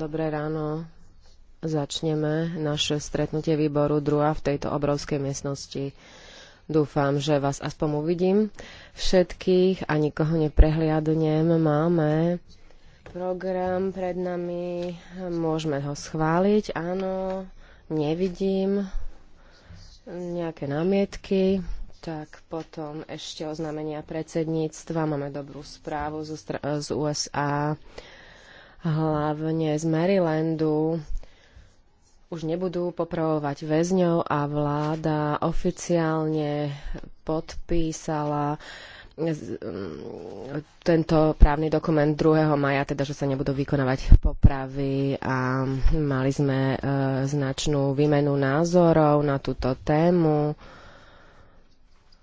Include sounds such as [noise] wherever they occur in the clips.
Dobré ráno. Začneme naše stretnutie výboru druhá v tejto obrovskej miestnosti. Dúfam, že vás aspoň uvidím všetkých a nikoho neprehliadnem. Máme program pred nami, môžeme ho schváliť, áno, nevidím nejaké námietky. Tak potom ešte oznámenia predsedníctva. Máme dobrú správu zo, z USA, hlavne z Marylandu. Už nebudú popravovať väzňov a vláda oficiálne podpísala tento právny dokument 2. maja, teda že sa nebudú vykonávať popravy a mali sme e, značnú výmenu názorov na túto tému. E,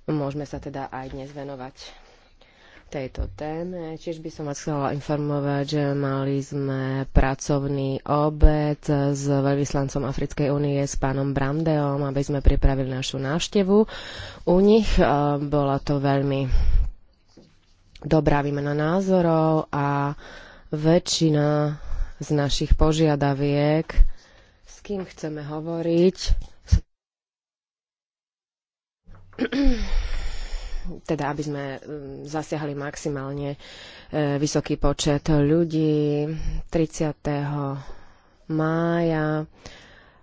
Môžeme sa teda aj dnes venovať tejto téme. Tiež by som vás chcela informovať, že mali sme pracovný obed s veľvyslancom Africkej únie s pánom Brandeom, aby sme pripravili našu návštevu. U nich e, bola to veľmi dobrá výmena názorov a väčšina z našich požiadaviek, s kým chceme hovoriť, [clears throat] teda aby sme mm, zasiahli maximálne e, vysoký počet ľudí. 30. mája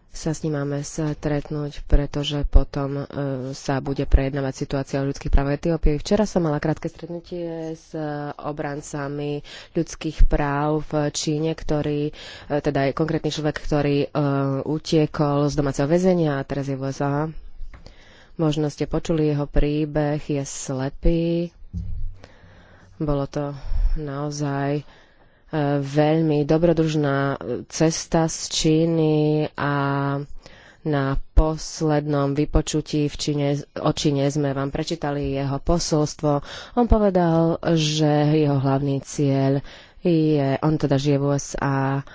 sa s ním máme stretnúť, pretože potom e, sa bude prejednávať situácia o ľudských práv Etiópie. Včera som mala krátke stretnutie s obrancami ľudských práv v Číne, ktorý, e, teda je konkrétny človek, ktorý utiekol z domáceho väzenia a teraz je v USA Možno ste počuli jeho príbeh, je slepý. Bolo to naozaj e, veľmi dobrodružná e, cesta z Číny a na poslednom vypočutí v Číne, o Číne sme vám prečítali jeho posolstvo. On povedal, že jeho hlavný cieľ je, on teda žije v USA,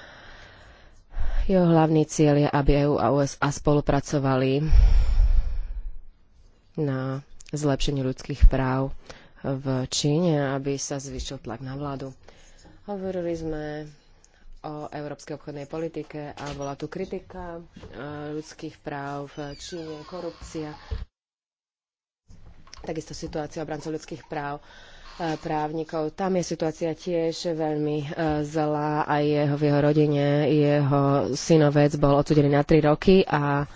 jeho hlavný cieľ je, aby EU a USA spolupracovali na zlepšenie ľudských práv v Číne, aby sa zvýšil tlak na vládu. Hovorili sme o európskej obchodnej politike a bola tu kritika e, ľudských práv v Číne, korupcia, takisto situácia obrancov ľudských práv e, právnikov. Tam je situácia tiež veľmi e, zlá a jeho, v jeho rodine jeho synovec bol odsudený na 3 roky a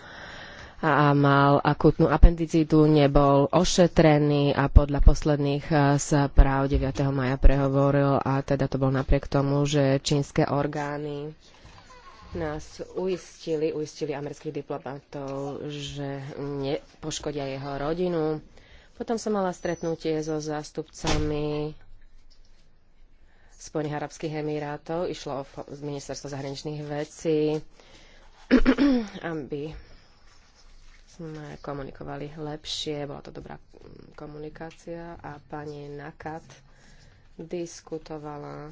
a mal akútnu appendicitu, nebol ošetrený a podľa posledných eh, správ 9. maja prehovoril a teda to bol napriek tomu, že čínske orgány nás uistili, uistili amerických diplomatov, že nepoškodia jeho rodinu. Potom som mala stretnutie so zástupcami Spojených arabských emirátov. Išlo o ministerstvo zahraničných vecí, [clears throat] aby sme komunikovali lepšie, bola to dobrá mm, komunikácia a pani Nakat diskutovala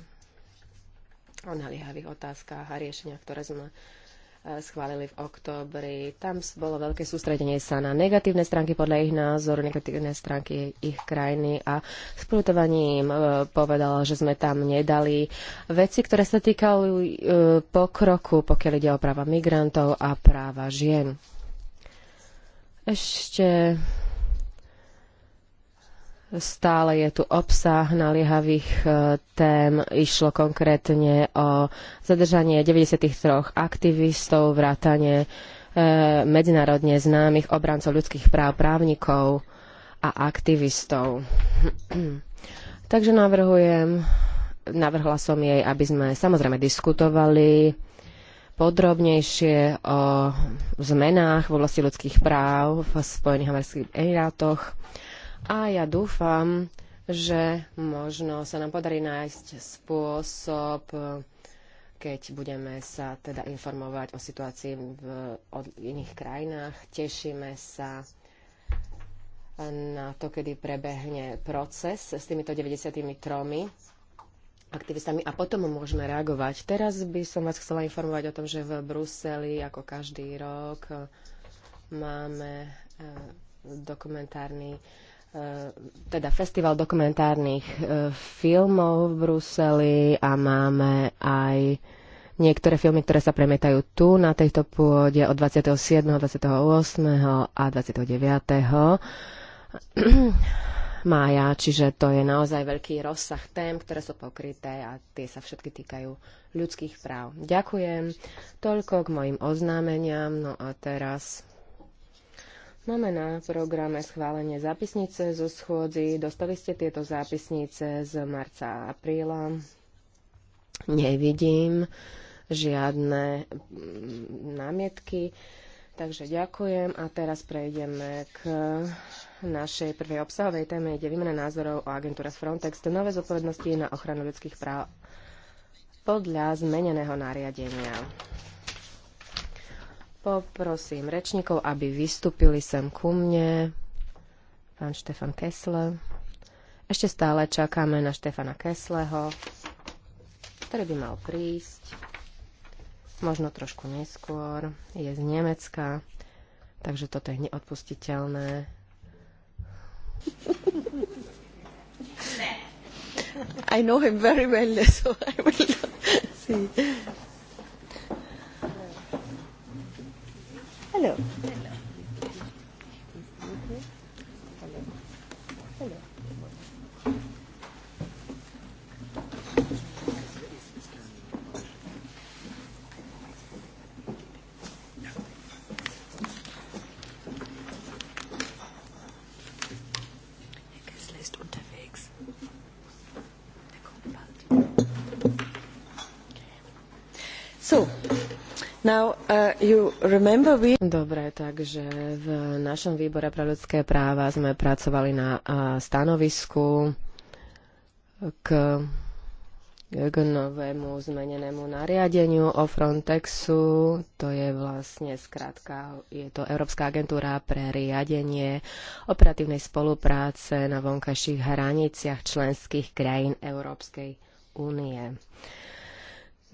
o naliehavých otázkach a riešeniach, ktoré sme e, schválili v októbri. Tam bolo veľké sústredenie sa na negatívne stránky podľa ich názoru, negatívne stránky ich krajiny a s plutovaním e, povedala, že sme tam nedali veci, ktoré sa týkali e, pokroku, pokiaľ ide o práva migrantov a práva žien. Ešte stále je tu obsah naliehavých e, tém. Išlo konkrétne o zadržanie 93 aktivistov, vrátane e, medzinárodne známych obrancov ľudských práv, právnikov a aktivistov. [clears throat] Takže navrhujem, navrhla som jej, aby sme samozrejme diskutovali podrobnejšie o zmenách v oblasti ľudských práv v Spojených amerických Emirátoch. A ja dúfam, že možno sa nám podarí nájsť spôsob, keď budeme sa teda informovať o situácii v iných krajinách. Tešíme sa na to, kedy prebehne proces s týmito 93 aktivistami a potom môžeme reagovať. Teraz by som vás chcela informovať o tom, že v Bruseli ako každý rok máme eh, dokumentárny eh, teda festival dokumentárnych eh, filmov v Bruseli a máme aj niektoré filmy, ktoré sa premietajú tu na tejto pôde od 27., 28. a 29 mája, čiže to je naozaj veľký rozsah tém, ktoré sú pokryté a tie sa všetky týkajú ľudských práv. Ďakujem. Toľko k mojim oznámeniam. No a teraz Máme na programe schválenie zápisnice zo schôdzi. Dostali ste tieto zápisnice z marca a apríla. Nevidím žiadne mm, námietky. Takže ďakujem a teraz prejdeme k našej prvej obsahovej téme ide výmena názorov o agentúre Frontex do nové zodpovednosti na ochranu ľudských práv podľa zmeneného nariadenia. Poprosím rečníkov, aby vystúpili sem ku mne. Pán Štefan Kesle, Ešte stále čakáme na Štefana Kesleho, ktorý by mal prísť. Možno trošku neskôr. Je z Nemecka, takže toto je neodpustiteľné. I know him very well, [laughs] so I will see. Hello. Uh, Dobre, takže v našom výbore pre ľudské práva sme pracovali na uh, stanovisku k, k novému zmenenému nariadeniu o Frontexu. To je vlastne skrátka, je to Európska agentúra pre riadenie operatívnej spolupráce na vonkajších hraniciach členských krajín Európskej únie. Uh,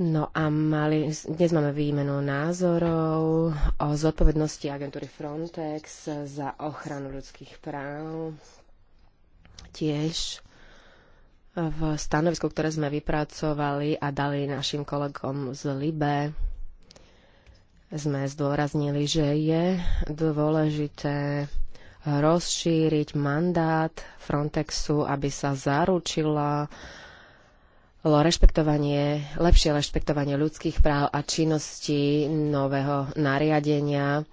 No a mali, dnes máme výmenu názorov o zodpovednosti agentúry Frontex za ochranu ľudských práv. Tiež v stanovisku, ktoré sme vypracovali a dali našim kolegom z Libe, sme zdôraznili, že je dôležité rozšíriť mandát Frontexu, aby sa zaručila rešpektovanie, lepšie rešpektovanie ľudských práv a činnosti nového nariadenia,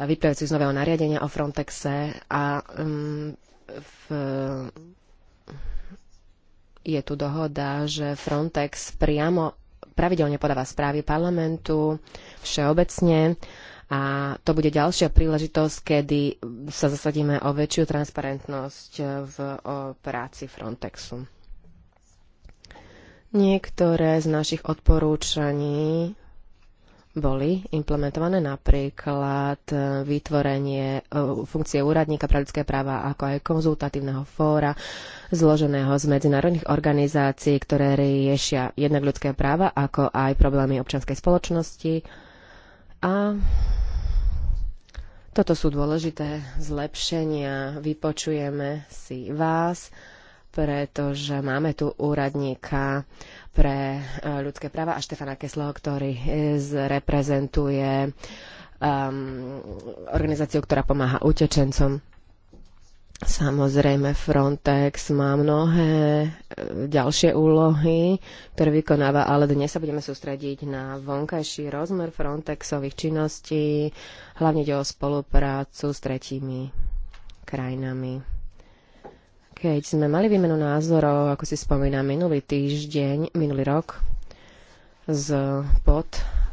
vyplývajúcich z nového nariadenia o Frontexe a um, v, je tu dohoda, že Frontex priamo pravidelne podáva správy parlamentu všeobecne a to bude ďalšia príležitosť, kedy sa zasadíme o väčšiu transparentnosť v o práci Frontexu. Niektoré z našich odporúčaní boli implementované napríklad e, vytvorenie e, funkcie úradníka pre ľudské práva ako aj konzultatívneho fóra zloženého z medzinárodných organizácií, ktoré riešia jednak ľudské práva ako aj problémy občianskej spoločnosti. A toto sú dôležité zlepšenia. Vypočujeme si vás pretože máme tu úradníka pre e, ľudské práva a Štefana Kesloho, ktorý e, reprezentuje um, organizáciu, ktorá pomáha utečencom. Samozrejme, Frontex má mnohé e, ďalšie úlohy, ktoré vykonáva, ale dnes sa budeme sústrediť na vonkajší rozmer Frontexových činností, hlavne ide o spoluprácu s tretími krajinami. Keď sme mali výmenu názorov, ako si spomínam, minulý týždeň, minulý rok s pod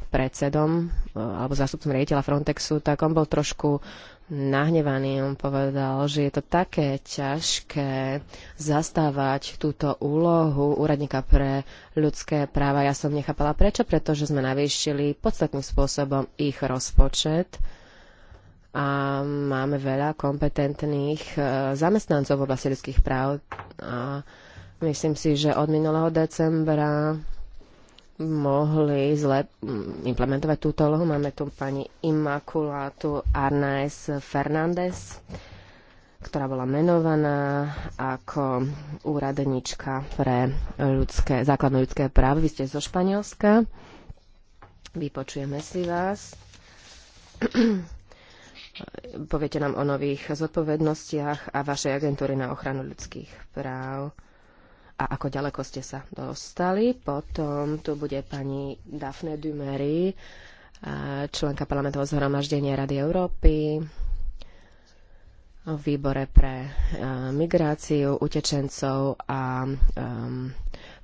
predsedom e, alebo zástupcom riaditeľa Frontexu, tak on bol trošku nahnevaný. On povedal, že je to také ťažké zastávať túto úlohu úradníka pre ľudské práva. Ja som nechápala prečo, pretože sme navýšili podstatným spôsobom ich rozpočet a máme veľa kompetentných e, zamestnancov v oblasti ľudských práv a myslím si, že od minulého decembra mohli zle mm, implementovať túto lohu. Máme tu pani Immaculatu Arnaes Fernández, ktorá bola menovaná ako úradnička pre ľudské, základné ľudské práva. Vy ste zo Španielska. Vypočujeme si vás. [clears throat] Poviete nám o nových zodpovednostiach a vašej agentúry na ochranu ľudských práv a ako ďaleko ste sa dostali. Potom tu bude pani Daphne Dumery, členka parlamentového zhromaždenia Rady Európy v výbore pre e, migráciu, utečencov a e,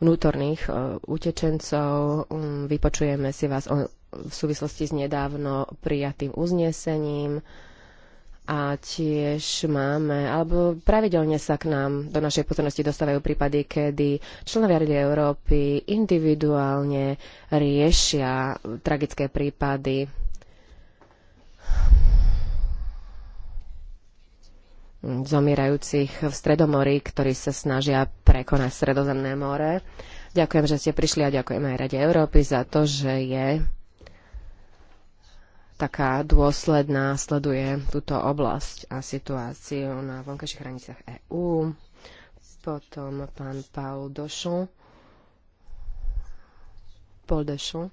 vnútorných e, utečencov. Mm, vypočujeme si vás v súvislosti s nedávno prijatým uznesením a tiež máme, alebo pravidelne sa k nám do našej pozornosti dostávajú prípady, kedy členovia Rady Európy individuálne riešia tragické prípady. zomierajúcich v Stredomorí, ktorí sa snažia prekonať Stredozemné more. Ďakujem, že ste prišli a ďakujem aj Rade Európy za to, že je taká dôsledná, sleduje túto oblasť a situáciu na vonkajších hraniciach EÚ. Potom pán Paul Dochon, Paul Dochon,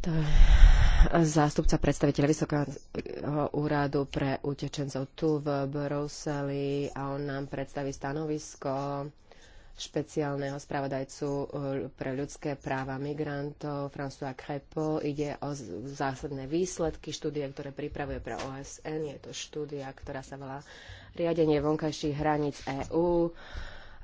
to je zástupca predstaviteľa Vysokého úradu pre utečencov tu v Bruseli a on nám predstaví stanovisko špeciálneho spravodajcu eh, pre ľudské práva migrantov François Crepo. Ide o zásadné výsledky štúdie, ktoré pripravuje pre OSN. Je to štúdia, ktorá sa volá Riadenie vonkajších hraníc EÚ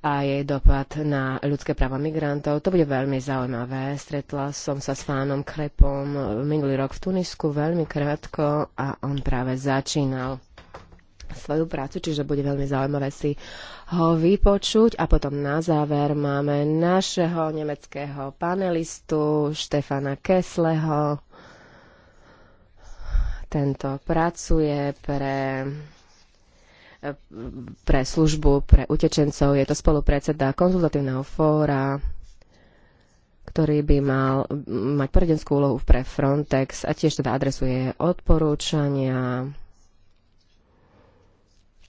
a jej dopad na ľudské práva migrantov. To bude veľmi zaujímavé. Stretla som sa s pánom Krepom minulý rok v Tunisku veľmi krátko a on práve začínal svoju prácu, čiže bude veľmi zaujímavé si ho vypočuť. A potom na záver máme našeho nemeckého panelistu Štefana Kesleho. Tento pracuje pre pre službu pre utečencov. Je to spolupredseda konzultatívneho fóra ktorý by mal mať poradenskú úlohu pre Frontex a tiež teda adresuje odporúčania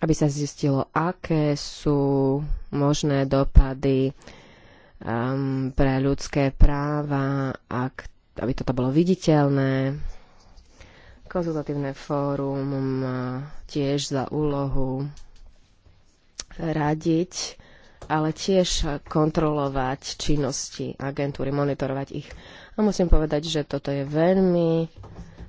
aby sa zistilo, aké sú možné dopady um, pre ľudské práva, ak, aby toto bolo viditeľné. Konzultatívne fórum má tiež za úlohu radiť, ale tiež kontrolovať činnosti agentúry, monitorovať ich. A musím povedať, že toto je veľmi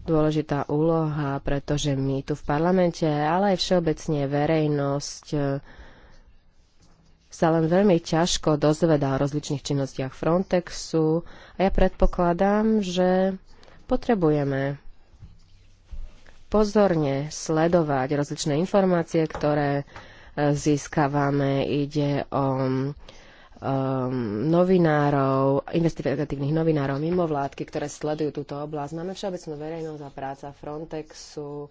dôležitá úloha, pretože my tu v parlamente, ale aj všeobecne verejnosť e, sa len veľmi ťažko dozvedá o rozličných činnostiach Frontexu a ja predpokladám, že potrebujeme pozorne sledovať rozličné informácie, ktoré e, získavame. Ide o um, novinárov, investigatívnych novinárov, mimo vládky, ktoré sledujú túto oblasť. Máme všeobecnú verejnosť a práca Frontexu,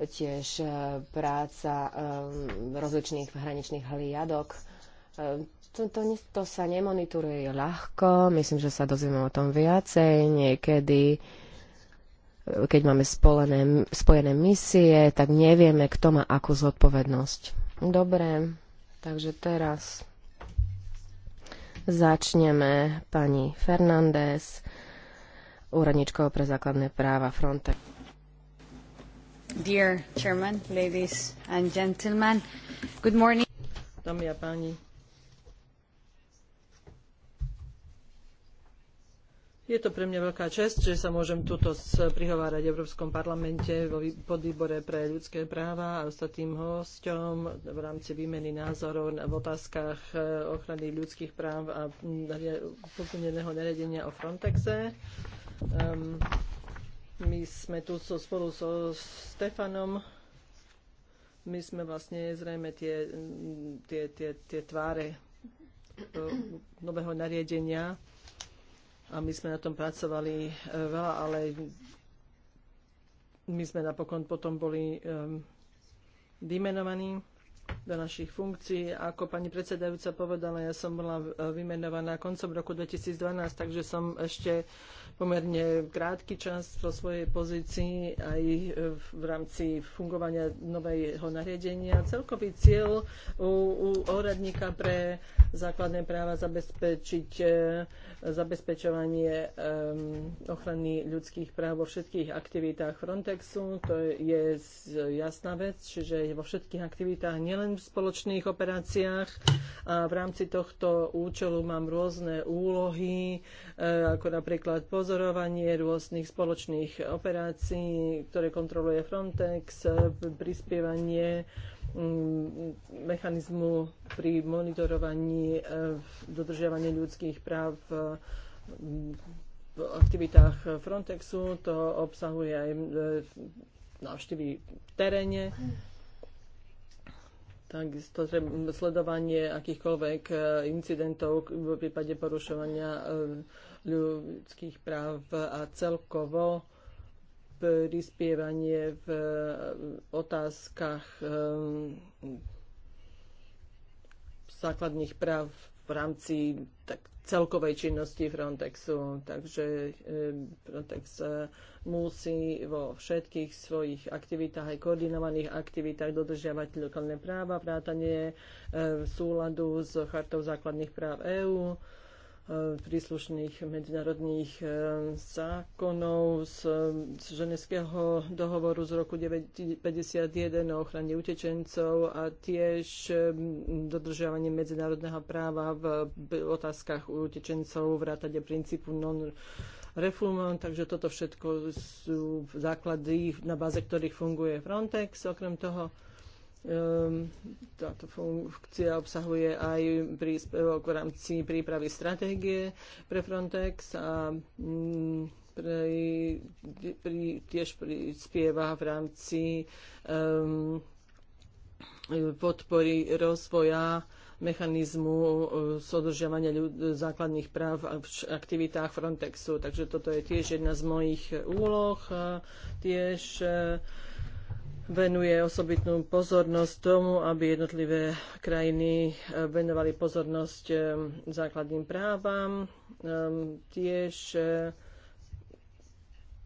tiež e, práca um, rozličných hraničných hliadok. Um, to, to, to sa nemonitoruje ľahko, myslím, že sa dozvieme o tom viacej niekedy e, keď máme spolené, spojené misie, tak nevieme, kto má akú zodpovednosť. Dobre, takže teraz Začneme pani Fernández, úradničkou pre základné práva Fronte. Dear Chairman, ladies and gentlemen, good morning. Dámy a páni, Je to pre mňa veľká čest, že sa môžem tuto prihovárať v Európskom parlamente vo podvýbore pre ľudské práva a ostatným hosťom v rámci výmeny názorov v otázkach e, ochrany ľudských práv a posuneného nariadenia o Frontexe. Um, my sme tu so, spolu so Stefanom. My sme vlastne zrejme tie, tie, tie, tie tváre e, nového nariadenia a my sme na tom pracovali e, veľa, ale my sme napokon potom boli e, vymenovaní do našich funkcií. Ako pani predsedajúca povedala, ja som bola vymenovaná koncom roku 2012, takže som ešte pomerne krátky čas vo svojej pozícii aj v rámci fungovania nového nariadenia. Celkový cieľ u, u úradníka pre základné práva zabezpečiť e, zabezpečovanie e, ochrany ľudských práv vo všetkých aktivitách Frontexu. To je jasná vec, čiže vo všetkých aktivitách nie nielen v spoločných operáciách. A v rámci tohto účelu mám rôzne úlohy, e, ako napríklad pozorovanie rôznych spoločných operácií, ktoré kontroluje Frontex, e, prispievanie mm, mechanizmu pri monitorovaní e, dodržiavania ľudských práv v aktivitách Frontexu. To obsahuje aj návštevy v teréne takisto sledovanie akýchkoľvek e, incidentov v prípade porušovania e, ľudských práv a celkovo prispievanie v e, otázkach základných práv v rámci tak, celkovej činnosti Frontexu. Takže Frontex e, musí vo všetkých svojich aktivitách, aj koordinovaných aktivitách dodržiavať lokálne práva, vrátanie e, súladu s Chartou základných práv EÚ E, príslušných medzinárodných e, zákonov z, z ženevského dohovoru z roku 1951 o ochrane utečencov a tiež e, dodržiavanie medzinárodného práva v otázkach utečencov rátade princípu non refulmant, takže toto všetko sú základy, na báze ktorých funguje Frontex. Okrem toho Ehm, táto funkcia obsahuje aj príspevok v rámci prípravy stratégie pre Frontex a mm, pre, pri, tiež prispieva v rámci um, podpory rozvoja mechanizmu e, sodržiavania základných práv v aktivitách Frontexu. Takže toto je tiež jedna z mojich úloh. Tiež uh, venuje osobitnú pozornosť tomu, aby jednotlivé krajiny eh, venovali pozornosť eh, základným právam. Ehm, tiež eh,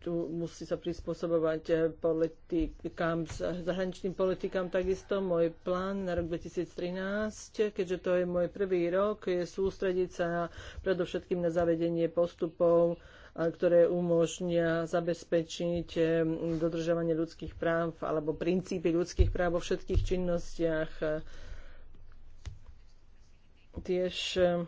tu musí sa prispôsobovať politikám, zahraničným politikám takisto. Môj plán na rok 2013, keďže to je môj prvý rok, je sústrediť sa predovšetkým na zavedenie postupov ktoré umožnia zabezpečiť eh, dodržovanie ľudských práv alebo princípy ľudských práv vo všetkých činnostiach. Tiež eh,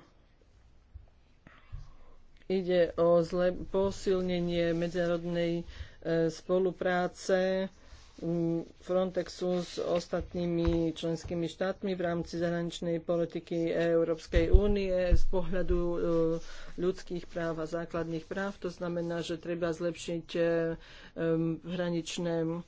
ide o posilnenie medzinárodnej eh, spolupráce Frontexu s ostatnými členskými štátmi v rámci zahraničnej politiky Európskej únie z pohľadu e, ľudských práv a základných práv. To znamená, že treba zlepšiť e, e, hraničné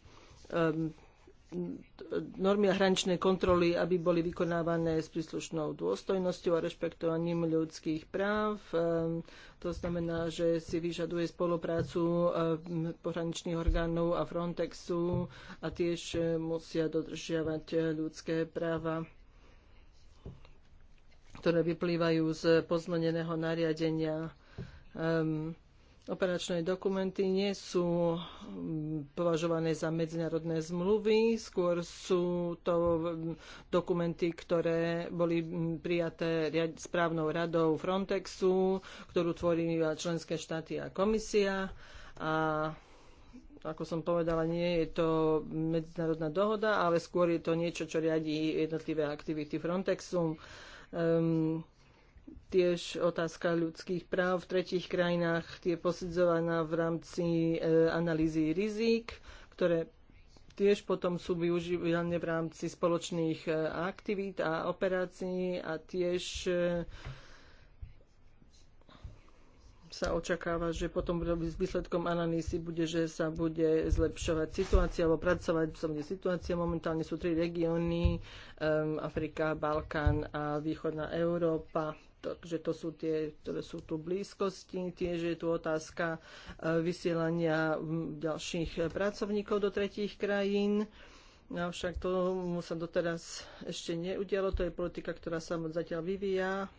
normy a hraničné kontroly, aby boli vykonávané s príslušnou dôstojnosťou a rešpektovaním ľudských práv. Ehm, to znamená, že si vyžaduje spoluprácu ehm, pohraničných orgánov a Frontexu a tiež eh, musia dodržiavať eh, ľudské práva ktoré vyplývajú z pozmeneného nariadenia. Um, operačné dokumenty nie sú mm, považované za medzinárodné zmluvy, skôr sú to mm, dokumenty, ktoré boli mm, prijaté správnou radou Frontexu, ktorú tvorí členské štáty a komisia. A ako som povedala, nie je to medzinárodná dohoda, ale skôr je to niečo, čo riadí jednotlivé aktivity Frontexu. Um, tiež otázka ľudských práv v tretich krajinách je posudzovaná v rámci e, analýzy rizik, ktoré tiež potom sú využívané v rámci spoločných e, aktivít a operácií a tiež e, sa očakáva, že potom s výsledkom analýzy bude, že sa bude zlepšovať situácia alebo pracovať v situácia. Momentálne sú tri regióny, um, Afrika, Balkán a východná Európa. Takže to sú tie, ktoré sú tu blízkosti. Tiež je tu otázka e, vysielania ďalších pracovníkov do tretích krajín. Avšak tomu sa doteraz ešte neudialo. To je politika, ktorá sa zatiaľ vyvíja.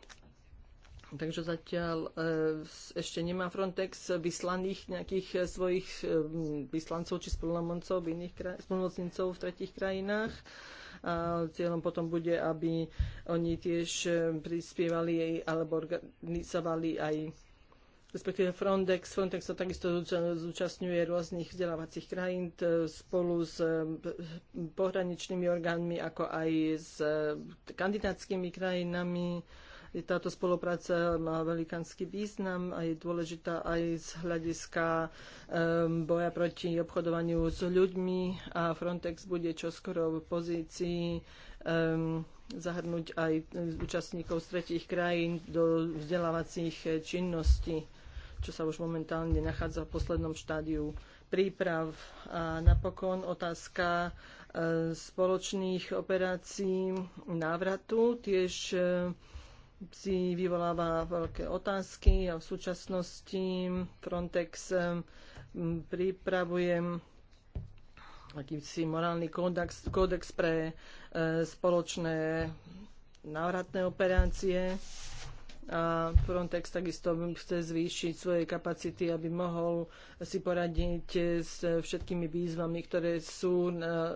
Takže zatiaľ e, ešte nemá Frontex vyslaných nejakých e, svojich vyslancov či spolnomocnícov v tretích tretich krajinách a cieľom potom bude, aby oni tiež e, prispievali jej alebo organizovali aj respektíve Frontex. Frontex sa takisto zúčastňuje rôznych vzdelávacích krajín spolu s e, pohraničnými orgánmi, ako aj s e, kandidátskými krajinami táto spolupráca má velikánsky význam a je dôležitá aj z hľadiska um, boja proti obchodovaniu s ľuďmi a Frontex bude čoskoro v pozícii um, zahrnúť aj účastníkov z tretich krajín do vzdelávacích činností, čo sa už momentálne nachádza v poslednom štádiu príprav. A napokon otázka ehm, spoločných operácií návratu. Tiež si vyvoláva veľké otázky a v súčasnosti Frontex pripravuje akýsi morálny kódex, kódex pre e, spoločné návratné operácie a Frontex takisto chce zvýšiť svoje kapacity, aby mohol si poradiť s všetkými výzvami, ktoré sú na,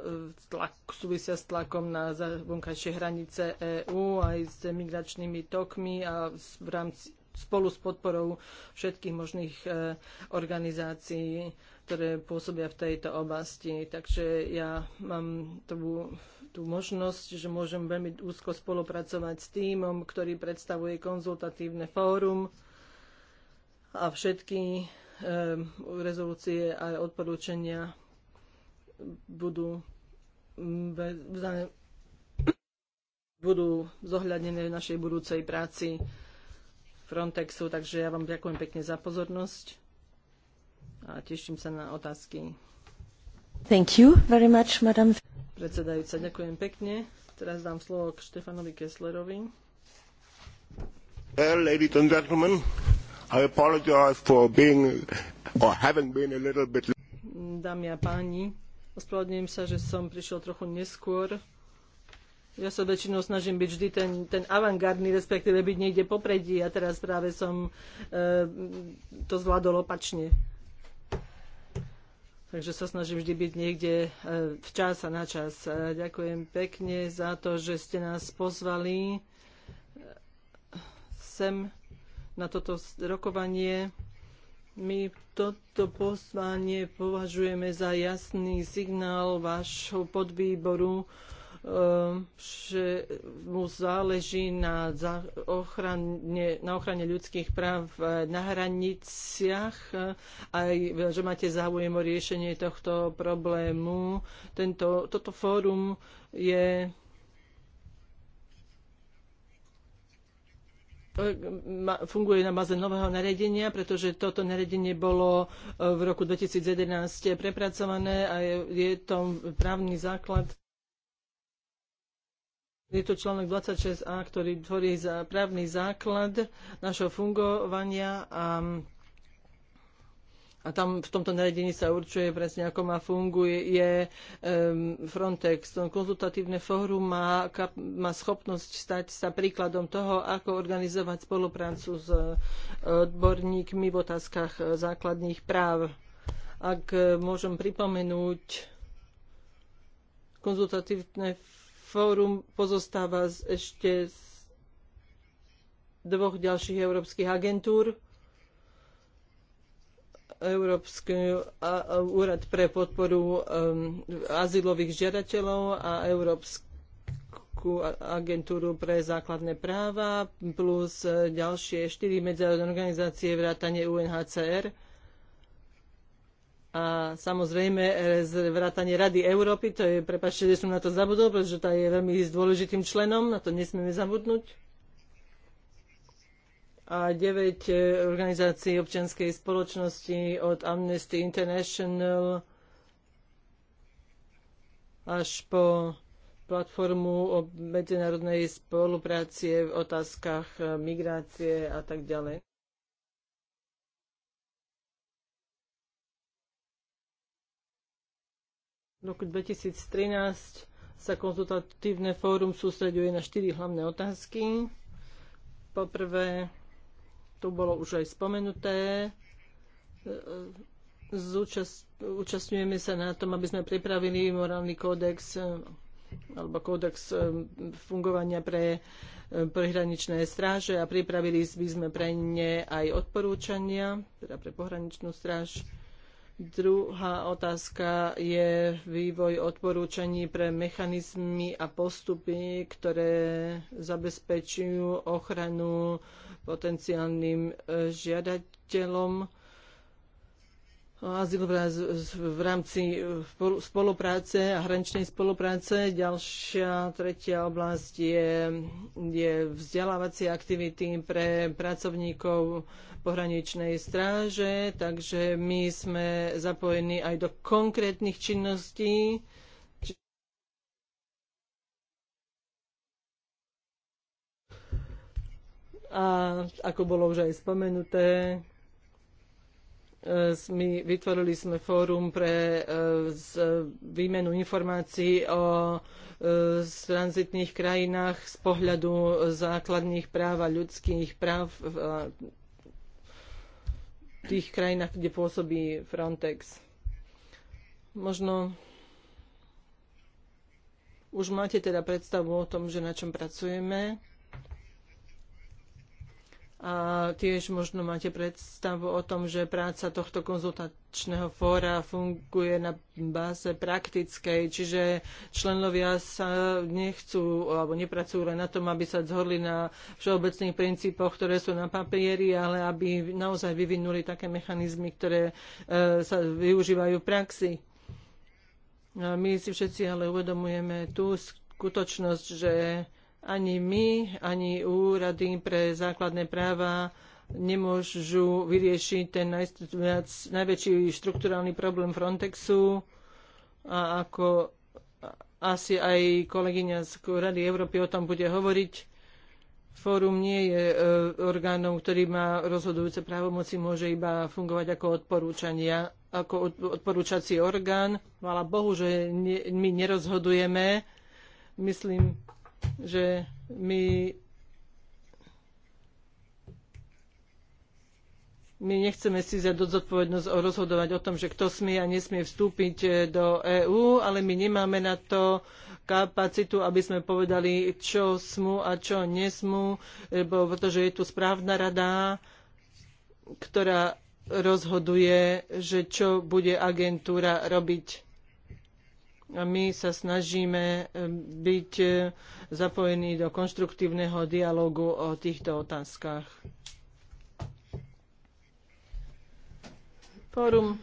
tlak, súvisia s tlakom na vonkajšie hranice EÚ aj s migračnými tokmi a v rámci spolu s podporou všetkých možných e, organizácií, ktoré pôsobia v tejto oblasti. Takže ja mám tú tú možnosť, že môžem veľmi úzko spolupracovať s týmom, ktorý predstavuje konzultatívne fórum a všetky e, rezolúcie a odporúčania budú, budú zohľadnené v našej budúcej práci Frontexu. Takže ja vám ďakujem pekne za pozornosť a teším sa na otázky. Thank you very much, predsedajúca. Ďakujem pekne. Teraz dám slovo k Štefanovi Kesslerovi. Well, ladies and gentlemen, I apologize for being or having been a little bit... Dámy a páni, ospravedlňujem sa, že som prišiel trochu neskôr. Ja sa väčšinou snažím byť vždy ten, ten avantgardný, respektíve byť niekde popredí a teraz práve som e, to zvládol opačne. Takže sa snažím vždy byť niekde e, včas a na čas. E, ďakujem pekne za to, že ste nás pozvali e, sem na toto rokovanie. My toto pozvanie považujeme za jasný signál vášho podvýboru Ehm, že mu záleží na, ochrane, na ochrane ľudských práv eh, na hraniciach, eh, aj že máte záujem o riešenie tohto problému. Tento, toto fórum je eh, funguje na baze nového nariadenia, pretože toto nariadenie bolo v roku 2011 prepracované a je, je to právny základ je to článok 26a, ktorý tvorí za právny základ našho fungovania a a tam v tomto nariadení sa určuje presne, ako má funguje je, um, Frontex. Konzultatívne fórum má, kap, má schopnosť stať sa príkladom toho, ako organizovať spoluprácu s eh, odborníkmi v otázkach eh, základných práv. Ak eh, môžem pripomenúť, konzultatívne fórum pozostáva z, ešte z dvoch ďalších európskych agentúr. Európsky úrad pre podporu um, azylových žiadateľov a Európsku agentúru pre základné práva plus ďalšie štyri medzinárodné organizácie vrátane UNHCR a samozrejme vrátanie Rady Európy, to je, prepáčte, že som na to zabudol, pretože tá je veľmi dôležitým členom, na to nesmieme zabudnúť. A 9 e, organizácií občianskej spoločnosti od Amnesty International až po platformu o medzinárodnej spolupráci v otázkach e, migrácie a tak ďalej. V roku 2013 sa konzultatívne fórum sústreďuje na štyri hlavné otázky. Poprvé, tu bolo už aj spomenuté, e, e, zúčastňujeme účastňujeme sa na tom, aby sme pripravili morálny kódex e, alebo kódex fungovania pre prehraničné stráže a pripravili by sme pre ne aj odporúčania, teda pre pohraničnú stráž Druhá otázka je vývoj odporúčaní pre mechanizmy a postupy, ktoré zabezpečujú ochranu potenciálnym žiadateľom azyl v rámci e, spolupráce a hraničnej spolupráce. Ďalšia, tretia oblasť je, je vzdelávacie aktivity pre pracovníkov pohraničnej stráže, takže my sme zapojení aj do konkrétnych činností. A ako bolo už aj spomenuté, E, my vytvorili sme fórum pre e, výmenu informácií o e, tranzitných krajinách z pohľadu základných práv a ľudských práv v tých krajinách, kde pôsobí Frontex. Možno už máte teda predstavu o tom, že na čom pracujeme a tiež možno máte predstavu o tom, že práca tohto konzultačného fóra funguje na báze praktickej, čiže členovia sa nechcú alebo nepracujú len na tom, aby sa zhodli na všeobecných princípoch, ktoré sú na papieri, ale aby naozaj vyvinuli také mechanizmy, ktoré e, sa využívajú v praxi. A my si všetci ale uvedomujeme tú skutočnosť, že ani my, ani úrady pre základné práva nemôžu vyriešiť ten najviac, najväčší štrukturálny problém Frontexu a ako asi aj kolegyňa z Rady Európy o tom bude hovoriť. Fórum nie je e, orgánom, ktorý má rozhodujúce právomoci, môže iba fungovať ako odporúčania, ako odporúčací orgán. No ale Bohu, že my nerozhodujeme. Myslím, že my my nechceme si za zodpovednosť o rozhodovať o tom, že kto smie a nesmie vstúpiť eh, do EÚ, ale my nemáme na to kapacitu, aby sme povedali, čo smú a čo nesmú, lebo pretože je tu správna rada, ktorá rozhoduje, že čo bude agentúra robiť a my sa snažíme eh, byť eh, zapojení do konštruktívneho dialogu o týchto otázkach. Fórum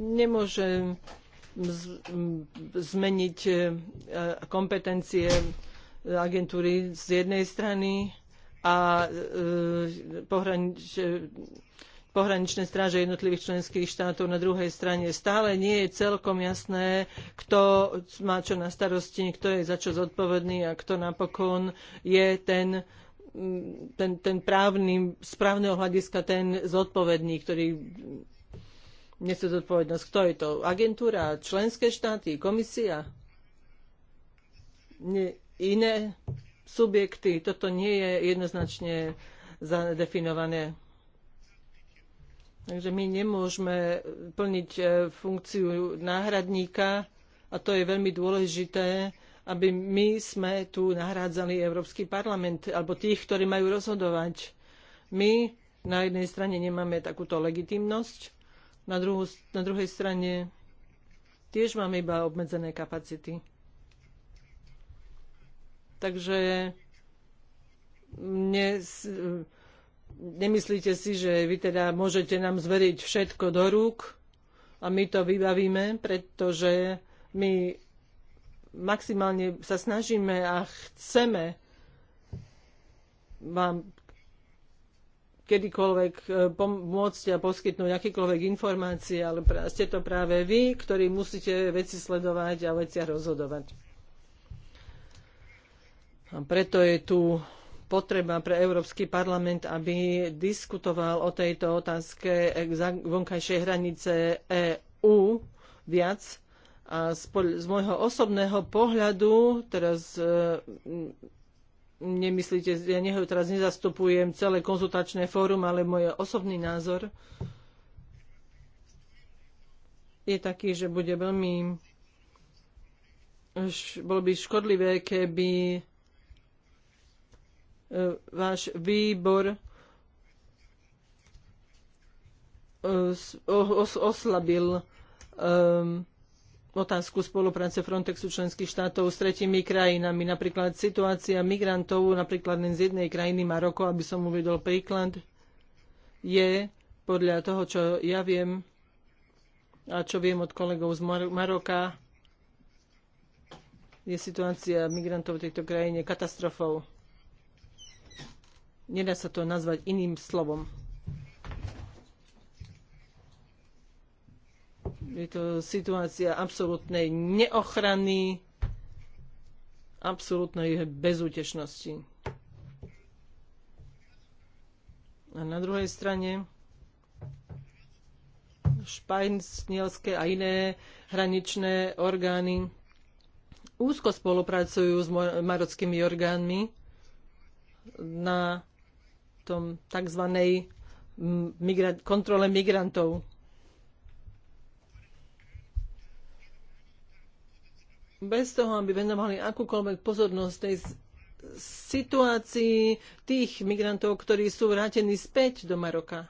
nemôže zmeniť eh, kompetencie agentúry z jednej strany a pohranič, pohraničné stráže jednotlivých členských štátov na druhej strane. Stále nie je celkom jasné, kto má čo na starosti, kto je za čo zodpovedný a kto napokon je ten, mm, ten, ten právny, z právneho hľadiska ten zodpovedný, ktorý nesie zodpovednosť. Kto je to? Agentúra, členské štáty, komisia? Nie, iné subjekty? Toto nie je jednoznačne zadefinované. Takže my nemôžeme plniť e, funkciu náhradníka a to je veľmi dôležité, aby my sme tu nahrádzali Európsky parlament alebo tých, ktorí majú rozhodovať. My na jednej strane nemáme takúto legitimnosť, na, druhú, na druhej strane tiež máme iba obmedzené kapacity. Takže mne nemyslíte si, že vy teda môžete nám zveriť všetko do rúk a my to vybavíme, pretože my maximálne sa snažíme a chceme vám kedykoľvek e, pomôcť a poskytnúť akékoľvek informácie, ale ste to práve vy, ktorí musíte veci sledovať a veci rozhodovať. A preto je tu potreba pre Európsky parlament, aby diskutoval o tejto otázke e, vonkajšej hranice EÚ viac. A z môjho osobného pohľadu, teraz e, nemyslíte, ja neho teraz nezastupujem celé konzultačné fórum, ale môj osobný názor je taký, že bude veľmi bolo by škodlivé, keby E, váš výbor e, oslabil otázku spolupráce Frontexu členských štátov s tretimi krajinami. Napríklad situácia migrantov, napríklad len z jednej krajiny Maroko, aby som uvedol príklad, je podľa toho, čo ja viem a čo viem od kolegov z Mar Maroka, je situácia migrantov v tejto krajine katastrofou. Nedá sa to nazvať iným slovom. Je to situácia absolútnej neochrany, absolútnej bezútešnosti. A na druhej strane španielské a iné hraničné orgány úzko spolupracujú s marockými orgánmi na tom tzv. Migra- kontrole migrantov. Bez toho, aby venovali akúkoľvek pozornosť tej situácii tých migrantov, ktorí sú vrátení späť do Maroka.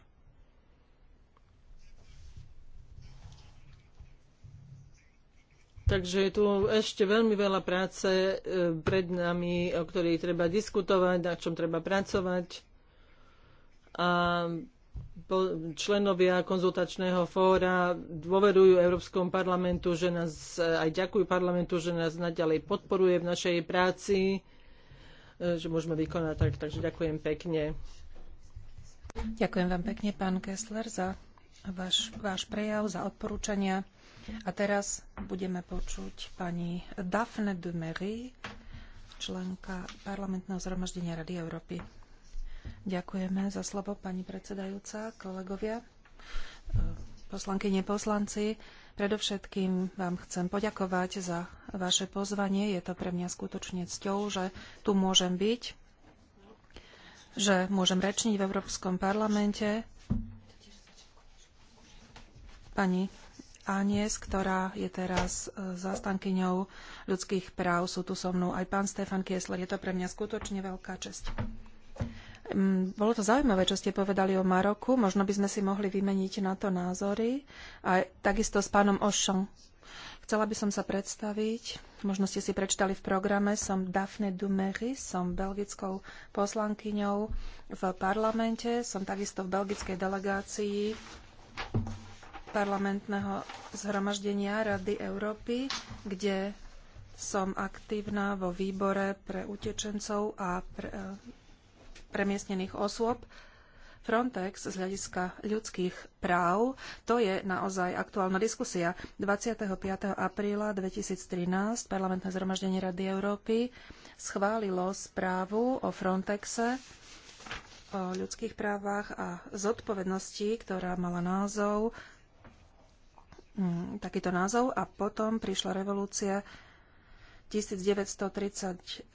Takže je tu ešte veľmi veľa práce e, pred nami, o ktorej treba diskutovať, na čom treba pracovať a členovia konzultačného fóra dôverujú Európskom parlamentu, že nás aj ďakujú parlamentu, že nás naďalej podporuje v našej práci, e, že môžeme vykonať tak. Takže ďakujem pekne. Ďakujem vám pekne, pán Kessler, za váš, váš prejav, za odporúčania. A teraz budeme počuť pani Daphne Dumery, členka parlamentného zhromaždenia Rady Európy. Ďakujeme za slovo, pani predsedajúca, kolegovia, e, poslankyne, poslanci. Predovšetkým vám chcem poďakovať za vaše pozvanie. Je to pre mňa skutočne cťou, že tu môžem byť, že môžem rečniť v Európskom parlamente. Pani Anies, ktorá je teraz e, zastankyňou ľudských práv, sú tu so mnou aj pán Stefan Kiesler. Je to pre mňa skutočne veľká česť. Mm, bolo to zaujímavé, čo ste povedali o Maroku. Možno by sme si mohli vymeniť na to názory. A takisto s pánom Ošom. Chcela by som sa predstaviť. Možno ste si prečítali v programe. Som Daphne Dumery, som belgickou poslankyňou v parlamente. Som takisto v belgickej delegácii parlamentného zhromaždenia Rady Európy, kde som aktívna vo výbore pre utečencov a pre, e, premiestnených osôb. Frontex z hľadiska ľudských práv, to je naozaj aktuálna diskusia. 25. apríla 2013 parlamentné zhromaždenie Rady Európy schválilo správu o Frontexe, o ľudských právach a zodpovednosti, ktorá mala názov mm, takýto názov a potom prišla revolúcia 1932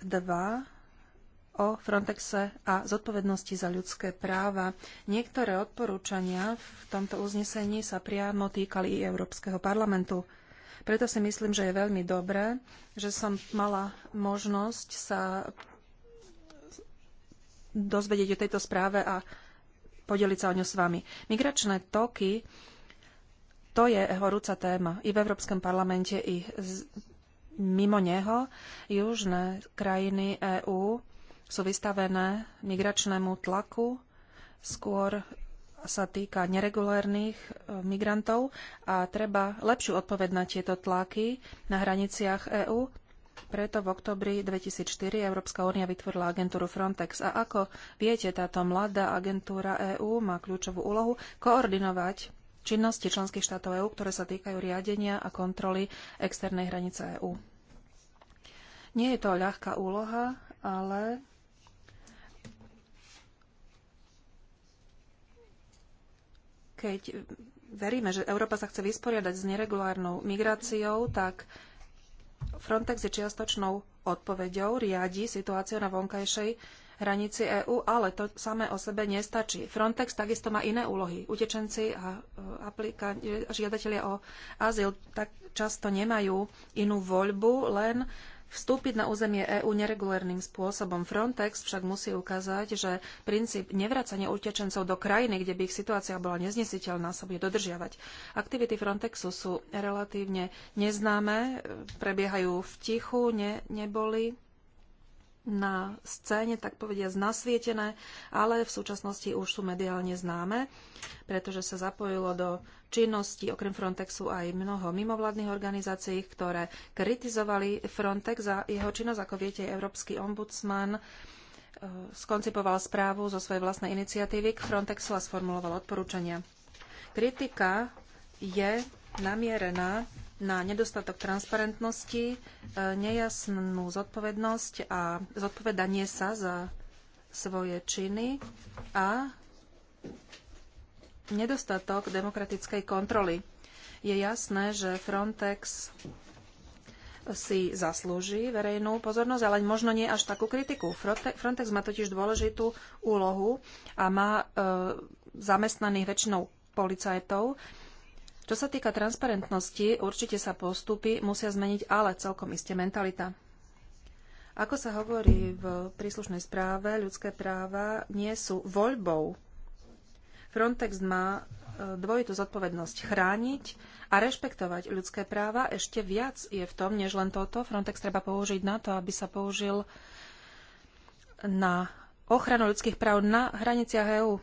o Frontexe a zodpovednosti za ľudské práva. Niektoré odporúčania v tomto uznesení sa priamo týkali i Európskeho parlamentu. Preto si myslím, že je veľmi dobré, že som mala možnosť sa dozvedieť o tejto správe a podeliť sa o ňu s vami. Migračné toky, to je horúca téma i v Európskom parlamente, i z, mimo neho. Južné krajiny EÚ sú vystavené migračnému tlaku, skôr sa týka neregulérnych e, migrantov a treba lepšiu odpoveď na tieto tlaky na hraniciach EÚ. Preto v oktobri 2004 Európska únia vytvorila agentúru Frontex. A ako viete, táto mladá agentúra EÚ má kľúčovú úlohu koordinovať činnosti členských štátov EÚ, ktoré sa týkajú riadenia a kontroly externej hranice EÚ. Nie je to ľahká úloha, ale keď veríme, že Európa sa chce vysporiadať s neregulárnou migráciou, tak Frontex je čiastočnou odpoveďou, riadi situáciu na vonkajšej hranici EÚ, ale to samé o sebe nestačí. Frontex takisto má iné úlohy. Utečenci a e, aplika- žiadatelia o azyl tak často nemajú inú voľbu, len vstúpiť na územie EÚ neregulérnym spôsobom. Frontex však musí ukázať, že princíp nevracania utečencov do krajiny, kde by ich situácia bola neznesiteľná, sa bude dodržiavať. Aktivity Frontexu sú relatívne neznáme, prebiehajú v tichu, ne, neboli na scéne, tak povediať, nasvietené, ale v súčasnosti už sú mediálne známe, pretože sa zapojilo do činnosti okrem Frontexu aj mnoho mimovládnych organizácií, ktoré kritizovali Frontex za jeho činnosť. Ako viete, Európsky ombudsman eh, skoncipoval správu zo svojej vlastnej iniciatívy k Frontexu a sformuloval odporúčania. Kritika je namierená na nedostatok transparentnosti, e, nejasnú zodpovednosť a zodpovedanie sa za svoje činy a nedostatok demokratickej kontroly. Je jasné, že Frontex si zaslúži verejnú pozornosť, ale možno nie až takú kritiku. Frontex má totiž dôležitú úlohu a má e, zamestnaných väčšinou policajtov, čo sa týka transparentnosti, určite sa postupy musia zmeniť, ale celkom iste mentalita. Ako sa hovorí v príslušnej správe, ľudské práva nie sú voľbou. Frontex má e, dvojitú zodpovednosť chrániť a rešpektovať ľudské práva. Ešte viac je v tom, než len toto. Frontex treba použiť na to, aby sa použil na ochranu ľudských práv na hraniciach EÚ.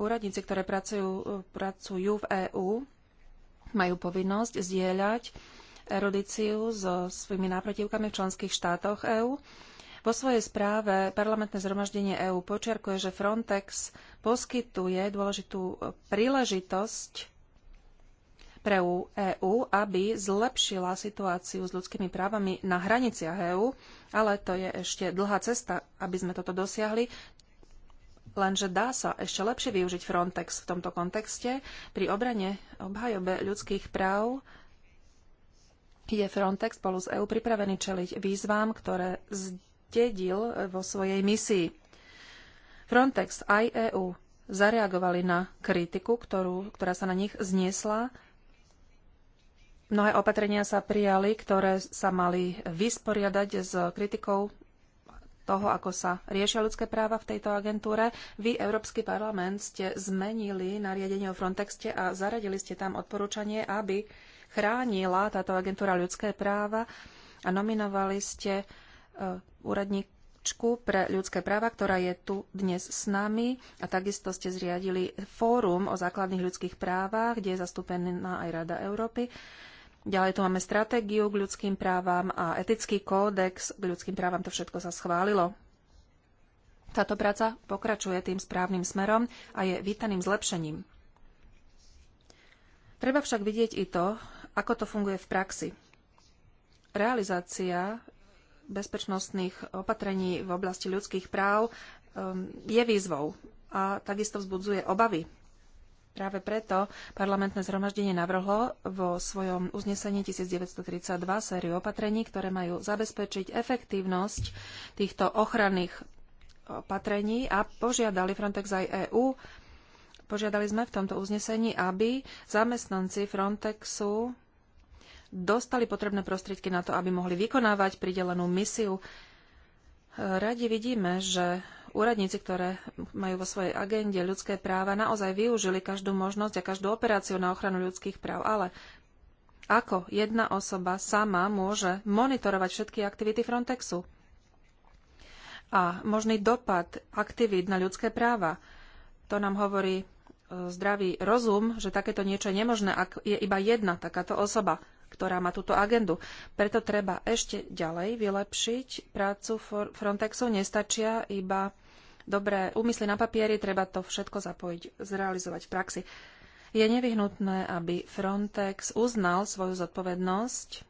Úradníci, ktoré pracujú, e, pracujú v EÚ, majú povinnosť zdieľať erudíciu so svojimi náprotivkami v členských štátoch EÚ. Vo svojej správe parlamentné zhromaždenie EÚ počiarkuje, že Frontex poskytuje dôležitú príležitosť pre EÚ, aby zlepšila situáciu s ľudskými právami na hraniciach EÚ, ale to je ešte dlhá cesta, aby sme toto dosiahli. Lenže dá sa ešte lepšie využiť Frontex v tomto kontexte. Pri obrane obhajobe ľudských práv je Frontex spolu s EU pripravený čeliť výzvám, ktoré zdedil vo svojej misii. Frontex aj EU zareagovali na kritiku, ktorú, ktorá sa na nich zniesla. Mnohé opatrenia sa prijali, ktoré sa mali vysporiadať s kritikou toho, ako sa riešia ľudské práva v tejto agentúre. Vy, Európsky parlament, ste zmenili nariadenie o Frontexte a zaradili ste tam odporúčanie, aby chránila táto agentúra ľudské práva a nominovali ste uh, eh, úradníčku pre ľudské práva, ktorá je tu dnes s nami a takisto ste zriadili fórum o základných ľudských právach, kde je zastúpená aj Rada Európy. Ďalej tu máme stratégiu k ľudským právam a etický kódex k ľudským právam. To všetko sa schválilo. Táto práca pokračuje tým správnym smerom a je vítaným zlepšením. Treba však vidieť i to, ako to funguje v praxi. Realizácia bezpečnostných opatrení v oblasti ľudských práv um, je výzvou a takisto vzbudzuje obavy Práve preto parlamentné zhromaždenie navrhlo vo svojom uznesení 1932 sériu opatrení, ktoré majú zabezpečiť efektívnosť týchto ochranných opatrení a požiadali Frontex aj EÚ. Požiadali sme v tomto uznesení, aby zamestnanci Frontexu dostali potrebné prostriedky na to, aby mohli vykonávať pridelenú misiu. Radi vidíme, že úradníci, ktoré majú vo svojej agende ľudské práva, naozaj využili každú možnosť a každú operáciu na ochranu ľudských práv. Ale ako jedna osoba sama môže monitorovať všetky aktivity Frontexu a možný dopad aktivít na ľudské práva. To nám hovorí e, zdravý rozum, že takéto niečo je nemožné, ak je iba jedna takáto osoba ktorá má túto agendu. Preto treba ešte ďalej vylepšiť prácu Frontexu. Nestačia iba dobré úmysly na papieri, treba to všetko zapojiť, zrealizovať v praxi. Je nevyhnutné, aby Frontex uznal svoju zodpovednosť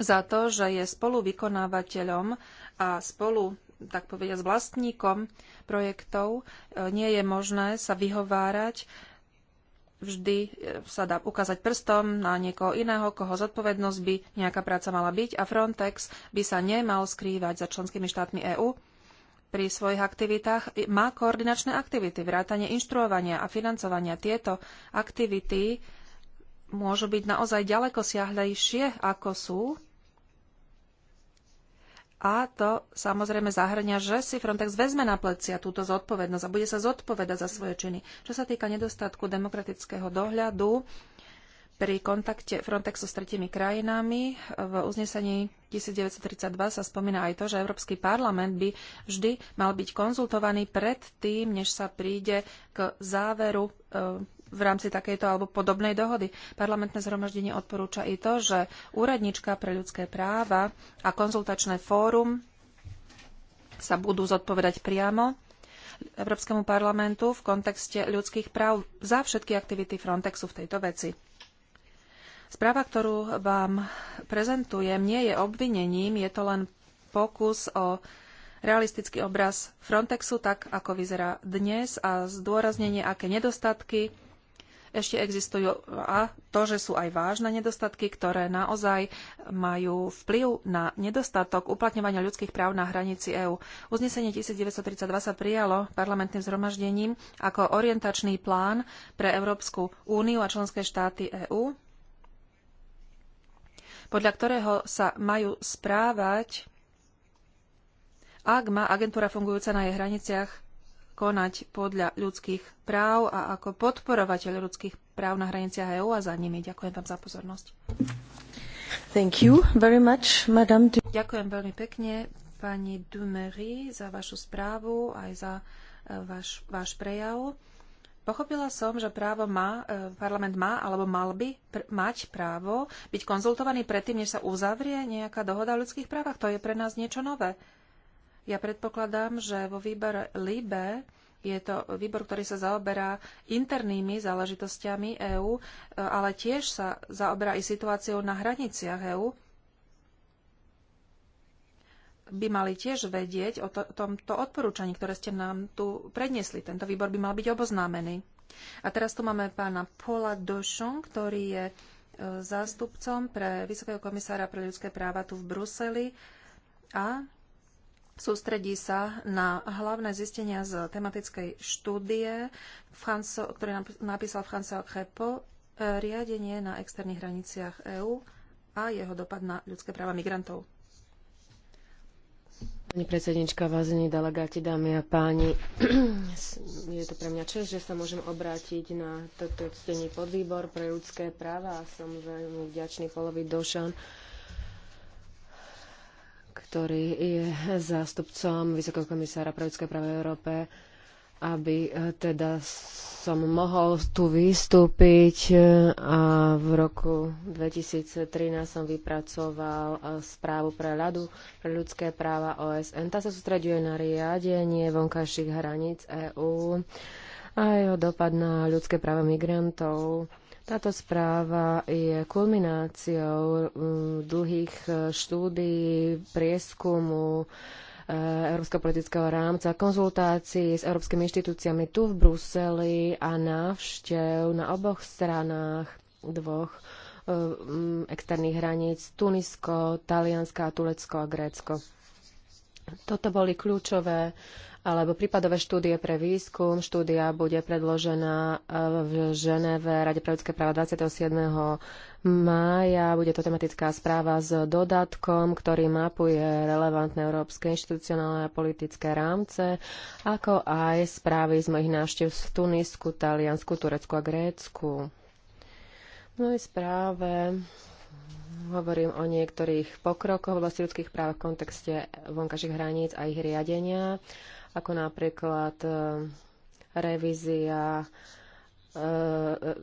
za to, že je spolu vykonávateľom a spolu tak povediať, s vlastníkom projektov. E, nie je možné sa vyhovárať vždy e, sa dá ukázať prstom na niekoho iného, koho zodpovednosť by nejaká práca mala byť a Frontex by sa nemal skrývať za členskými štátmi EÚ. Pri svojich aktivitách má koordinačné aktivity, vrátanie inštruovania a financovania. Tieto aktivity môžu byť naozaj ďaleko siahlejšie, ako sú a to samozrejme zahrňa, že si Frontex vezme na plecia túto zodpovednosť a bude sa zodpovedať za svoje činy. Čo sa týka nedostatku demokratického dohľadu pri kontakte Frontexu s tretimi krajinami, v uznesení 1932 sa spomína aj to, že Európsky parlament by vždy mal byť konzultovaný pred tým, než sa príde k záveru e, v rámci takejto alebo podobnej dohody. Parlamentné zhromaždenie odporúča i to, že úradnička pre ľudské práva a konzultačné fórum sa budú zodpovedať priamo Európskemu parlamentu v kontexte ľudských práv za všetky aktivity Frontexu v tejto veci. Správa, ktorú vám prezentujem, nie je obvinením, je to len pokus o realistický obraz Frontexu, tak ako vyzerá dnes a zdôraznenie, aké nedostatky ešte existujú a to, že sú aj vážne nedostatky, ktoré naozaj majú vplyv na nedostatok uplatňovania ľudských práv na hranici EÚ. Uznesenie 1932 sa prijalo parlamentným zhromaždením ako orientačný plán pre Európsku úniu a členské štáty EÚ, podľa ktorého sa majú správať ak má agentúra fungujúca na jej hraniciach konať podľa ľudských práv a ako podporovateľ ľudských práv na hraniciach EÚ a za nimi. Ďakujem vám za pozornosť. Thank you very much, Madame Ďakujem veľmi pekne, pani Dumery, za vašu správu aj za e, váš, váš prejav. Pochopila som, že právo má, e, parlament má, alebo mal by pr- mať právo byť konzultovaný predtým, než sa uzavrie nejaká dohoda o ľudských právach. To je pre nás niečo nové. Ja predpokladám, že vo výbore LIBE je to výbor, ktorý sa zaoberá internými záležitostiami EÚ, e, ale tiež sa zaoberá i situáciou na hraniciach EÚ. By mali tiež vedieť o to, tomto odporúčaní, ktoré ste nám tu predniesli. Tento výbor by mal byť oboznámený. A teraz tu máme pána Paula Dochon, ktorý je e, zástupcom pre Vysokého komisára pre ľudské práva tu v Bruseli a sústredí sa na hlavné zistenia z tematickej štúdie, ktoré napísal François Crepo, e, riadenie na externých hraniciach EÚ a jeho dopad na ľudské práva migrantov. Pani predsednička, vážení delegáti, dámy a páni, [clears throat] je to pre mňa čest, že sa môžem obrátiť na toto ctení podvýbor pre ľudské práva a som veľmi vďačný Polovi Došan, ktorý je zástupcom Vysokého komisára pre ľudské práva v Európe, aby e, teda som mohol tu vystúpiť e, a v roku 2013 som vypracoval e, správu pre ľadu pre ľudské práva OSN. Tá sa sústreďuje na riadenie vonkajších hraníc EÚ a jeho dopad na ľudské práva migrantov. Táto správa je kulmináciou uh, dlhých uh, štúdií, prieskumu uh, Európskeho politického rámca, konzultácií s európskymi inštitúciami tu v Bruseli a návštev na oboch stranách dvoch mm, externých hraníc Tunisko, Talianska, Tulecko a Grécko. Toto boli kľúčové alebo prípadové štúdie pre výskum. Štúdia bude predložená eh, v Ženeve Rade pre ľudské práva 27. mája. Bude to tematická správa s dodatkom, ktorý mapuje relevantné európske inštitucionálne a politické rámce, ako aj správy z mojich návštev v Tunisku, Taliansku, Turecku a Grécku. V mojej správe hovorím o niektorých pokrokoch v oblasti ľudských práv v kontexte vonkajších hraníc a ich riadenia ako napríklad e, revízia e, e,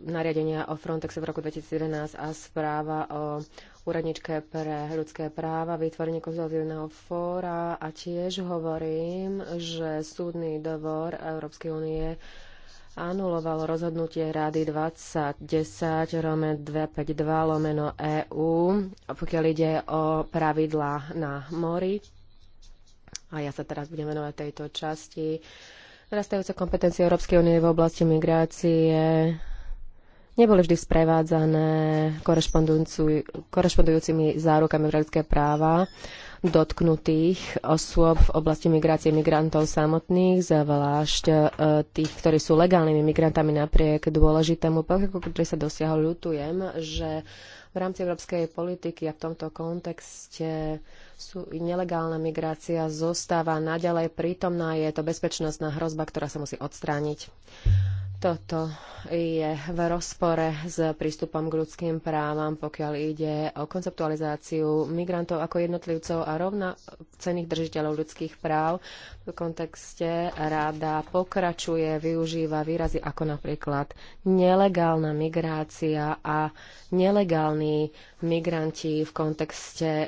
nariadenia o Frontexe v roku 2011 a správa o úradničke pre ľudské práva, vytvorenie konzultatívneho fóra a tiež hovorím, že súdny dovor Európskej únie anuloval rozhodnutie Rady 2010 Rome 252 lomeno EU, pokiaľ ide o pravidlá na mori a ja sa teraz budem venovať tejto časti. Rastajúce kompetencie Európskej únie v oblasti migrácie neboli vždy sprevádzané korešpondujúcimi zárukami v práva dotknutých osôb v oblasti migrácie migrantov samotných, zvlášť e, tých, ktorí sú legálnymi migrantami napriek dôležitému pokroku, ktorý sa dosiahol. Ľutujem, že v rámci európskej politiky a v tomto kontexte sú i nelegálna migrácia zostáva naďalej prítomná. Je to bezpečnostná hrozba, ktorá sa musí odstrániť. Toto je v rozpore s prístupom k ľudským právam, pokiaľ ide o konceptualizáciu migrantov ako jednotlivcov a rovna cených držiteľov ľudských práv. V kontexte ráda pokračuje, využíva výrazy ako napríklad nelegálna migrácia a nelegálni migranti v kontexte e,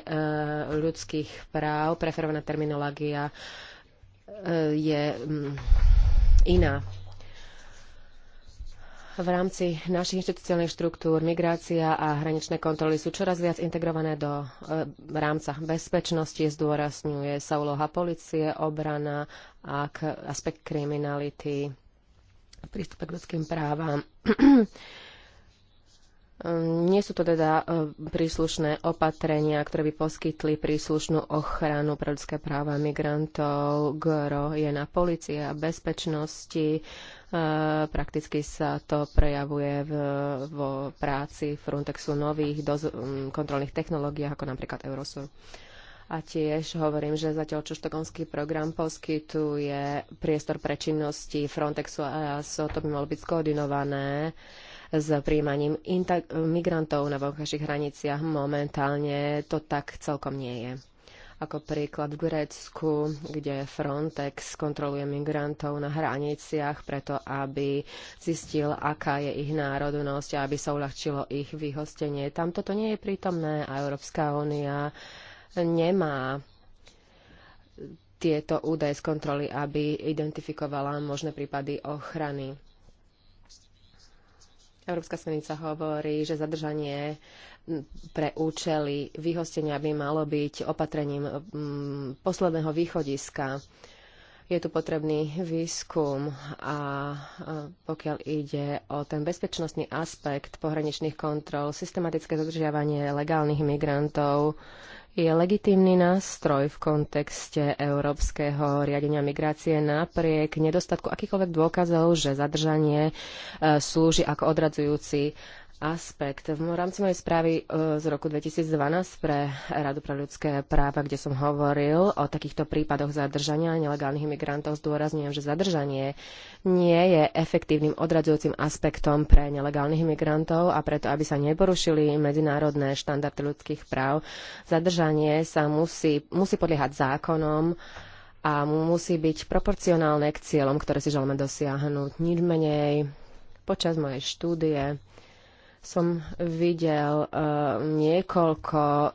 ľudských práv. Preferovaná terminológia e, je iná v rámci našich inštitucionálnych štruktúr migrácia a hraničné kontroly sú čoraz viac integrované do e, rámca bezpečnosti, zdôrazňuje sa úloha policie, obrana a k, aspekt kriminality, prístup k ľudským právam. [clears throat] Ehm, nie sú to teda ehm, príslušné opatrenia, ktoré by poskytli príslušnú ochranu pre ľudské práva migrantov. GRO je na policie a bezpečnosti. Ehm, prakticky sa to prejavuje v, vo práci Frontexu nových doz- kontrolných technológiách, ako napríklad Eurosur. A tiež hovorím, že zatiaľ čo štokonský program poskytuje priestor pre činnosti Frontexu a to by malo byť skoordinované s príjmaním migrantov na vonkajších hraniciach. Momentálne to tak celkom nie je. Ako príklad v Grécku, kde Frontex kontroluje migrantov na hraniciach preto, aby zistil, aká je ich národnosť a aby sa uľahčilo ich vyhostenie. Tam toto nie je prítomné a Európska únia nemá tieto údaje z kontroly, aby identifikovala možné prípady ochrany. Európska smernica hovorí, že zadržanie pre účely vyhostenia by malo byť opatrením posledného východiska. Je tu potrebný výskum a pokiaľ ide o ten bezpečnostný aspekt pohraničných kontrol, systematické zadržiavanie legálnych migrantov je legitímny nástroj v kontexte európskeho riadenia migrácie napriek nedostatku akýchkoľvek dôkazov, že zadržanie e, slúži ako odradzujúci aspekt. V rámci mojej správy e, z roku 2012 pre Radu pre ľudské práva, kde som hovoril o takýchto prípadoch zadržania nelegálnych imigrantov, zdôrazňujem, že zadržanie nie je efektívnym odradzujúcim aspektom pre nelegálnych imigrantov a preto, aby sa neporušili medzinárodné štandardy ľudských práv, zadržanie sa musí, musí podliehať zákonom, a musí byť proporcionálne k cieľom, ktoré si želáme dosiahnuť. Nič menej, počas mojej štúdie som videl eh, niekoľko eh,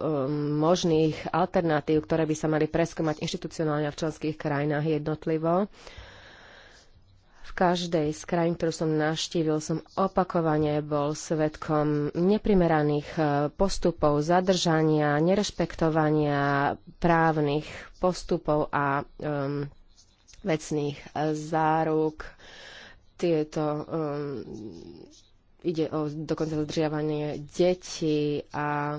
možných alternatív, ktoré by sa mali preskúmať inštitucionálne v členských krajinách jednotlivo. V každej z krajín, ktorú som navštívil, som opakovane bol svetkom neprimeraných eh, postupov, zadržania, nerešpektovania právnych postupov a um, vecných záruk. Tieto um, ide o dokonca zadržiavanie detí a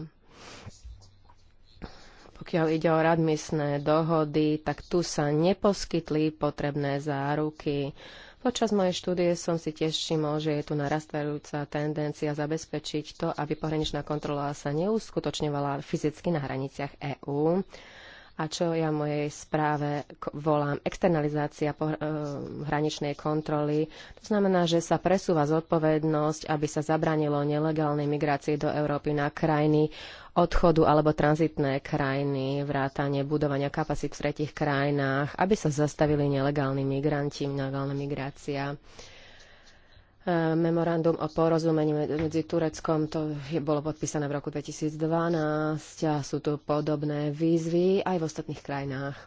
pokiaľ ide o radmisné dohody, tak tu sa neposkytli potrebné záruky. Počas mojej štúdie som si tiež všimol, že je tu narastajúca tendencia zabezpečiť to, aby pohraničná kontrola sa neuskutočňovala fyzicky na hraniciach EÚ a čo ja v mojej správe volám externalizácia po, e, hraničnej kontroly. To znamená, že sa presúva zodpovednosť, aby sa zabranilo nelegálnej migrácii do Európy na krajiny odchodu alebo tranzitné krajiny, vrátanie budovania kapacít v tretich krajinách, aby sa zastavili nelegálni migranti, nelegálna migrácia. E, memorandum o porozumení medzi Tureckom, to je, bolo podpísané v roku 2012 a sú tu podobné výzvy aj v ostatných krajinách.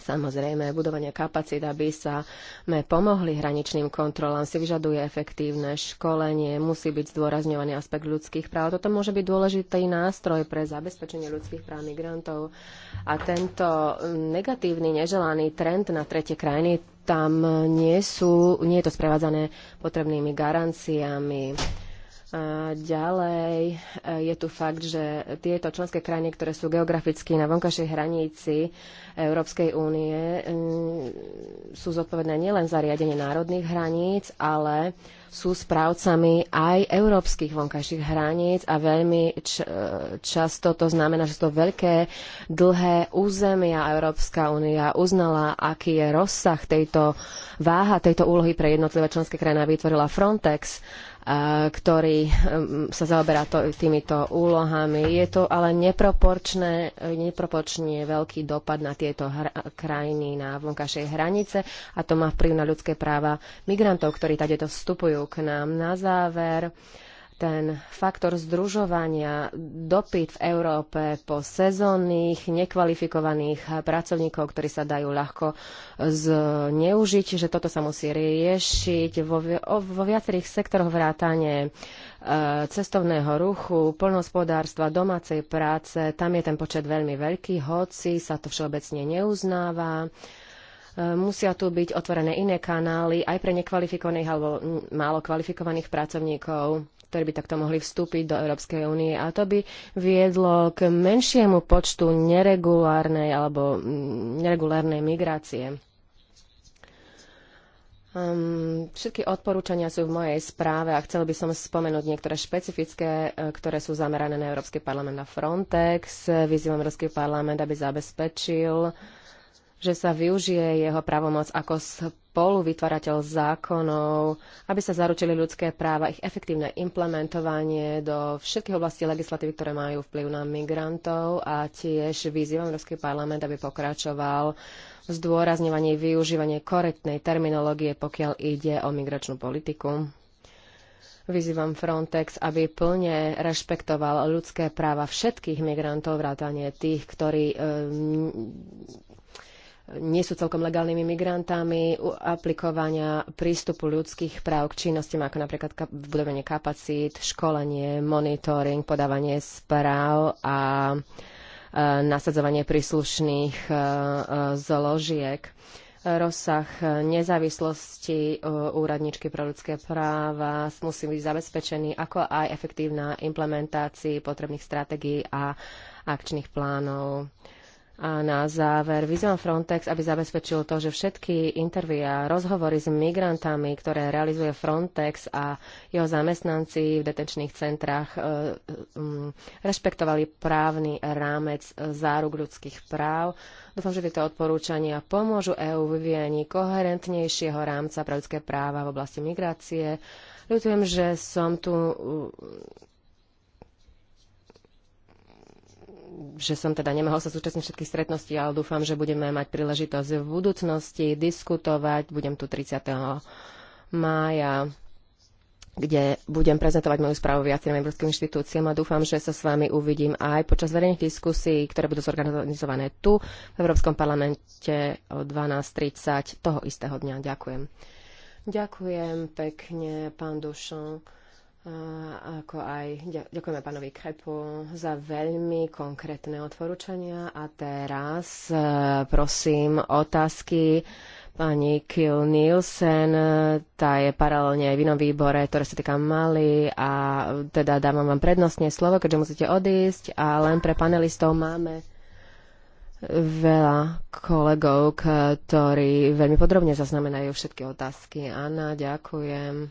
Samozrejme, budovanie kapacít, aby sa me pomohli hraničným kontrolám, si vyžaduje efektívne školenie, musí byť zdôrazňovaný aspekt ľudských práv. Toto môže byť dôležitý nástroj pre zabezpečenie ľudských práv migrantov. A tento negatívny, neželaný trend na tretie krajiny, tam nie, sú, nie je to sprevádzané potrebnými garanciami ďalej e, je tu fakt, že tieto členské krajiny, ktoré sú geograficky na vonkajšej hranici Európskej únie, sú zodpovedné nielen za riadenie národných hraníc, ale sú správcami aj európskych vonkajších hraníc a veľmi e, často to znamená, že sú to veľké, dlhé územia. Európska únia uznala, aký je rozsah tejto váha, tejto úlohy pre jednotlivé členské krajiny a vytvorila Frontex ktorý um, sa zaoberá to, týmito úlohami. Je to ale neproporčné, neproporčne veľký dopad na tieto krajiny, na vonkajšej hranice a to má vplyv na ľudské práva migrantov, ktorí tadeto vstupujú k nám. Na záver, uh, ten faktor združovania dopyt v Európe po sezónnych, nekvalifikovaných pracovníkov, ktorí sa dajú ľahko zneužiť, že toto sa musí riešiť vo, vo viacerých sektoroch vrátane e, cestovného ruchu, poľnohospodárstva, domácej práce. Tam je ten počet veľmi veľký, hoci sa to všeobecne neuznáva e, musia tu byť otvorené iné kanály aj pre nekvalifikovaných alebo málo kvalifikovaných pracovníkov ktorí by takto mohli vstúpiť do Európskej únie. A to by viedlo k menšiemu počtu neregulárnej alebo mm, neregulárnej migrácie. Um, všetky odporúčania sú v mojej správe a chcel by som spomenúť niektoré špecifické, e, ktoré sú zamerané na Európsky parlament a Frontex. Vyzývam Európsky parlament, aby zabezpečil uh, že sa využije jeho pravomoc ako spoluvytvárateľ zákonov, aby sa zaručili ľudské práva, ich efektívne implementovanie do všetkých oblastí legislatívy, ktoré majú vplyv na migrantov a tiež vyzývam Európsky parlament, aby pokračoval v zdôrazňovaní využívanie korektnej terminológie, pokiaľ ide o migračnú politiku. Vyzývam Frontex, aby plne rešpektoval ľudské práva všetkých migrantov, vrátane tých, ktorí um, nie sú celkom legálnymi migrantami, aplikovania prístupu ľudských práv k činnostiam ako napríklad budovanie kapacít, školenie, monitoring, podávanie správ a e, nasadzovanie príslušných e, e, zložiek rozsah nezávislosti úradničky pre ľudské práva musí byť zabezpečený, ako aj efektívna implementácia potrebných stratégií a akčných plánov. A na záver vyzývam Frontex, aby zabezpečil to, že všetky a rozhovory s migrantami, ktoré realizuje Frontex a jeho zamestnanci v detenčných centrách, e, mm, rešpektovali právny rámec záruk ľudských práv. Dúfam, že tieto odporúčania pomôžu EÚ vyvíjaní koherentnejšieho rámca pre ľudské práva v oblasti migrácie. Ľutujem, že som tu že som teda nemohol sa súčasniť všetkých stretností, ale dúfam, že budeme mať príležitosť v budúcnosti diskutovať. Budem tu 30. mája kde budem prezentovať moju správu viacerým európskym inštitúciám a dúfam, že sa s vami uvidím aj počas verejných diskusí, ktoré budú zorganizované tu v Európskom parlamente o 12.30 toho istého dňa. Ďakujem. Ďakujem pekne, pán Dušon ako aj ďakujeme pánovi Krepu za veľmi konkrétne odporúčania. A teraz e, prosím otázky pani Kill Nielsen. E, tá je paralelne aj v inom výbore, ktoré sa týka Mali a teda dávam vám prednostne slovo, keďže musíte odísť a len pre panelistov máme veľa kolegov, ktorí veľmi podrobne zaznamenajú všetky otázky. Anna, ďakujem.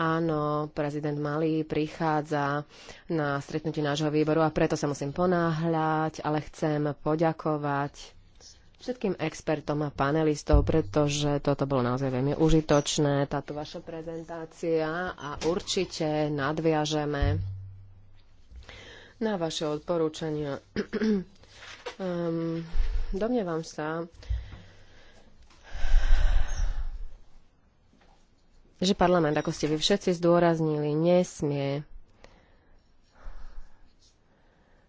Áno, prezident Malý prichádza na stretnutie nášho výboru a preto sa musím ponáhľať, ale chcem poďakovať všetkým expertom a panelistov, pretože toto bolo naozaj veľmi užitočné, táto vaša prezentácia a určite nadviažeme na vaše odporúčania. um, [clears throat] domnievam sa, že parlament, ako ste vy všetci zdôraznili, nesmie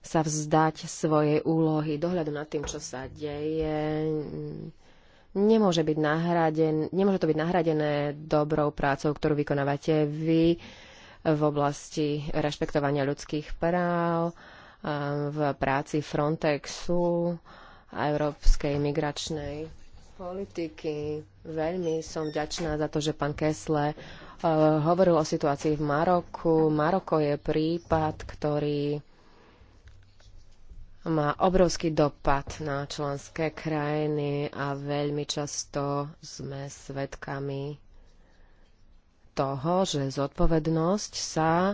sa vzdať svojej úlohy dohľadu nad tým, čo sa deje. Nemôže, byť nahraden, nemôže to byť nahradené dobrou prácou, ktorú vykonávate vy v oblasti rešpektovania ľudských práv, v práci Frontexu a Európskej migračnej politiky. Veľmi som vďačná za to, že pán Kesle eh, hovoril o situácii v Maroku. Maroko je prípad, ktorý má obrovský dopad na členské krajiny a veľmi často sme svedkami toho, že zodpovednosť sa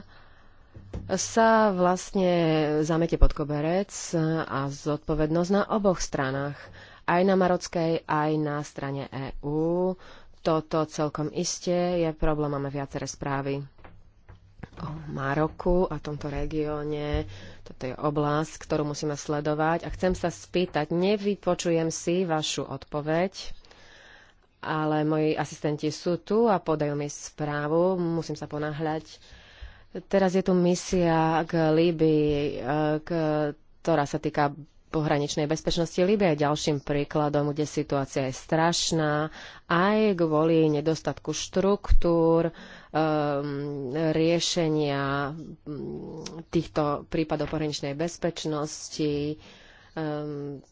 sa vlastne zamete pod koberec a zodpovednosť na oboch stranách aj na marockej, aj na strane EÚ. Toto celkom iste je problém, máme viaceré správy o Maroku a tomto regióne. Toto je oblasť, ktorú musíme sledovať. A chcem sa spýtať, nevypočujem si vašu odpoveď, ale moji asistenti sú tu a podajú mi správu. Musím sa ponáhľať. Teraz je tu misia k Líbii, e, ktorá sa týka pohraničnej bezpečnosti Libie je ďalším príkladom, kde situácia je strašná aj kvôli nedostatku štruktúr, um, riešenia um, týchto prípadov pohraničnej bezpečnosti, um,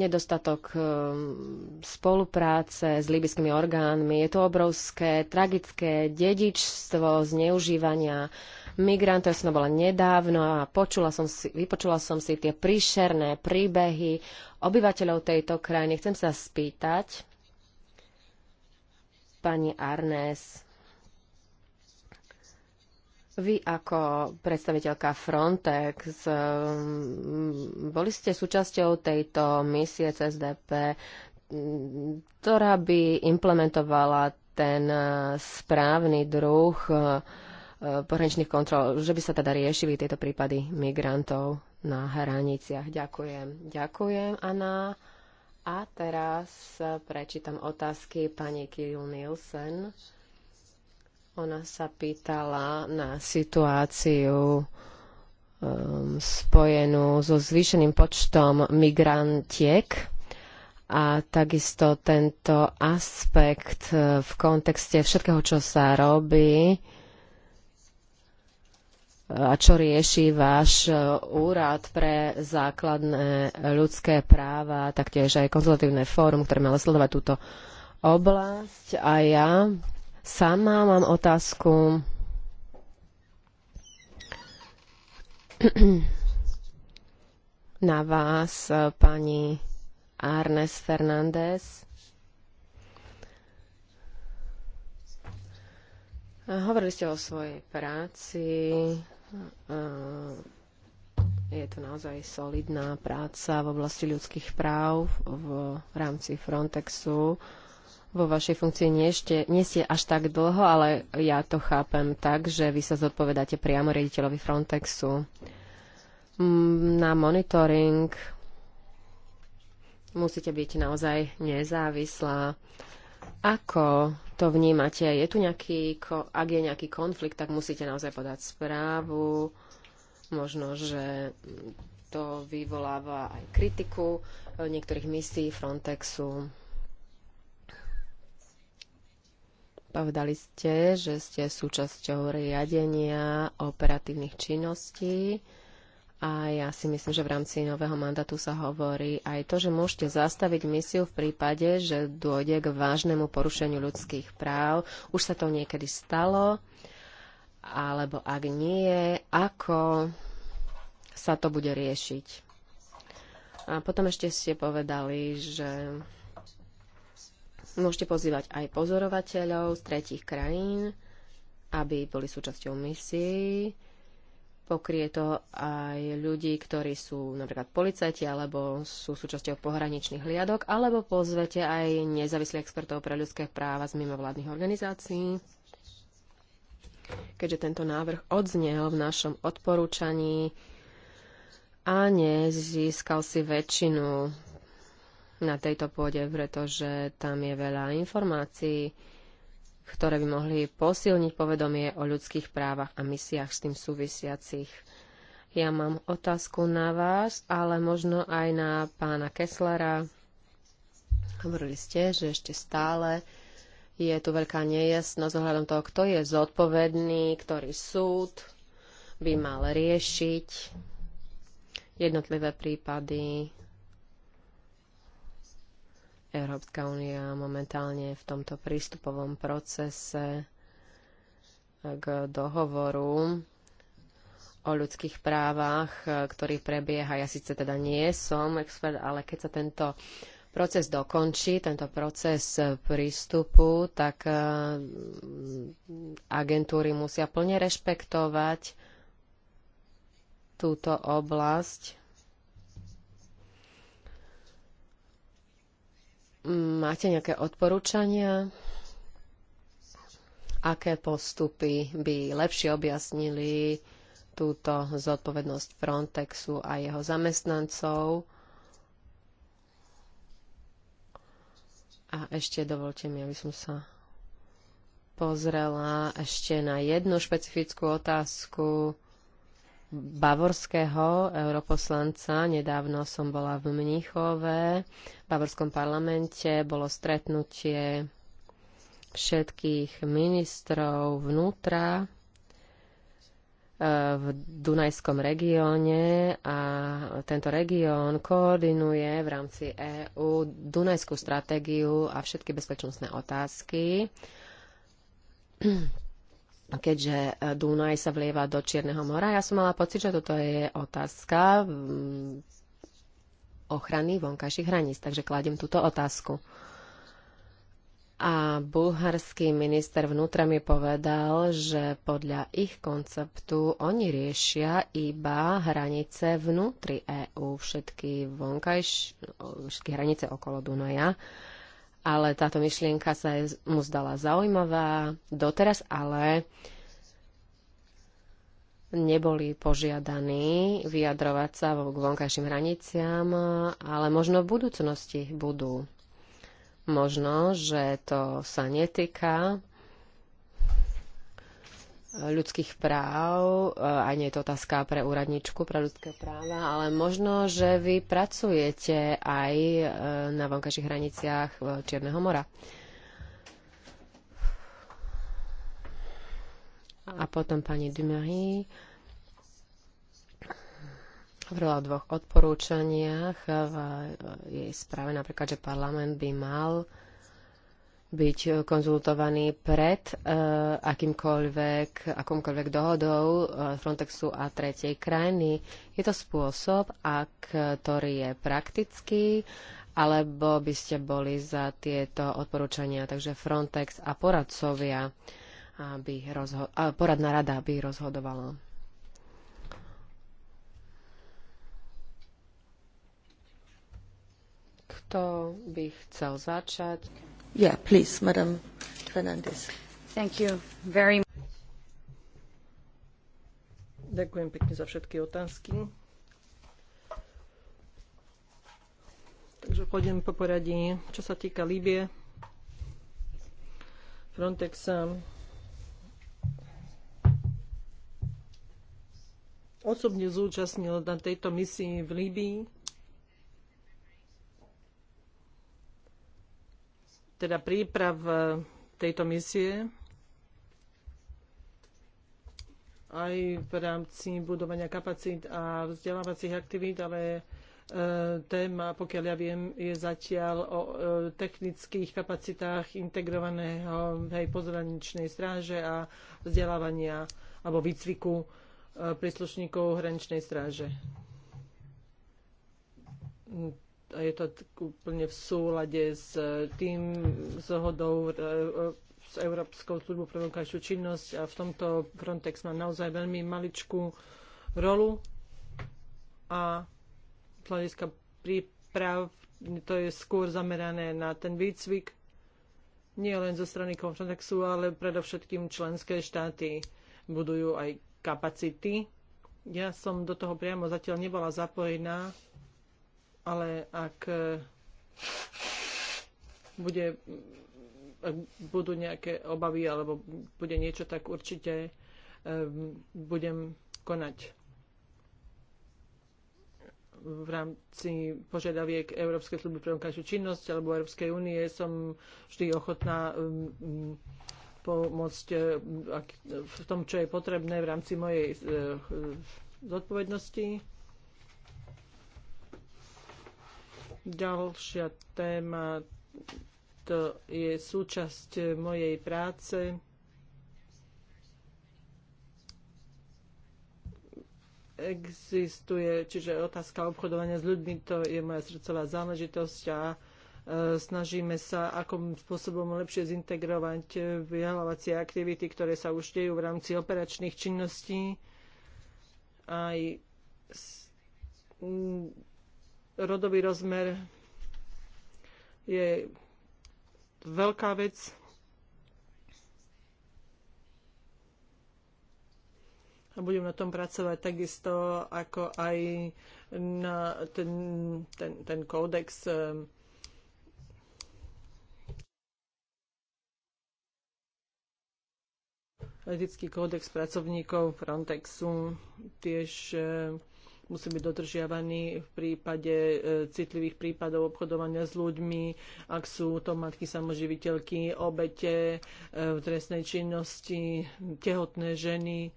nedostatok um, spolupráce s líbyskými orgánmi. Je to obrovské, tragické dedičstvo zneužívania migrantov. Ja som bola nedávno a počula som si, vypočula som si tie príšerné príbehy obyvateľov tejto krajiny. Chcem sa spýtať, pani Arnes, vy ako predstaviteľka Frontex, ehm, boli ste súčasťou tejto misie CSDP, ktorá by implementovala ten eh, správny druh eh, pohraničných kontrol, že by sa teda riešili tieto prípady migrantov na hraniciach. Ďakujem. Ďakujem, Anna. A teraz prečítam otázky pani Kirill Nielsen. Ona sa pýtala na situáciu um, spojenú so zvýšeným počtom migrantiek a takisto tento aspekt uh, v kontexte všetkého, čo sa robí a čo rieši váš e, úrad pre základné ľudské práva, taktiež aj konzultatívne fórum, ktoré malo sledovať túto oblasť. A ja sama mám otázku. [clears throat] na vás, e, pani Arnes Fernández. Hovorili ste o svojej práci, E, je to naozaj solidná práca v oblasti ľudských práv v rámci Frontexu. Vo vašej funkcii nie, ešte, nie ste až tak dlho, ale ja to chápem tak, že vy sa zodpovedáte priamo riaditeľovi Frontexu. Na monitoring musíte byť naozaj nezávislá. Ako to vnímate? Je tu nejaký, ak je nejaký konflikt, tak musíte naozaj podať správu. Možno, že to vyvoláva aj kritiku niektorých misií Frontexu. Povedali ste, že ste súčasťou riadenia operatívnych činností a ja si myslím, že v rámci nového mandátu sa hovorí aj to, že môžete zastaviť misiu v prípade, že dôjde k vážnemu porušeniu ľudských práv. Už sa to niekedy stalo, alebo ak nie, ako sa to bude riešiť. A potom ešte ste povedali, že môžete pozývať aj pozorovateľov z tretich krajín, aby boli súčasťou misií pokrie to aj ľudí, ktorí sú napríklad policajti alebo sú súčasťou pohraničných hliadok, alebo pozvete aj nezávislých expertov pre ľudské práva z mimovládnych organizácií. Keďže tento návrh odznel v našom odporúčaní a nezískal si väčšinu na tejto pôde, pretože tam je veľa informácií, ktoré by mohli posilniť povedomie o ľudských právach a misiách s tým súvisiacich. Ja mám otázku na vás, ale možno aj na pána Kesslera. Hovorili ste, že ešte stále je tu veľká nejasnosť ohľadom toho, kto je zodpovedný, ktorý súd by mal riešiť jednotlivé prípady Európska únia momentálne v tomto prístupovom procese k dohovoru o ľudských právach, ktorý prebieha. Ja síce teda nie som expert, ale keď sa tento proces dokončí, tento proces prístupu, tak eh, agentúry musia plne rešpektovať túto oblasť Máte nejaké odporúčania? Aké postupy by lepšie objasnili túto zodpovednosť Frontexu a jeho zamestnancov? A ešte dovolte mi, aby som sa pozrela ešte na jednu špecifickú otázku bavorského europoslanca. Nedávno som bola v Mníchove, v bavorskom parlamente. Bolo stretnutie všetkých ministrov vnútra eh, v Dunajskom regióne a tento región koordinuje v rámci EÚ Dunajskú stratégiu a všetky bezpečnostné otázky keďže e, Dunaj sa vlieva do Čierneho mora. Ja som mala pocit, že toto je otázka mm, ochrany vonkajších hraníc, takže kladem túto otázku. A bulharský minister vnútra mi povedal, že podľa ich konceptu oni riešia iba hranice vnútri EÚ, všetky, vonkajš, všetky hranice okolo Dunaja ale táto myšlienka sa mu zdala zaujímavá doteraz, ale neboli požiadaní vyjadrovať sa k vonkajším hraniciam, ale možno v budúcnosti budú. Možno, že to sa netýka ľudských práv, eh, a nie je to otázka pre úradničku pre ľudské práva, ale možno, že vy pracujete aj eh, na vonkajších hraniciach eh, Čierneho mora. A potom pani Dumery hovorila o dvoch odporúčaniach v jej správe, napríklad, že parlament by mal byť eh, konzultovaný pred eh, akýmkoľvek, akýmkoľvek dohodou eh, Frontexu a tretej krajiny. Je to spôsob, ak ktorý je praktický, alebo by ste boli za tieto odporúčania, takže Frontex a poradcovia, aby rozho- a poradná rada by rozhodovala. Kto by chcel začať? Yeah, please, Madam Fernandez. Thank you very much. Ďakujem pekne za všetky otázky. Takže pôjdem po poradí. Čo sa týka Líbie, Frontex osobne zúčastnil na tejto misii v Líbii teda príprav e, tejto misie aj v rámci budovania kapacít a vzdelávacích aktivít, ale e, téma, pokiaľ ja viem, je zatiaľ o e, technických kapacitách integrovaného hej, pozraničnej stráže a vzdelávania alebo výcviku príslušníkov hraničnej stráže je to úplne v súlade s e, tým zohodou e, e, s Európskou službou pre vonkajšiu činnosť a v tomto Frontex má naozaj veľmi maličkú rolu a z hľadiska príprav to je skôr zamerané na ten výcvik nie len zo strany Frontexu, ale predovšetkým členské štáty budujú aj kapacity. Ja som do toho priamo zatiaľ nebola zapojená, ale ak e, bude, ak budú nejaké obavy alebo bude niečo, tak určite e, budem konať v rámci požiadaviek Európskej služby pre vonkajšiu činnosť alebo Európskej únie som vždy ochotná pomôcť e, v tom, čo je potrebné v rámci mojej zodpovednosti. Ďalšia téma to je súčasť mojej práce. Existuje, čiže otázka obchodovania s ľuďmi, to je moja srdcová záležitosť a e, snažíme sa, akým spôsobom lepšie zintegrovať e, vyhľadávacie aktivity, ktoré sa už dejú v rámci operačných činností. Aj rodový rozmer je veľká vec. A budem na tom pracovať takisto ako aj na ten, ten, ten kódex eh, etický kódex pracovníkov Frontexu. Tiež eh, musí byť dodržiavaný v prípade e, citlivých prípadov obchodovania s ľuďmi, ak sú to matky samoživiteľky, obete e, v trestnej činnosti, tehotné ženy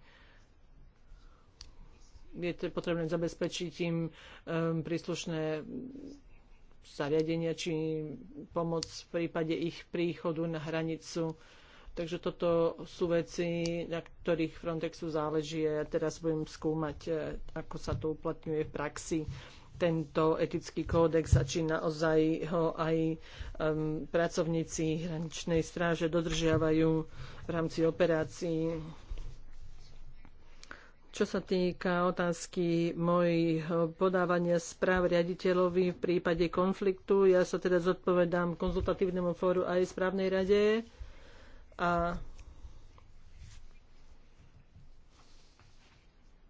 je potrebné zabezpečiť im e, príslušné zariadenia či pomoc v prípade ich príchodu na hranicu Takže toto sú veci, na ktorých Frontexu záleží a ja teraz budem skúmať, e, ako sa to uplatňuje v praxi tento etický kódex a či naozaj ho aj um, pracovníci hraničnej stráže dodržiavajú v rámci operácií. Čo sa týka otázky mojho podávania správ riaditeľovi v prípade konfliktu, ja sa teda zodpovedám konzultatívnemu fóru aj správnej rade a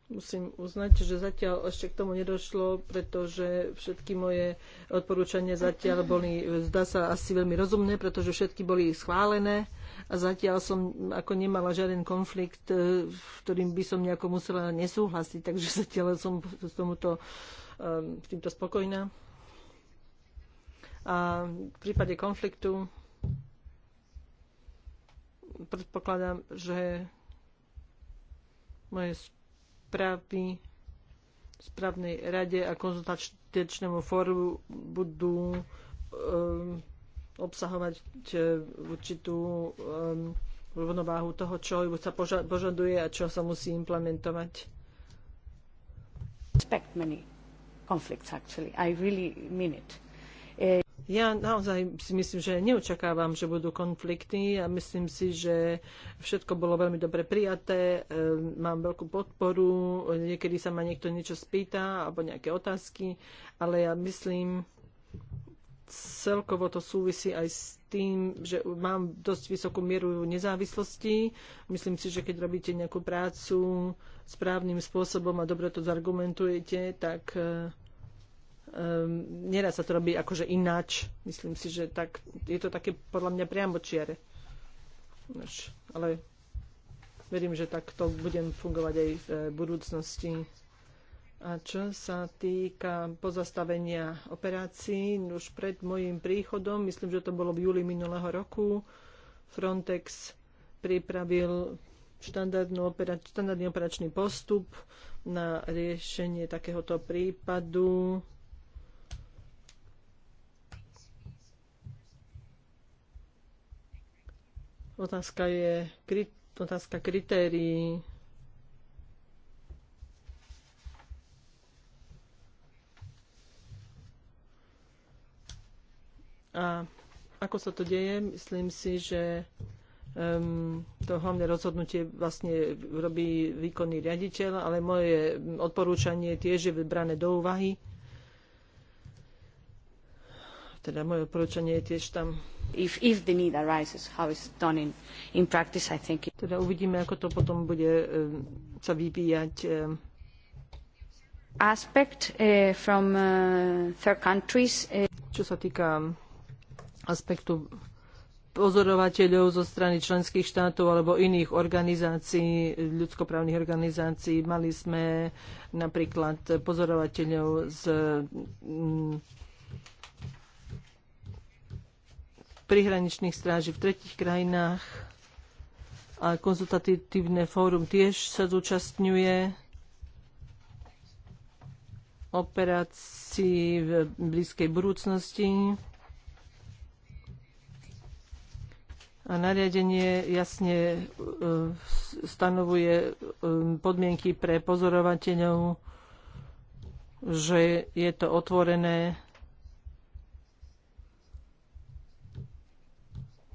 musím uznať, že zatiaľ ešte k tomu nedošlo, pretože všetky moje odporúčania zatiaľ boli, zdá sa, asi veľmi rozumné, pretože všetky boli schválené a zatiaľ som ako nemala žiaden konflikt, v e, ktorým by som nejako musela nesúhlasiť, takže zatiaľ som s tomuto, e, s týmto spokojná. A v prípade konfliktu predpokladám, že moje správy správnej rade a konzultačnému fóru budú um, obsahovať e, určitú um, rovnováhu toho, čo sa požaduje a čo sa musí implementovať. Respect many conflicts actually. I really mean it ja naozaj si myslím, že neočakávam, že budú konflikty a ja myslím si, že všetko bolo veľmi dobre prijaté, eh, mám veľkú podporu, niekedy sa ma niekto niečo spýta alebo nejaké otázky, ale ja myslím, celkovo to súvisí aj s tým, že mám dosť vysokú mieru nezávislosti. Myslím si, že keď robíte nejakú prácu správnym spôsobom a dobre to zargumentujete, tak eh, um, nedá sa to robí akože ináč. Myslím si, že tak, je to také podľa mňa priamo čiare. Až, ale verím, že tak to budem fungovať aj v e, budúcnosti. A čo sa týka pozastavenia operácií, už pred môjim príchodom, myslím, že to bolo v júli minulého roku, Frontex pripravil opera štandardný operačný postup na riešenie takéhoto prípadu Otázka je otázka kritérií. A ako sa to deje, myslím si, že um, to hlavné rozhodnutie vlastne robí výkonný riaditeľ, ale moje odporúčanie tiež je vybrané do úvahy. Teda moje odporúčanie je tiež tam. If, if the need arises, how it's done in, in practice, I think. Teda uvidíme, ako to potom bude eh, sa vyvíjať eh. aspect uh, from uh, third countries. Uh... Čo sa týka mm, aspektu pozorovateľov zo strany členských štátov alebo iných organizácií, ľudskoprávnych organizácií. Mali sme napríklad pozorovateľov z mm, prihraničných stráží v tretich krajinách a konzultatívne fórum tiež sa zúčastňuje operácií v blízkej budúcnosti. A nariadenie jasne e, stanovuje e, podmienky pre pozorovateľov, že je to otvorené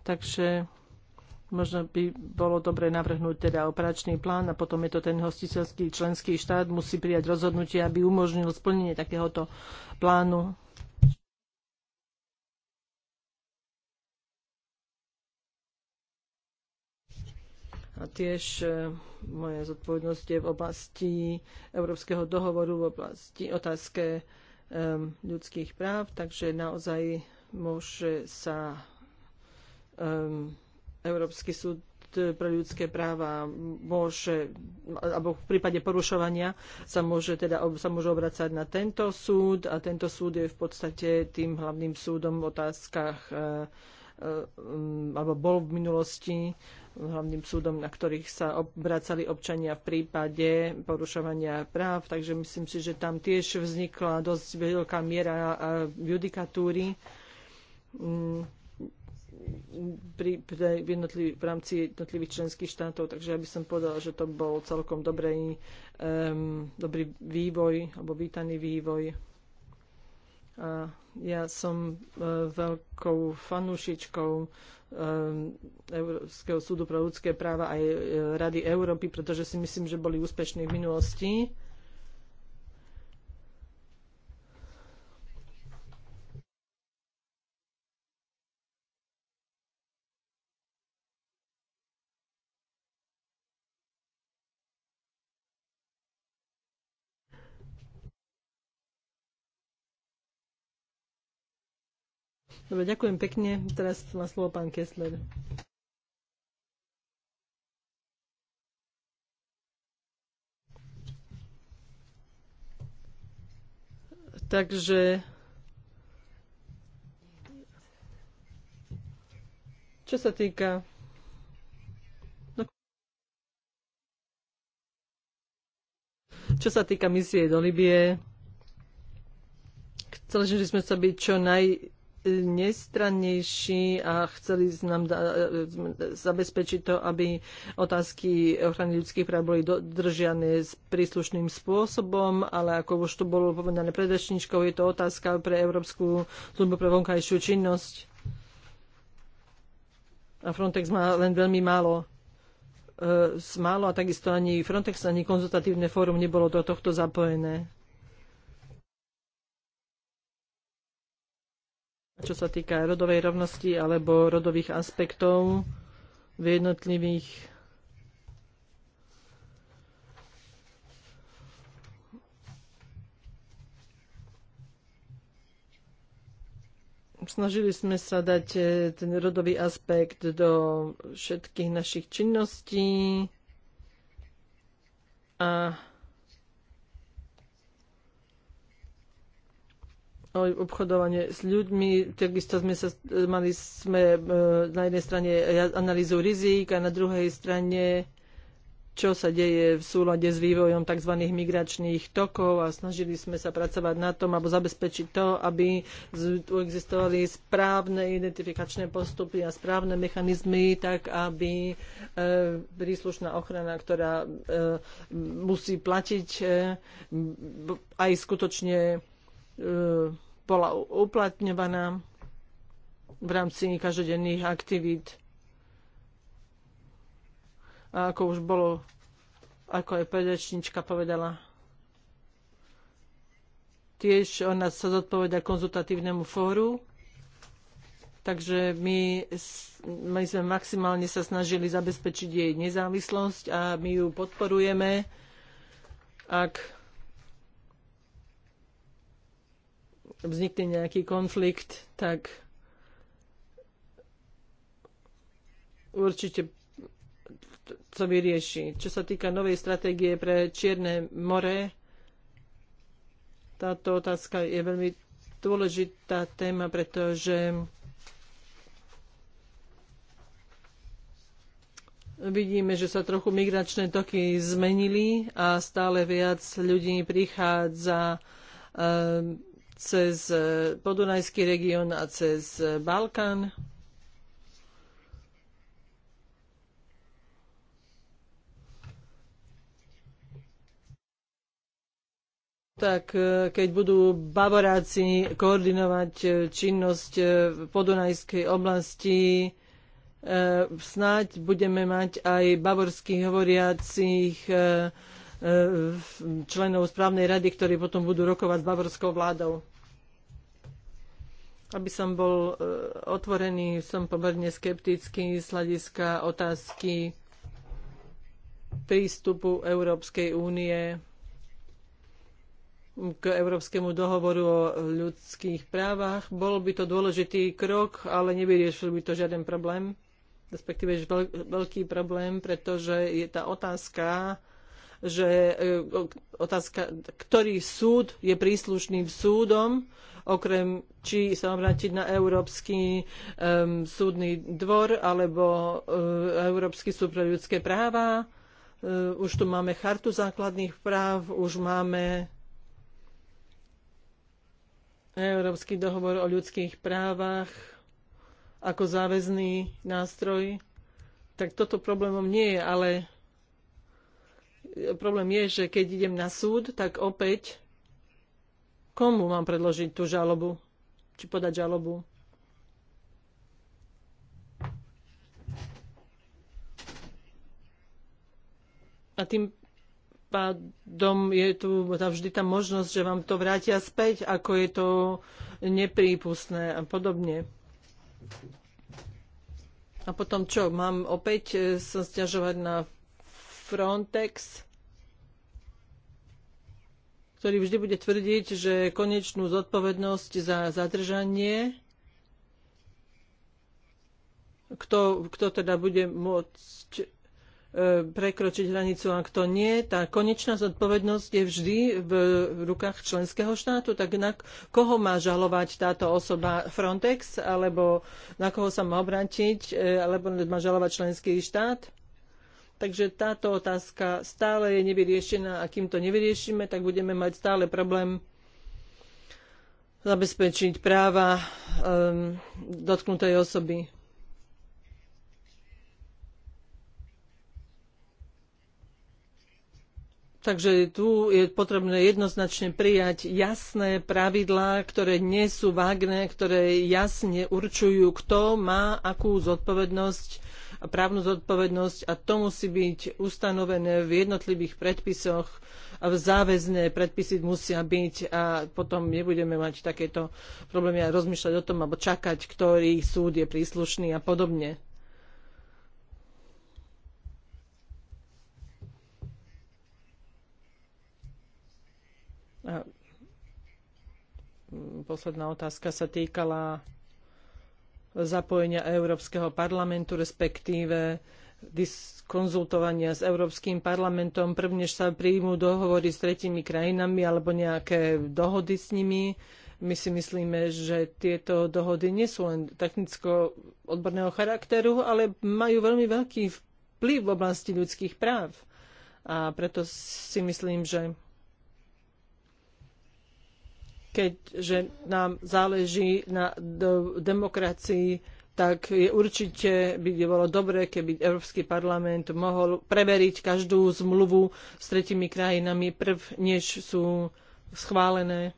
Takže možno by bolo dobre navrhnúť teda operačný plán a potom je to ten hostiteľský členský štát musí prijať rozhodnutie, aby umožnil splnenie takéhoto plánu. A tiež e, moja zodpovednosť je v oblasti Európskeho dohovoru, v oblasti otázke e, ľudských práv, takže naozaj môže sa um, Európsky súd e, pre ľudské práva môže, alebo v prípade porušovania sa, môže teda, sa môže obracať na tento súd a tento súd je v podstate tým hlavným súdom v otázkach e, e, alebo bol v minulosti hlavným súdom, na ktorých sa obracali občania v prípade porušovania práv. Takže myslím si, že tam tiež vznikla dosť veľká miera judikatúry mm, pri, pri, jednotliv, v rámci jednotlivých členských štátov, takže ja by som povedala, že to bol celkom dobrý, um, dobrý vývoj alebo vítaný vývoj. A ja som uh, veľkou fanúšičkou um, Európskeho súdu pre ľudské práva aj e, Rady Európy, pretože si myslím, že boli úspešní v minulosti Dobre, ďakujem pekne. Teraz má slovo pán Kessler. Takže čo sa týka čo sa týka misie do Libie, chceli že sme sa byť čo naj nestrannejší a chceli nám da, e, zabezpečiť to, aby otázky ochrany ľudských práv boli dodržiané príslušným spôsobom, ale ako už tu bolo povedané predrečničkou, je to otázka pre Európsku službu pre vonkajšiu činnosť. A Frontex má len veľmi málo e, málo a takisto ani Frontex, ani konzultatívne fórum nebolo do tohto zapojené. čo sa týka rodovej rovnosti alebo rodových aspektov v jednotlivých snažili sme sa dať e, ten rodový aspekt do všetkých našich činností a obchodovanie s ľuďmi. Takisto sme sa mali sme e, na jednej strane analýzu rizík a na druhej strane čo sa deje v súlade s vývojom tzv. migračných tokov a snažili sme sa pracovať na tom, alebo zabezpečiť to, aby tu existovali správne identifikačné postupy a správne mechanizmy, tak aby e, príslušná ochrana, ktorá e, musí platiť, e, aj skutočne E, bola uplatňovaná v rámci každodenných aktivít. A ako už bolo, ako aj predrečnička povedala, tiež ona sa zodpoveda konzultatívnemu fóru, takže my, my sme maximálne sa snažili zabezpečiť jej nezávislosť a my ju podporujeme, ak vznikne nejaký konflikt, tak určite to vyrieši. Čo sa týka novej stratégie pre Čierne more, táto otázka je veľmi dôležitá téma, pretože vidíme, že sa trochu migračné toky zmenili a stále viac ľudí prichádza um, cez e, Podunajský región a cez e, Balkán. tak e, keď budú Bavoráci koordinovať činnosť v podunajskej oblasti, snáď budeme mať aj bavorských hovoriacich E, členov správnej rady, ktorí potom budú rokovať s bavorskou vládou. Aby som bol e, otvorený, som pomerne skeptický z hľadiska otázky prístupu Európskej únie k Európskemu dohovoru o ľudských právach. Bol by to dôležitý krok, ale nevyriešil by to žiaden problém, respektíve veľký problém, pretože je tá otázka že e, otázka, ktorý súd je príslušným súdom, okrem či sa obrátiť na Európsky um, súdny dvor alebo uh, Európsky súd pre ľudské práva. Uh, už tu máme chartu základných práv, už máme Európsky dohovor o ľudských právach ako záväzný nástroj, tak toto problémom nie je, ale problém je, že keď idem na súd, tak opäť komu mám predložiť tú žalobu? Či podať žalobu? A tým pádom je tu vždy tá možnosť, že vám to vrátia späť, ako je to neprípustné a podobne. A potom čo? Mám opäť eh, sa stiažovať na Frontex, ktorý vždy bude tvrdiť, že konečnú zodpovednosť za zadržanie, kto, kto teda bude môcť e, prekročiť hranicu a kto nie, tá konečná zodpovednosť je vždy v, rukách členského štátu. Tak na koho má žalovať táto osoba Frontex, alebo na koho sa má obrátiť, e, alebo má žalovať členský štát? Takže táto otázka stále je nevyriešená a kým to nevyriešime, tak budeme mať stále problém zabezpečiť práva um, ehm, dotknutej osoby. Takže tu je potrebné jednoznačne prijať jasné pravidlá, ktoré nie sú vágne, ktoré jasne určujú, kto má akú zodpovednosť a právnu zodpovednosť a to musí byť ustanovené v jednotlivých predpisoch a v záväzné predpisy musia byť a potom nebudeme mať takéto problémy a rozmýšľať o tom alebo čakať, ktorý súd je príslušný a podobne. A posledná otázka sa týkala zapojenia Európskeho parlamentu, respektíve konzultovania s Európskym parlamentom, prvnež sa príjmú dohovory s tretími krajinami alebo nejaké dohody s nimi. My si myslíme, že tieto dohody nie sú len technicko-odborného charakteru, ale majú veľmi veľký vplyv v oblasti ľudských práv. A preto si myslím, že keďže nám záleží na demokracii, tak je určite by bolo dobré, keby Európsky parlament mohol preveriť každú zmluvu s tretimi krajinami prv, než sú schválené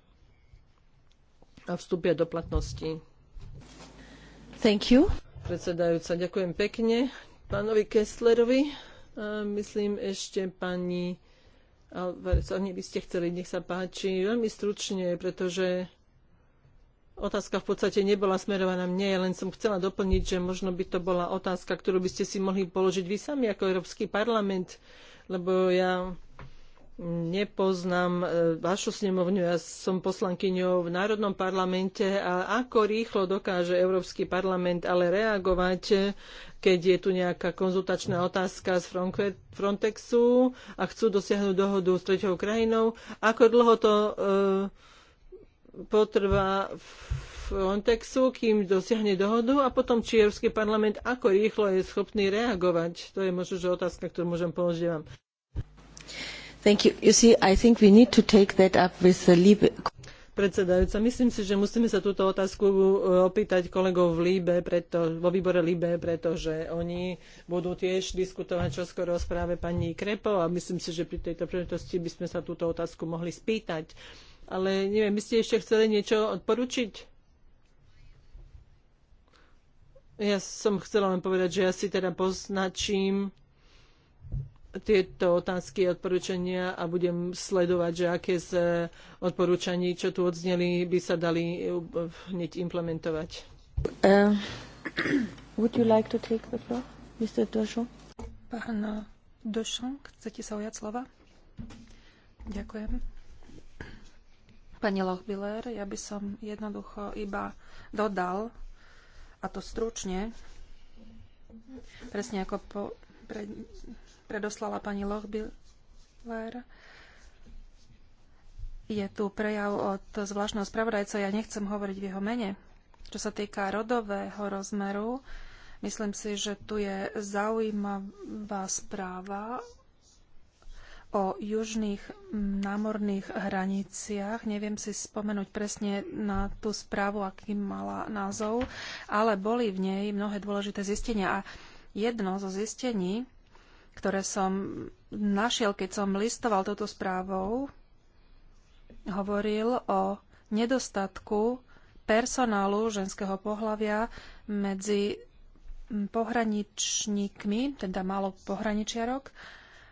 a vstúpia do platnosti. Thank you. Predsedajúca, ďakujem pekne pánovi Kesslerovi. myslím ešte pani oni by ste chceli, nech sa páči, veľmi stručne, pretože otázka v podstate nebola smerovaná mne, len som chcela doplniť, že možno by to bola otázka, ktorú by ste si mohli položiť vy sami ako Európsky parlament, lebo ja nepoznám e, vašu snemovňu, ja som poslankyňou v Národnom parlamente a ako rýchlo dokáže Európsky parlament ale reagovať, keď je tu nejaká konzultačná otázka z Frontexu a chcú dosiahnuť dohodu s treťou krajinou, ako dlho to e, potrvá Frontexu, kým dosiahne dohodu a potom či Európsky parlament ako rýchlo je schopný reagovať. To je možno, že otázka, ktorú môžem položiť vám predsedajúca. Myslím si, že musíme sa túto otázku e, opýtať kolegov v vo výbore libe pretože oni budú tiež diskutovať čoskoro o správe pani Krepo a myslím si, že pri tejto príležitosti by sme sa túto otázku mohli spýtať. Ale neviem, vy ste ešte chceli niečo odporučiť? Ja som chcela len povedať, že ja si teda poznačím tieto otázky a odporúčania a budem sledovať, že aké z eh, odporúčaní, čo tu odzneli, by sa dali eh, hneď implementovať. Uh, would you like to take the floor, Mr. Dushan? Pán Dushan, chcete sa ujať slova? Ďakujem. Pani Lochbiller, ja by som jednoducho iba dodal, a to stručne, presne ako po, pre, predoslala pani Lochbiller. Je tu prejav od zvláštneho spravodajca, ja nechcem hovoriť v jeho mene. Čo sa týka rodového rozmeru, myslím si, že tu je zaujímavá správa o južných námorných hraniciach. Neviem si spomenúť presne na tú správu, aký mala názov, ale boli v nej mnohé dôležité zistenia. A jedno zo zistení ktoré som našiel, keď som listoval touto správou, hovoril o nedostatku personálu ženského pohľavia medzi pohraničníkmi, teda málo pohraničiarok.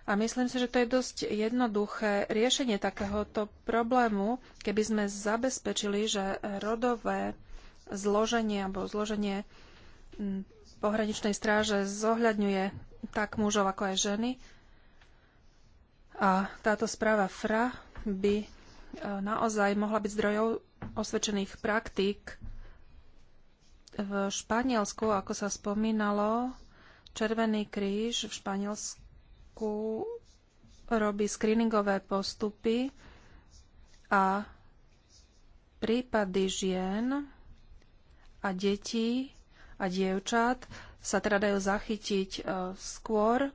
A myslím si, že to je dosť jednoduché riešenie takéhoto problému, keby sme zabezpečili, že rodové zloženie alebo zloženie mm, pohraničnej stráže zohľadňuje tak mužov ako aj ženy. A táto správa FRA by e, naozaj mohla byť zdrojov osvedčených praktík v Španielsku, ako sa spomínalo, Červený kríž v Španielsku robí screeningové postupy a prípady žien a detí a dievčat sa teda dajú zachytiť e, skôr.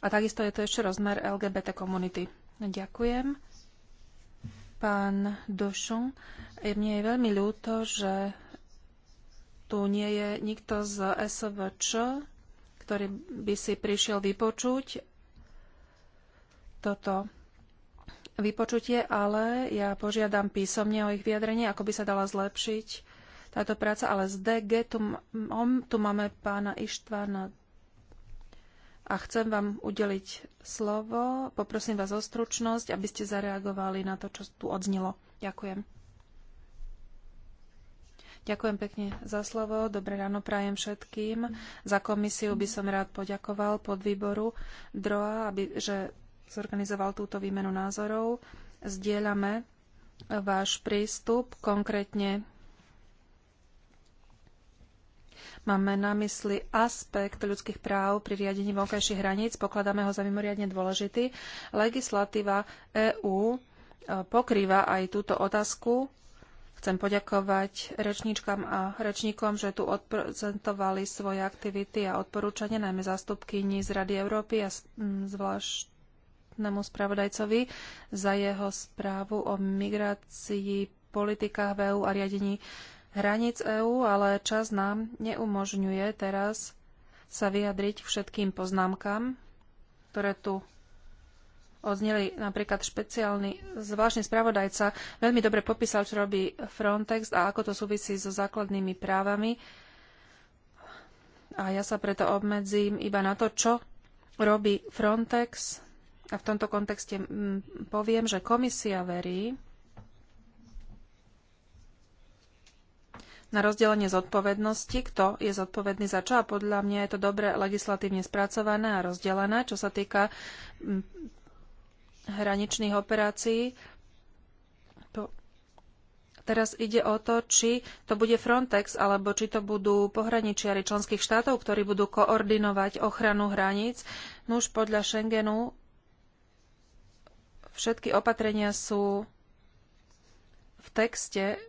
A takisto je to ešte rozmer LGBT komunity. Ďakujem. Pán Došon, mne je veľmi ľúto, že tu nie je nikto z SVČ, ktorý by si prišiel vypočuť toto vypočutie, ale ja požiadam písomne o ich vyjadrenie, ako by sa dala zlepšiť táto práca, ale z DG tu, om, tu máme pána Ištvána a chcem vám udeliť slovo. Poprosím vás o stručnosť, aby ste zareagovali na to, čo tu odznilo. Ďakujem. Ďakujem pekne za slovo. Dobré ráno prajem všetkým. Za komisiu by som rád poďakoval pod výboru DROA, aby, že zorganizoval túto výmenu názorov. Zdieľame váš prístup, konkrétne Máme na mysli aspekt ľudských práv pri riadení vonkajších hraníc, pokladáme ho za mimoriadne dôležitý. Legislatíva EÚ e, pokrýva aj túto otázku. Chcem poďakovať rečníčkam a rečníkom, že tu odprezentovali svoje aktivity a odporúčania, najmä zástupkyni z Rady Európy a zvláštnemu spravodajcovi za jeho správu o migrácii politikách VÚ e a riadení hranic EÚ, ale čas nám neumožňuje teraz sa vyjadriť všetkým poznámkam, ktoré tu odzneli napríklad špeciálny zvláštny spravodajca, veľmi dobre popísal, čo robí Frontex a ako to súvisí so základnými právami. A ja sa preto obmedzím iba na to, čo robí Frontex. A v tomto kontexte mm, poviem, že komisia verí, na rozdelenie zodpovednosti, kto je zodpovedný za čo a podľa mňa je to dobre legislatívne spracované a rozdelené, čo sa týka mm, hraničných operácií. Teraz ide o to, či to bude Frontex alebo či to budú pohraničiari členských štátov, ktorí budú koordinovať ochranu hraníc. No už podľa Schengenu všetky opatrenia sú v texte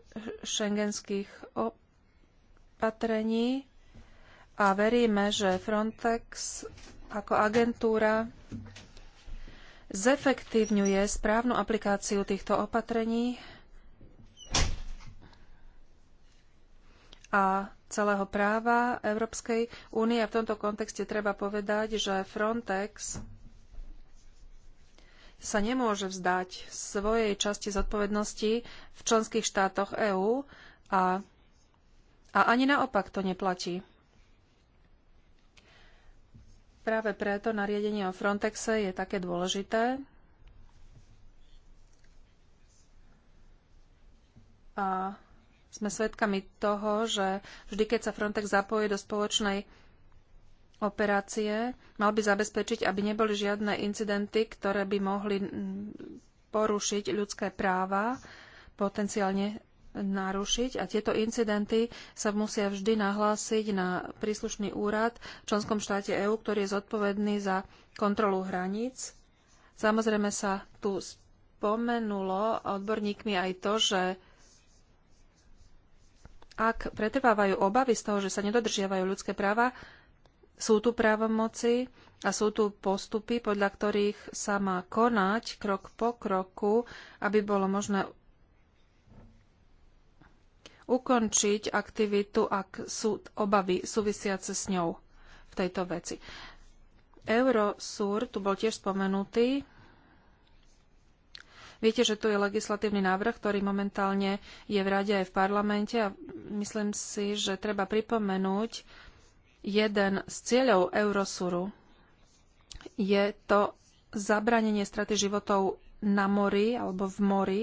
šengenských opatrení a veríme, že Frontex ako agentúra zefektívňuje správnu aplikáciu týchto opatrení a celého práva Európskej únie. A v tomto kontexte treba povedať, že Frontex sa nemôže vzdať svojej časti zodpovednosti v členských štátoch EÚ a, a ani naopak to neplatí. Práve preto nariadenie o Frontexe je také dôležité a sme svedkami toho, že vždy, keď sa Frontex zapojí do spoločnej operácie mal by zabezpečiť, aby neboli žiadne incidenty, ktoré by mohli porušiť ľudské práva, potenciálne narušiť. A tieto incidenty sa musia vždy nahlásiť na príslušný úrad v členskom štáte EÚ, ktorý je zodpovedný za kontrolu hraníc. Samozrejme sa tu spomenulo odborníkmi aj to, že ak pretrvávajú obavy z toho, že sa nedodržiavajú ľudské práva, sú tu právomoci a sú tu postupy, podľa ktorých sa má konať krok po kroku, aby bolo možné ukončiť aktivitu, ak sú obavy súvisiace s ňou v tejto veci. Eurosur tu bol tiež spomenutý. Viete, že tu je legislatívny návrh, ktorý momentálne je v rade aj v parlamente a myslím si, že treba pripomenúť, Jeden z cieľov Eurosuru je to zabranenie straty životov na mori alebo v mori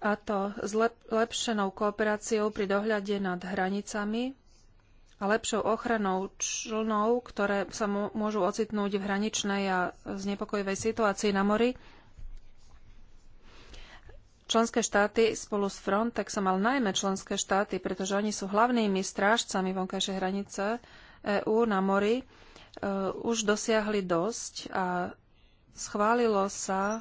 a to zlepšenou kooperáciou pri dohľade nad hranicami a lepšou ochranou člnov, ktoré sa môžu ocitnúť v hraničnej a znepokojivej situácii na mori členské štáty spolu s Frontexom, ale najmä členské štáty, pretože oni sú hlavnými strážcami vonkajšej hranice EÚ na mori, e, už dosiahli dosť a schválilo sa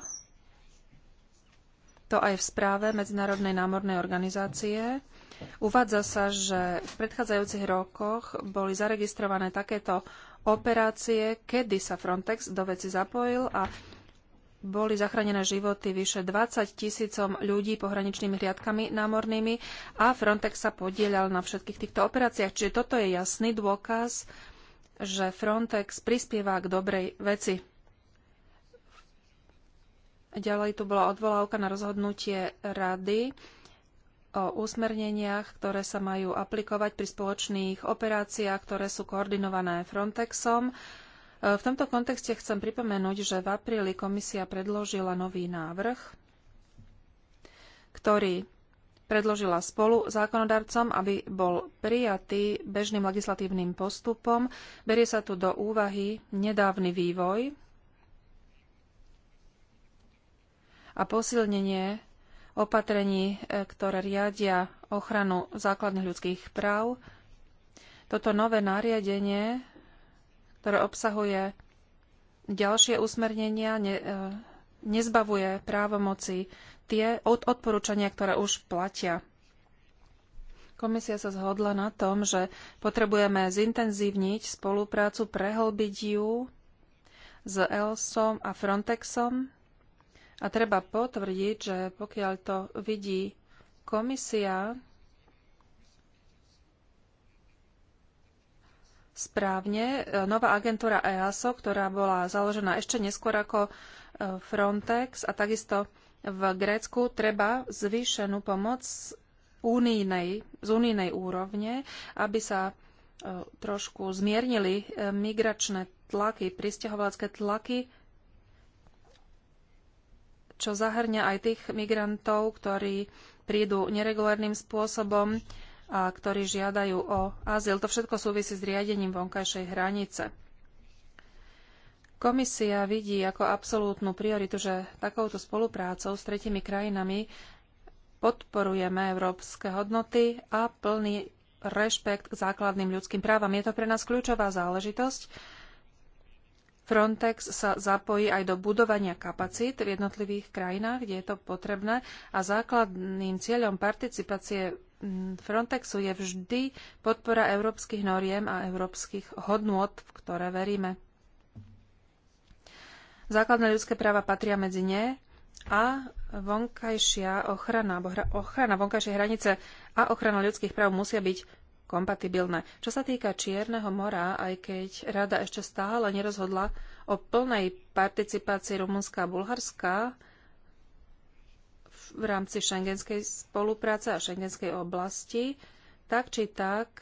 to aj v správe Medzinárodnej námornej organizácie. Uvádza sa, že v predchádzajúcich rokoch boli zaregistrované takéto operácie, kedy sa Frontex do veci zapojil a boli zachránené životy vyše 20 tisícom ľudí pohraničnými hliadkami námornými a Frontex sa podielal na všetkých týchto operáciách. Čiže toto je jasný dôkaz, že Frontex prispieva k dobrej veci. Ďalej tu bola odvolávka na rozhodnutie rady o úsmerneniach, ktoré sa majú aplikovať pri spoločných operáciách, ktoré sú koordinované Frontexom. V tomto kontexte chcem pripomenúť, že v apríli komisia predložila nový návrh, ktorý predložila spolu zákonodarcom, aby bol prijatý bežným legislatívnym postupom. Berie sa tu do úvahy nedávny vývoj a posilnenie opatrení, e, ktoré riadia ochranu základných ľudských práv. Toto nové nariadenie ktoré obsahuje ďalšie usmernenia, ne, e, nezbavuje právomoci tie odporúčania, ktoré už platia. Komisia sa zhodla na tom, že potrebujeme zintenzívniť spoluprácu, prehlbiť ju s ELSom a Frontexom a treba potvrdiť, že pokiaľ to vidí komisia, správne, e, nová agentúra EASO, ktorá bola založená ešte neskôr ako e, Frontex a takisto v Grécku treba zvýšenú pomoc únijnej, z únijnej úrovne, aby sa e, trošku zmiernili migračné tlaky, pristahovalecké tlaky, čo zahrňa aj tých migrantov, ktorí prídu neregulárnym spôsobom a ktorí žiadajú o azyl. To všetko súvisí s riadením vonkajšej hranice. Komisia vidí ako absolútnu prioritu, že takouto spoluprácou s tretimi krajinami podporujeme európske hodnoty a plný rešpekt k základným ľudským právam. Je to pre nás kľúčová záležitosť. Frontex sa zapojí aj do budovania kapacít v jednotlivých krajinách, kde je to potrebné a základným cieľom participácie Frontexu je vždy podpora európskych noriem a európskych hodnôt, v ktoré veríme. Základné ľudské práva patria medzi ne a vonkajšia ochrana, bo hra, ochrana vonkajšej hranice a ochrana ľudských práv musia byť kompatibilné. Čo sa týka Čierneho mora, aj keď rada ešte stále nerozhodla o plnej participácii Rumunska a Bulharska, v rámci šengenskej spolupráce a šengenskej oblasti, tak či tak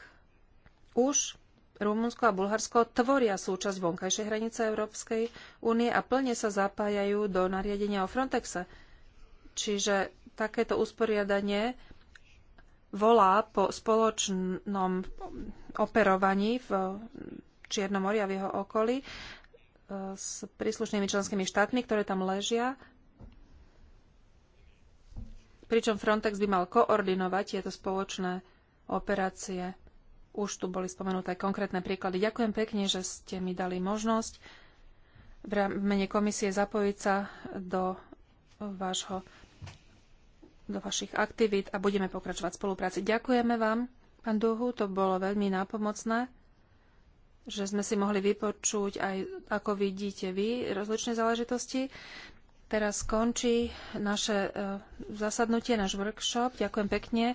už Rumunsko a Bulharsko tvoria súčasť vonkajšej hranice Európskej únie a plne sa zapájajú do nariadenia o Frontexe. Čiže takéto usporiadanie volá po spoločnom operovaní v Čiernom mori a v jeho okolí e, s príslušnými členskými štátmi, ktoré tam ležia pričom Frontex by mal koordinovať tieto spoločné operácie. Už tu boli spomenuté konkrétne príklady. Ďakujem pekne, že ste mi dali možnosť v mene komisie zapojiť sa do vášho do vašich aktivít a budeme pokračovať v spolupráci. Ďakujeme vám, pán Duhu, to bolo veľmi nápomocné, že sme si mohli vypočuť aj, ako vidíte vy, rozličné záležitosti. Teraz končí naše e, zasadnutie, náš workshop. Ďakujem pekne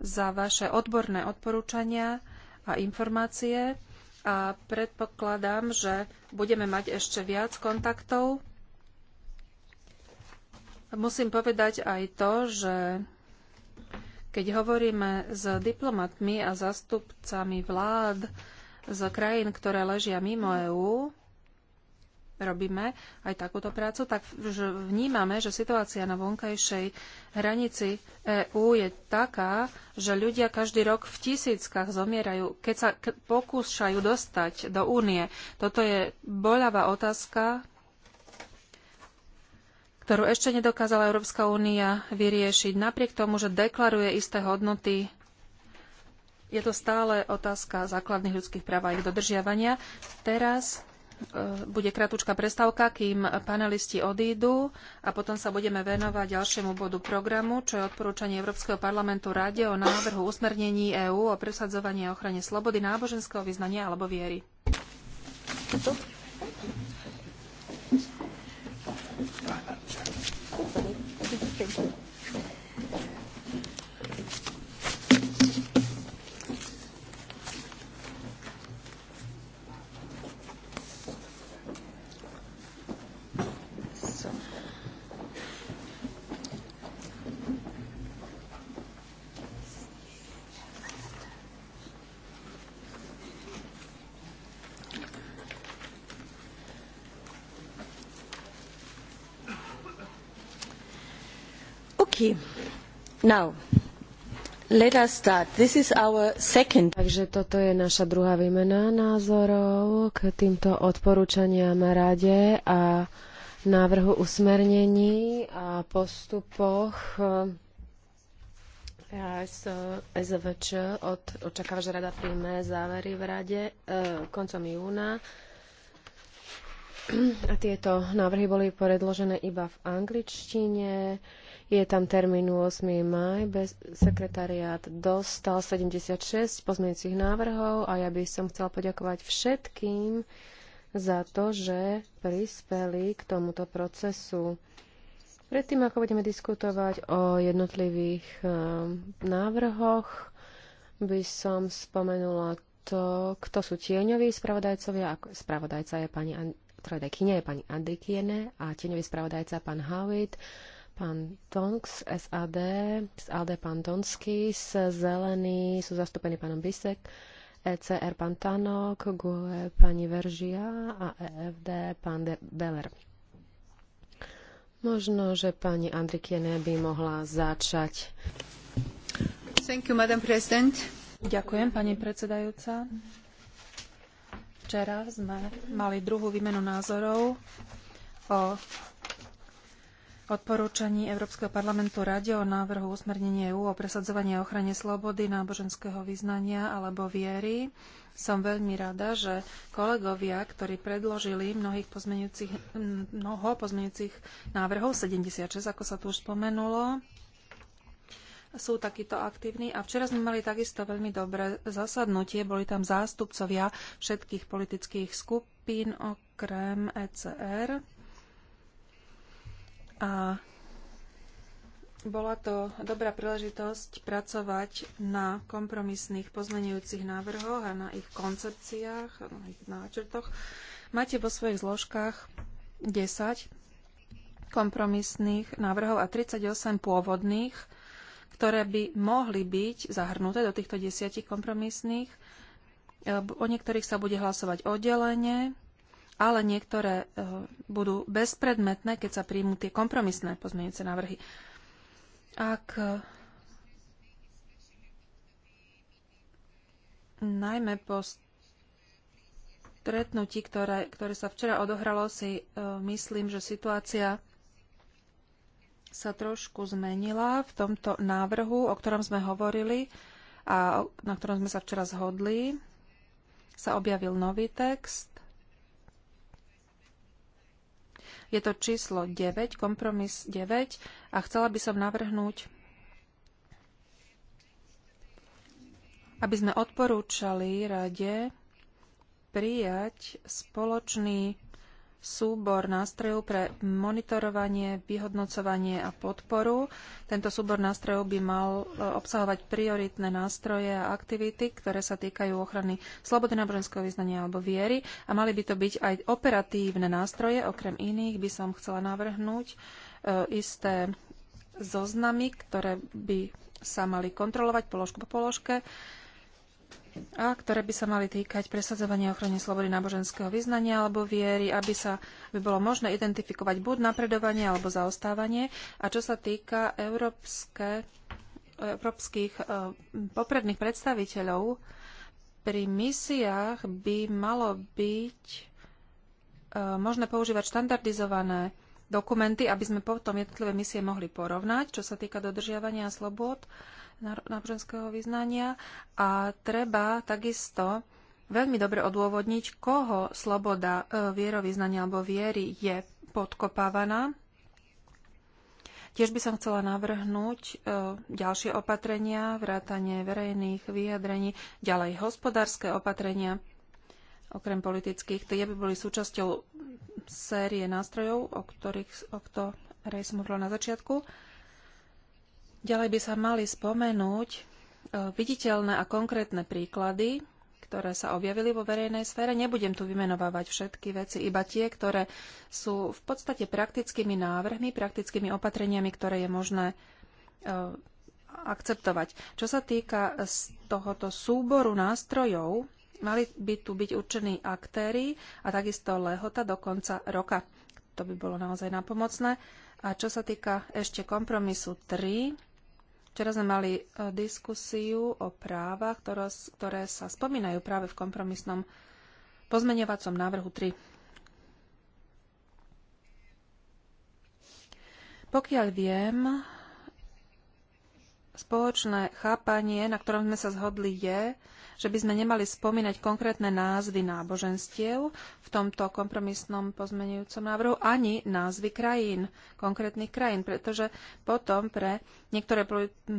za vaše odborné odporúčania a informácie a predpokladám, že budeme mať ešte viac kontaktov. Musím povedať aj to, že keď hovoríme s diplomatmi a zastupcami vlád z krajín, ktoré ležia mimo EÚ, robíme aj takúto prácu, tak vnímame, že situácia na vonkajšej hranici EÚ je taká, že ľudia každý rok v tisíckach zomierajú, keď sa pokúšajú dostať do únie. Toto je boľavá otázka, ktorú ešte nedokázala Európska únia vyriešiť. Napriek tomu, že deklaruje isté hodnoty je to stále otázka základných ľudských práv a ich dodržiavania. Teraz E, bude kratučká prestávka, kým panelisti odídu a potom sa budeme venovať ďalšiemu bodu programu, čo je odporúčanie Európskeho parlamentu Rade o návrhu usmernení EÚ o presadzovaní a ochrane slobody náboženského vyznania alebo viery. Thank you. Now, let us start. This is our second. Takže toto je naša druhá výmena názorov k týmto odporúčaniam rade a návrhu usmernení a postupoch eh, SVČ od, očakáva, že rada príjme závery v rade e, koncom júna. A tieto návrhy boli predložené iba v angličtine. E, je tam termín 8. maj, bez, sekretariát dostal 76 pozmeňujúcich návrhov a ja by som chcela poďakovať všetkým za to, že prispeli k tomuto procesu. Predtým, ako budeme diskutovať o jednotlivých eh, návrhoch, by som spomenula to, kto sú tieňoví spravodajcovia. Spravodajca je pani kine je pani Andrikiene a tieňový spravodajca pán Howitt pán Tonks, SAD, SAD pán Tonsky, Zelený, sú zastúpení pánom Bisek, ECR pán Tanok, GUE pani Veržia a EFD pán De- Beller. Možno, že pani Andrikiene by mohla začať. Thank you, Madam President. Ďakujem, pani predsedajúca. Včera sme mali druhú výmenu názorov o odporúčaní Európskeho parlamentu Rade o návrhu usmernenia EÚ o presadzovaní a ochrane slobody náboženského vyznania alebo viery. Som veľmi rada, že kolegovia, ktorí predložili mnohých pozmeňujúcich, mnoho pozmeňujúcich návrhov, 76, ako sa tu už spomenulo, sú takíto aktívni. A včera sme mali takisto veľmi dobré zasadnutie. Boli tam zástupcovia všetkých politických skupín okrem ECR a bola to dobrá príležitosť pracovať na kompromisných pozmenujúcich návrhoch a na ich koncepciách, a na ich náčrtoch. Máte vo svojich zložkách 10 kompromisných návrhov a 38 pôvodných, ktoré by mohli byť zahrnuté do týchto desiatich kompromisných. E, o niektorých sa bude hlasovať oddelenie ale niektoré eh, budú bezpredmetné, keď sa príjmú tie kompromisné pozmeňujúce návrhy. Ak eh, najmä po stretnutí, ktoré, ktoré sa včera odohralo, si eh, myslím, že situácia sa trošku zmenila v tomto návrhu, o ktorom sme hovorili a na ktorom sme sa včera zhodli. Sa objavil nový text, Je to číslo 9, kompromis 9 a chcela by som navrhnúť, aby sme odporúčali rade prijať spoločný súbor nástrojov pre monitorovanie, vyhodnocovanie a podporu. Tento súbor nástrojov by mal e, obsahovať prioritné nástroje a aktivity, ktoré sa týkajú ochrany slobody náboženského vyznania alebo viery a mali by to byť aj operatívne nástroje. Okrem iných by som chcela navrhnúť e, isté zoznamy, ktoré by sa mali kontrolovať položku po položke a ktoré by sa mali týkať presadzovania ochrany slobody náboženského vyznania alebo viery, aby sa by bolo možné identifikovať buď napredovanie alebo zaostávanie. A čo sa týka európske, európskych e, popredných predstaviteľov, pri misiách by malo byť e, možné používať štandardizované dokumenty, aby sme potom jednotlivé misie mohli porovnať, čo sa týka dodržiavania slobod náboženského vyznania a treba takisto veľmi dobre odôvodniť, koho sloboda e, vierovýznania alebo viery je podkopávaná. Tiež by som chcela navrhnúť e, ďalšie opatrenia, vrátanie verejných vyjadrení, ďalej hospodárske opatrenia, okrem politických. Tie by boli súčasťou série nástrojov, o ktorých o ktorej som hovorila na začiatku. Ďalej by sa mali spomenúť e, viditeľné a konkrétne príklady, ktoré sa objavili vo verejnej sfére. Nebudem tu vymenovávať všetky veci, iba tie, ktoré sú v podstate praktickými návrhmi, praktickými opatreniami, ktoré je možné e, akceptovať. Čo sa týka z tohoto súboru nástrojov, mali by tu byť určení aktéry a takisto lehota do konca roka. To by bolo naozaj napomocné. A čo sa týka ešte kompromisu 3, Včera sme mali e, diskusiu o právach, ktoré, ktoré sa spomínajú práve v kompromisnom pozmeňovacom návrhu 3. Pokiaľ viem, spoločné chápanie, na ktorom sme sa zhodli, je, že by sme nemali spomínať konkrétne názvy náboženstiev v tomto kompromisnom pozmenujúcom návrhu ani názvy krajín, konkrétnych krajín, pretože potom pre niektoré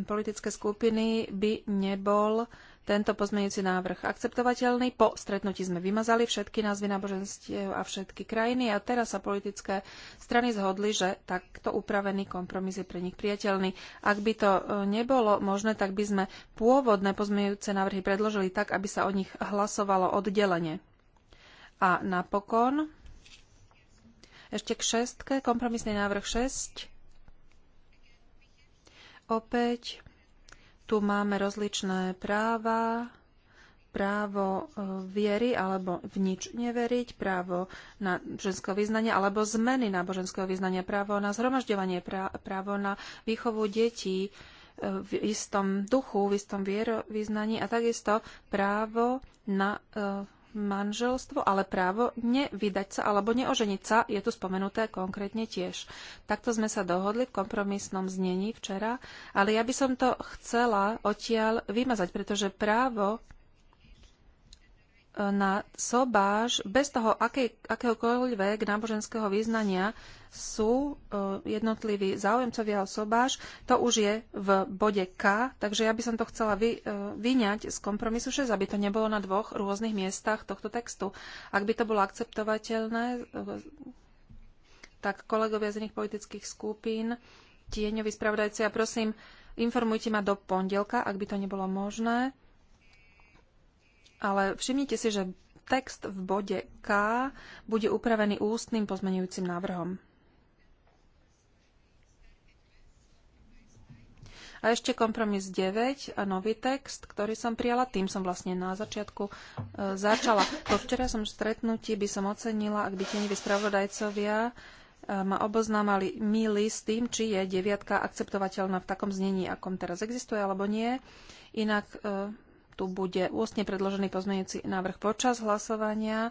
politické skupiny by nebol tento pozmeňujúci návrh akceptovateľný. Po stretnutí sme vymazali všetky názvy náboženstiev a všetky krajiny a teraz sa politické strany zhodli, že takto upravený kompromis je pre nich priateľný. Ak by to e, nebolo možné, tak by sme pôvodné pozmeňujúce návrhy predložili tak, aby sa o nich hlasovalo oddelenie. A napokon ešte k šestke, kompromisný návrh 6. Opäť tu máme rozličné práva, právo e, viery alebo v nič neveriť, právo na ženského vyznania alebo zmeny na boženského vyznania, právo na zhromažďovanie, právo na výchovu detí e, v istom duchu, v istom vierovýznaní a takisto právo na e, manželstvo, ale právo nevydať sa alebo neoženiť sa je tu spomenuté konkrétne tiež. Takto sme sa dohodli v kompromisnom znení včera, ale ja by som to chcela odtiaľ vymazať, pretože právo na sobáš bez toho akej, akéhokoľvek náboženského význania sú e, jednotliví záujemcovia o sobáš. To už je v bode K, takže ja by som to chcela vy, e, vyňať z kompromisu 6, aby to nebolo na dvoch rôznych miestach tohto textu. Ak by to bolo akceptovateľné, e, tak kolegovia z iných politických skupín, tieňoví spravodajci, ja prosím, informujte ma do pondelka, ak by to nebolo možné ale všimnite si, že text v bode K bude upravený ústnym pozmenujúcim návrhom. A ešte kompromis 9 a nový text, ktorý som prijala, tým som vlastne na začiatku e, začala. Po včera som stretnutí by som ocenila, ak by tieňoví spravodajcovia e, ma oboznámali mili s tým, či je deviatka akceptovateľná v takom znení, akom teraz existuje, alebo nie. Inak e, tu bude ústne predložený pozmeňujúci návrh počas hlasovania.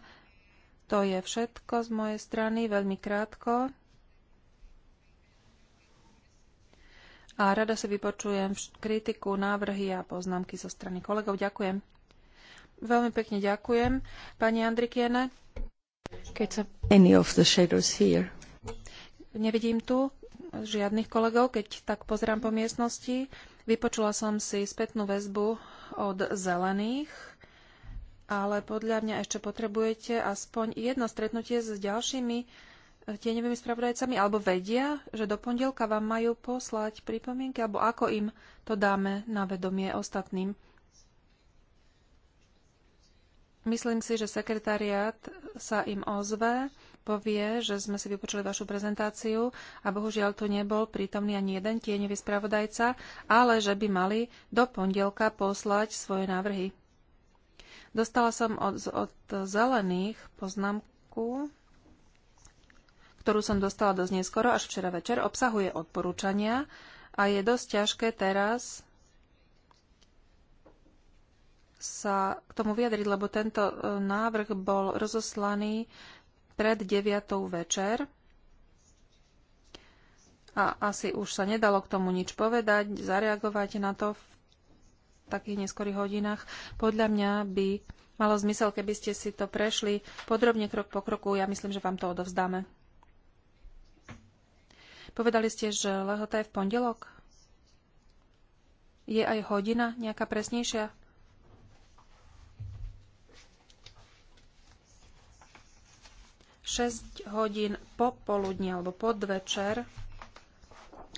To je všetko z mojej strany, veľmi krátko. A rada si vypočujem kritiku, návrhy a poznámky zo strany kolegov. Ďakujem. Veľmi pekne ďakujem. Pani Andrikiene. Keď sa... Any of the shadows here. Nevidím tu žiadnych kolegov, keď tak pozerám po miestnosti. Vypočula som si spätnú väzbu od zelených, ale podľa mňa ešte potrebujete aspoň jedno stretnutie s ďalšími eh, tieňovými spravodajcami, alebo vedia, že do pondelka vám majú poslať pripomienky, alebo ako im to dáme na vedomie ostatným. Myslím si, že sekretariat sa im ozve povie, že sme si vypočuli vašu prezentáciu a bohužiaľ tu nebol prítomný ani jeden tieňový spravodajca, ale že by mali do pondelka poslať svoje návrhy. Dostala som od, od zelených poznámku, ktorú som dostala dosť neskoro, až včera večer, obsahuje odporúčania a je dosť ťažké teraz sa k tomu vyjadriť, lebo tento e, návrh bol rozoslaný pred 9. večer a asi už sa nedalo k tomu nič povedať, zareagovať na to v takých neskorých hodinách. Podľa mňa by malo zmysel, keby ste si to prešli podrobne krok po kroku. Ja myslím, že vám to odovzdáme. Povedali ste, že lehota je v pondelok? Je aj hodina nejaká presnejšia? 6 hodín popoludne alebo podvečer.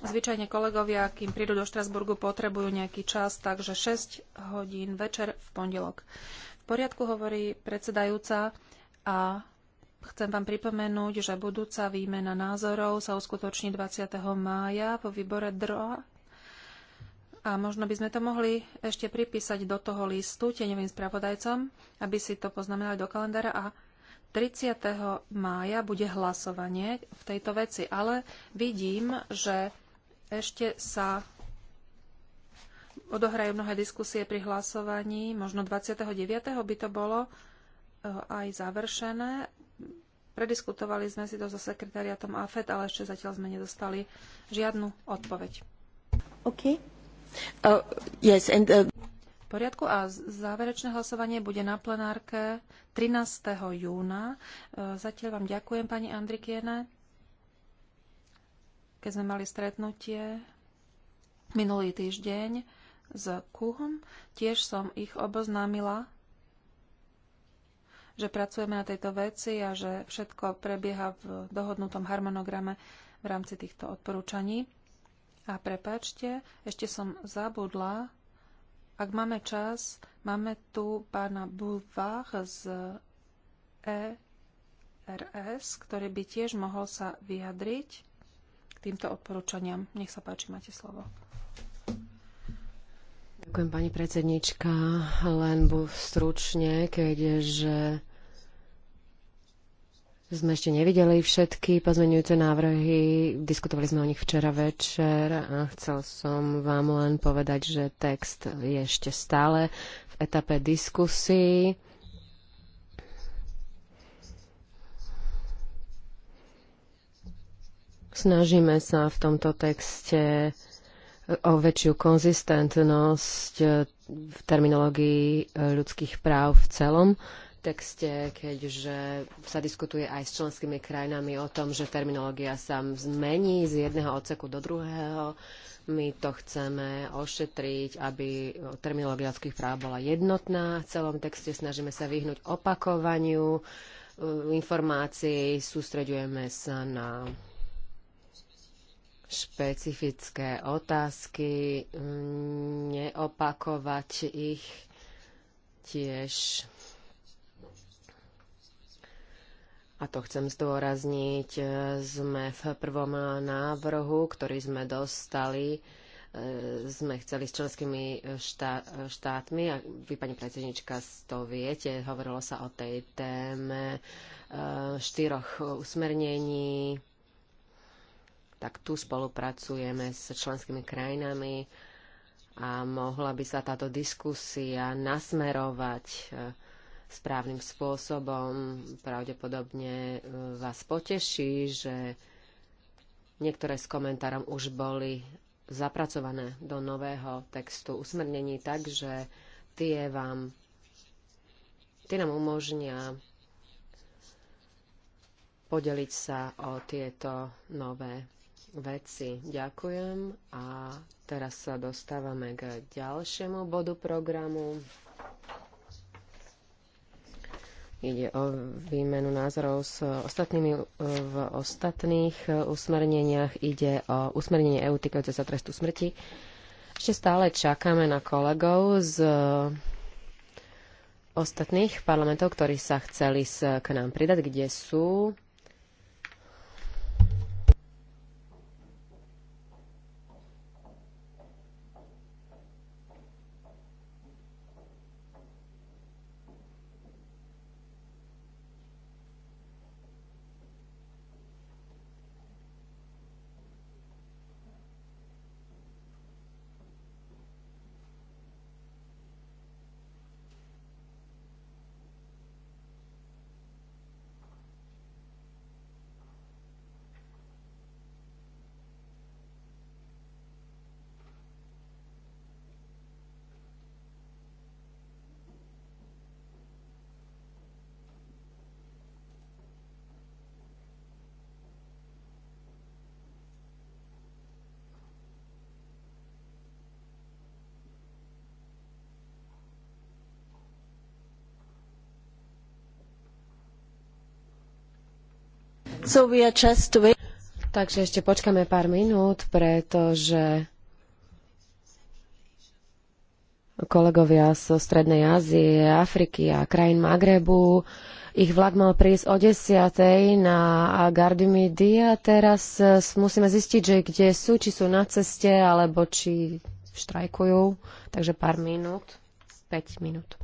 Zvyčajne kolegovia, kým prídu do Štrasburgu, potrebujú nejaký čas, takže 6 hodín večer v pondelok. V poriadku hovorí predsedajúca a chcem vám pripomenúť, že budúca výmena názorov sa uskutoční 20. mája po výbore DROA. A možno by sme to mohli ešte pripísať do toho listu tieňovým spravodajcom, aby si to poznamenali do kalendára a 30. mája bude hlasovanie v tejto veci, ale vidím, že ešte sa odohrajú mnohé diskusie pri hlasovaní. Možno 29. by to bolo eh, aj završené. Prediskutovali sme si to so sekretariatom AFED, ale ešte zatiaľ sme nedostali žiadnu odpoveď. OK. Uh, yes, and, uh poriadku a záverečné hlasovanie bude na plenárke 13. júna. E, zatiaľ vám ďakujem, pani Andrikiene, keď sme mali stretnutie minulý týždeň s Kuhom. Tiež som ich oboznámila že pracujeme na tejto veci a že všetko prebieha v dohodnutom harmonograme v rámci týchto odporúčaní. A prepačte, ešte som zabudla ak máme čas, máme tu pána Boulevard z ERS, ktorý by tiež mohol sa vyjadriť k týmto odporúčaniam. Nech sa páči, máte slovo. Ďakujem, pani predsednička. Len stručne, keďže sme ešte nevideli všetky pozmeňujúce návrhy. Diskutovali sme o nich včera večer a chcel som vám len povedať, že text je ešte stále v etape diskusí. Snažíme sa v tomto texte o väčšiu konzistentnosť v terminológii ľudských práv v celom kontexte, keďže sa diskutuje aj s členskými krajinami o tom, že terminológia sa zmení z jedného odseku do druhého. My to chceme ošetriť, aby terminológia ľudských práv bola jednotná. V celom texte snažíme sa vyhnúť opakovaniu uh, informácií, sústreďujeme sa na špecifické otázky, mm, neopakovať ich tiež a to chcem zdôrazniť, e, sme v prvom návrhu, ktorý sme dostali, e, sme chceli s členskými e, štá, štátmi, a vy, pani predsednička, to viete, hovorilo sa o tej téme štyroch usmernení, tak tu spolupracujeme s členskými krajinami a mohla by sa táto diskusia nasmerovať správnym spôsobom. Pravdepodobne e, vás poteší, že niektoré s komentárom už boli zapracované do nového textu usmernení, takže tie vám tie nám umožnia podeliť sa o tieto nové veci. Ďakujem a teraz sa dostávame k ďalšiemu bodu programu. Ide o výmenu názorov s ostatnými e, v ostatných e, usmerneniach. Ide o usmernenie EU týkajúce sa trestu smrti. Ešte stále čakáme na kolegov z ostatných parlamentov, ktorí sa chceli k nám pridať, kde sú Takže ešte počkáme pár minút, pretože kolegovia zo Strednej Ázie, Afriky a krajín Magrebu ich vlak mal prísť o desiatej na Gardimidi a teraz eh, musíme zistiť, že kde sú, či sú na ceste, alebo či štrajkujú. Takže pár minút, 5 minút.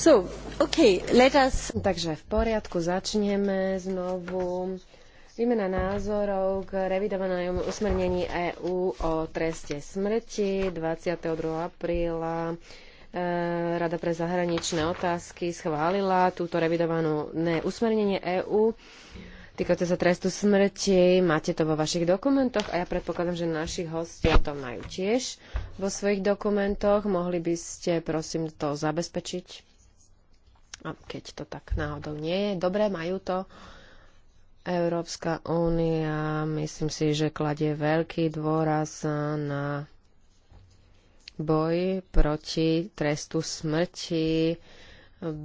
So, let us... Takže v poriadku začneme znovu. Výmena názorov k revidovanému usmernení EÚ o treste smrti 22. apríla. E, Rada pre zahraničné otázky schválila túto revidovanú usmernenie EÚ. Týkate sa trestu smrti, máte to vo vašich dokumentoch a ja predpokladám, že naši hostia to majú tiež vo svojich dokumentoch. Mohli by ste, prosím, to zabezpečiť? A keď to tak náhodou nie je, dobre, majú to. Európska únia, myslím si, že kladie veľký dôraz na boj proti trestu smrti.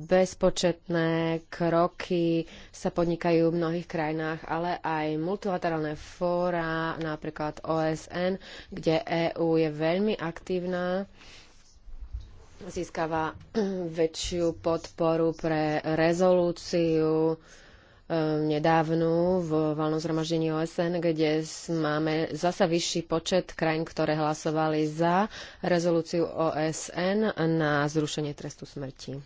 Bezpočetné kroky sa podnikajú v mnohých krajinách, ale aj multilaterálne fóra, napríklad OSN, kde EÚ je veľmi aktívna získava [clears throat] väčšiu podporu pre rezolúciu nedávnu v valnom zhromaždení OSN, kde máme zasa vyšší počet krajín, ktoré hlasovali za rezolúciu OSN na zrušenie trestu smrti.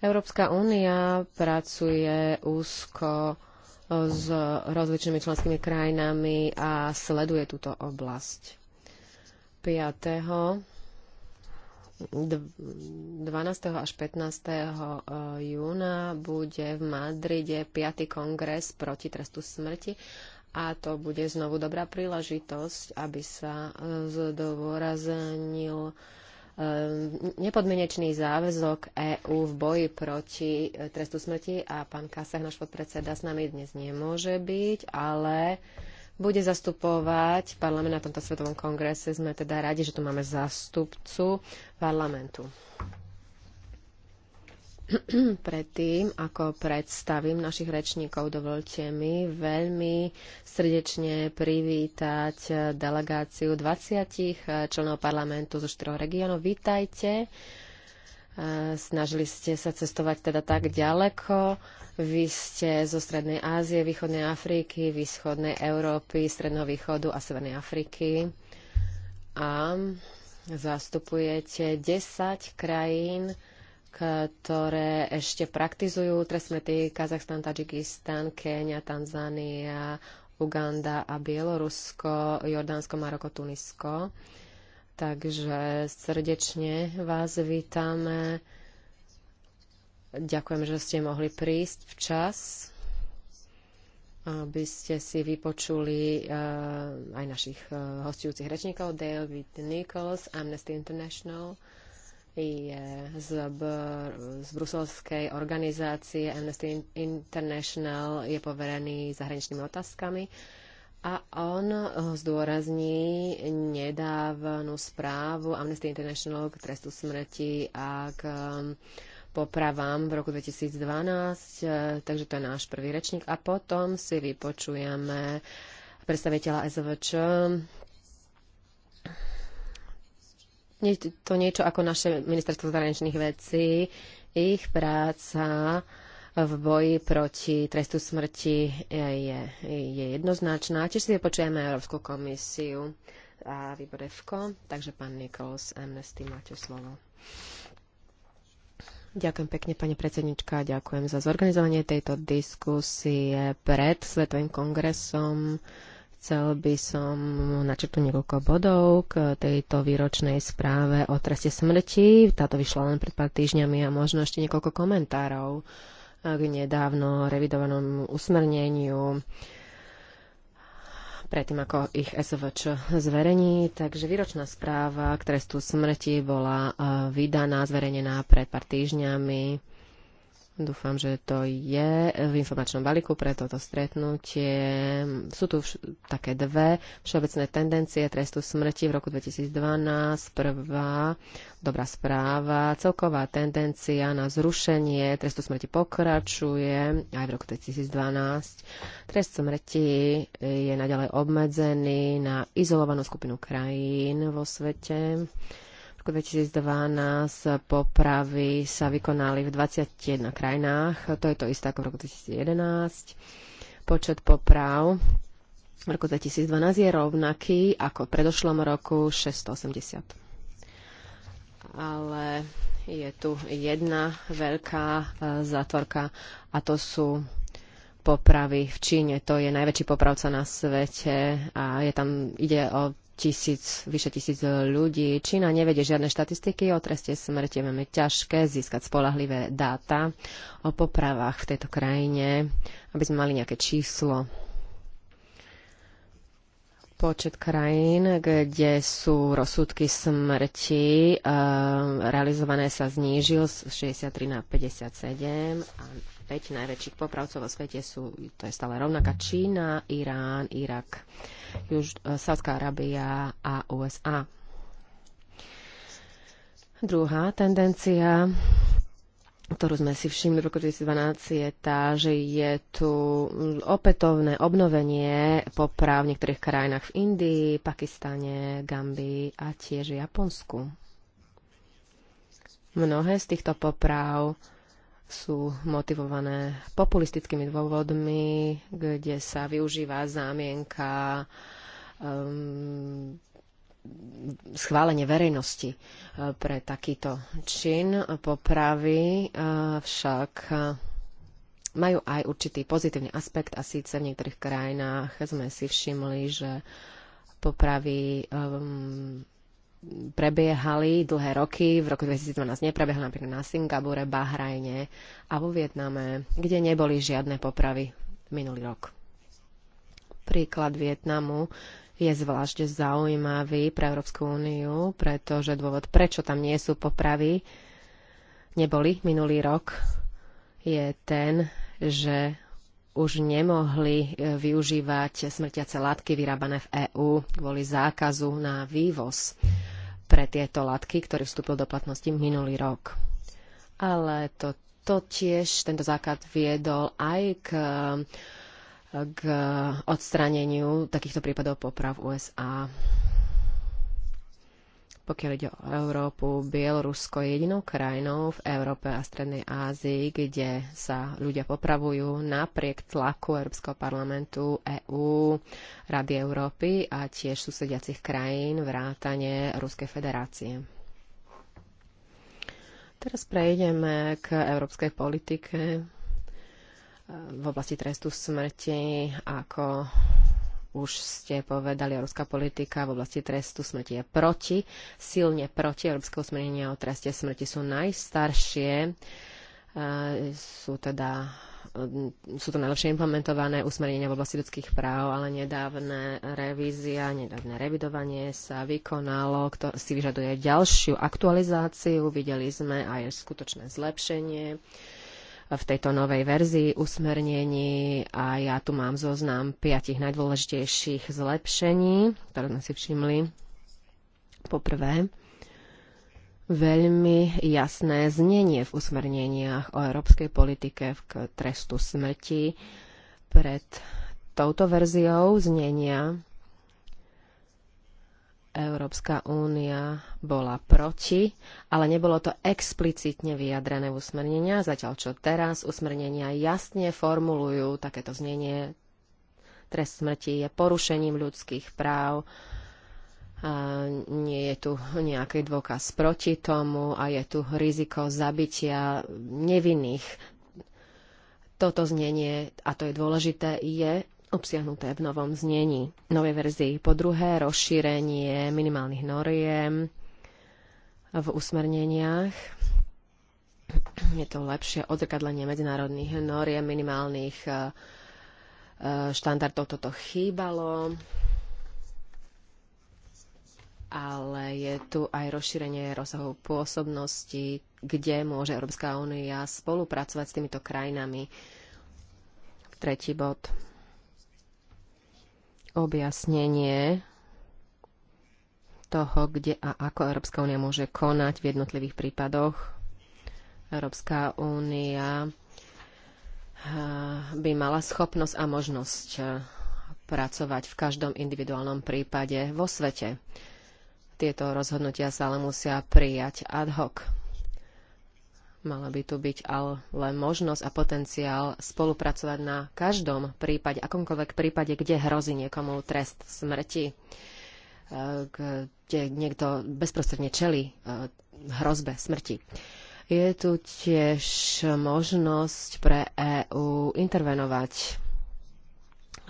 Európska únia pracuje úzko s rozličnými členskými krajinami a sleduje túto oblasť. 5. 12. až 15. E, júna bude v Madride 5. kongres proti trestu smrti a to bude znovu dobrá príležitosť, aby sa e, zdôraznil Ehm, nepodmienečný záväzok EÚ v boji proti e, trestu smrti a pán Kasach, náš podpredseda, s nami dnes nemôže byť, ale bude zastupovať parlament na tomto svetovom kongrese. Sme teda radi, že tu máme zástupcu parlamentu. [clears throat] Predtým, ako predstavím našich rečníkov, dovolte mi veľmi srdečne privítať delegáciu 20 členov parlamentu zo 4 regiónov. Vítajte. E, snažili ste sa cestovať teda tak ďaleko. Vy ste zo Strednej Ázie, Východnej Afriky, Východnej Európy, Stredného východu a Severnej Afriky. A zastupujete 10 krajín, ktoré ešte praktizujú trestné Kazachstan, Tadžikistan, Kenia, Tanzánia, Uganda a Bielorusko, Jordánsko, Maroko, Tunisko. Takže srdečne vás vítame. Ďakujem, že ste mohli prísť včas, aby ste si vypočuli uh, aj našich uh, hostujúcich rečníkov, David Nichols, Amnesty International, je z, Br- z bruselskej organizácie Amnesty International, je poverený zahraničnými otázkami a on eh, zdôrazní nedávnu správu Amnesty International k trestu smrti a k eh, popravám v roku 2012, eh, takže to je náš prvý rečník. A potom si vypočujeme predstaviteľa SVČ, je to niečo ako naše ministerstvo zahraničných vecí. Ich práca v boji proti trestu smrti je, je jednoznačná. Tiež si vypočujeme Európsku komisiu a výbor Takže pán Nichols, Amnesty, máte slovo. Ďakujem pekne, pani predsednička. Ďakujem za zorganizovanie tejto diskusie pred Svetovým kongresom Chcel by som načrtnúť niekoľko bodov k tejto výročnej správe o treste smrti. Táto vyšla len pred pár týždňami a možno ešte niekoľko komentárov k nedávno revidovanom usmerneniu predtým, ako ich SVČ zverejní. Takže výročná správa k trestu smrti bola eh, vydaná, zverejnená pred pár týždňami Dúfam, že to je v informačnom balíku pre toto stretnutie. Sú tu také dve všeobecné tendencie trestu smrti v roku 2012. Prvá, dobrá správa, celková tendencia na zrušenie trestu smrti pokračuje aj v roku 2012. Trest smrti je naďalej obmedzený na izolovanú skupinu krajín vo svete roku 2012 popravy sa vykonali v 21 krajinách. To je to isté ako v roku 2011. Počet poprav v roku 2012 je rovnaký ako v predošlom roku 680. Ale je tu jedna veľká e, zátvorka a to sú popravy v Číne. To je najväčší popravca na svete a je tam, ide o tisíc, vyše tisíc ľudí. Čína nevedie žiadne štatistiky o treste smrti. Máme ťažké získať spolahlivé dáta o popravách v tejto krajine, aby sme mali nejaké číslo. Počet krajín, kde sú rozsudky smrti e, realizované sa znížil z 63 na 57 a 5 najväčších popravcov vo svete sú, to je stále rovnaká, Čína, Irán, Irak, Juž, eh, Sávská Arábia a USA. Druhá tendencia, ktorú sme si všimli v roku 2012, je tá, že je tu opätovné obnovenie poprav v niektorých krajinách v Indii, Pakistane, Gambii a tiež Japonsku. Mnohé z týchto poprav sú motivované populistickými dôvodmi, kde sa využíva zámienka um, schválenie verejnosti uh, pre takýto čin. Popravy uh, však uh, majú aj určitý pozitívny aspekt a síce v niektorých krajinách sme si všimli, že popravy um, prebiehali dlhé roky, v roku 2012 neprebehli napríklad na Singapúre, Bahrajne a vo Vietname, kde neboli žiadne popravy minulý rok. Príklad Vietnamu je zvlášť zaujímavý pre Európsku úniu, pretože dôvod, prečo tam nie sú popravy, neboli minulý rok, je ten, že už nemohli e, využívať smrtiace látky vyrábané v EÚ kvôli zákazu na vývoz pre tieto látky, ktorý vstúpil do platnosti minulý rok. Ale to, to tiež tento zákaz viedol aj k k odstráneniu takýchto prípadov poprav USA pokiaľ ide o Európu, Bielorusko je jedinou krajinou v Európe a Strednej Ázii, kde sa ľudia popravujú napriek tlaku Európskeho parlamentu, EÚ, Rady Európy a tiež susediacich krajín vrátane Ruskej federácie. Teraz prejdeme k európskej politike eh, v oblasti trestu smrti ako už ste povedali, európska politika v oblasti trestu smrti je proti, silne proti. Európske usmerenia o treste smrti sú najstaršie, e, sú teda e, sú to najlepšie implementované usmernenia v oblasti ľudských práv, ale nedávne revízia, nedávne revidovanie sa vykonalo, ktoré si vyžaduje ďalšiu aktualizáciu. Videli sme aj skutočné zlepšenie v tejto novej verzii usmernení a ja tu mám zoznam piatich najdôležitejších zlepšení, ktoré sme si všimli. Poprvé, veľmi jasné znenie v usmerneniach o európskej politike v trestu smrti pred touto verziou znenia Európska únia bola proti, ale nebolo to explicitne vyjadrené v usmernenia, zatiaľ čo teraz usmernenia jasne formulujú takéto znenie trest smrti je porušením ľudských práv, a nie je tu nejaký dôkaz proti tomu a je tu riziko zabitia nevinných. Toto znenie, a to je dôležité, je obsiahnuté v novom znení, novej verzii. Po druhé, rozšírenie minimálnych noriem v usmerneniach. Je to lepšie odzrkadlenie medzinárodných noriem, minimálnych eh, eh, štandardov. Toto chýbalo. Ale je tu aj rozšírenie rozsahu pôsobnosti, kde môže Európska únia spolupracovať s týmito krajinami. Tretí bod objasnenie toho, kde a ako Európska únia môže konať v jednotlivých prípadoch. Európska únia eh, by mala schopnosť a možnosť eh, pracovať v každom individuálnom prípade vo svete. Tieto rozhodnutia sa ale musia prijať ad hoc Mala by tu byť ale možnosť a potenciál spolupracovať na každom prípade, akomkoľvek prípade, kde hrozí niekomu trest smrti, e, kde niekto bezprostredne čeli e, hrozbe smrti. Je tu tiež možnosť pre EÚ intervenovať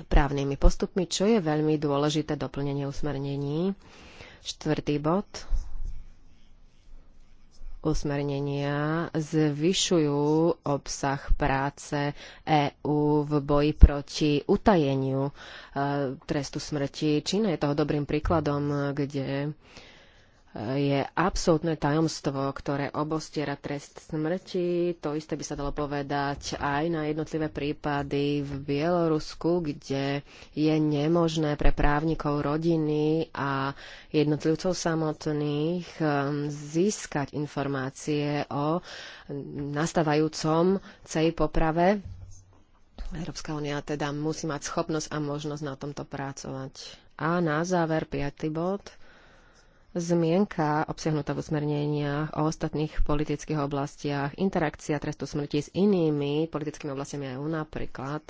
právnymi postupmi, čo je veľmi dôležité doplnenie usmernení. Štvrtý bod usmernenia zvyšujú obsah práce EÚ v boji proti utajeniu eh, trestu smrti. Čína je toho dobrým príkladom, kde je absolútne tajomstvo, ktoré obostiera trest smrti. To isté by sa dalo povedať aj na jednotlivé prípady v Bielorusku, kde je nemožné pre právnikov rodiny a jednotlivcov samotných um, získať informácie o nastávajúcom cej poprave. Európska únia teda musí mať schopnosť a možnosť na tomto pracovať. A na záver piatý bod zmienka obsiahnutá v usmerneniach o ostatných politických oblastiach, interakcia trestu smrti s inými politickými oblastiami EU, napríklad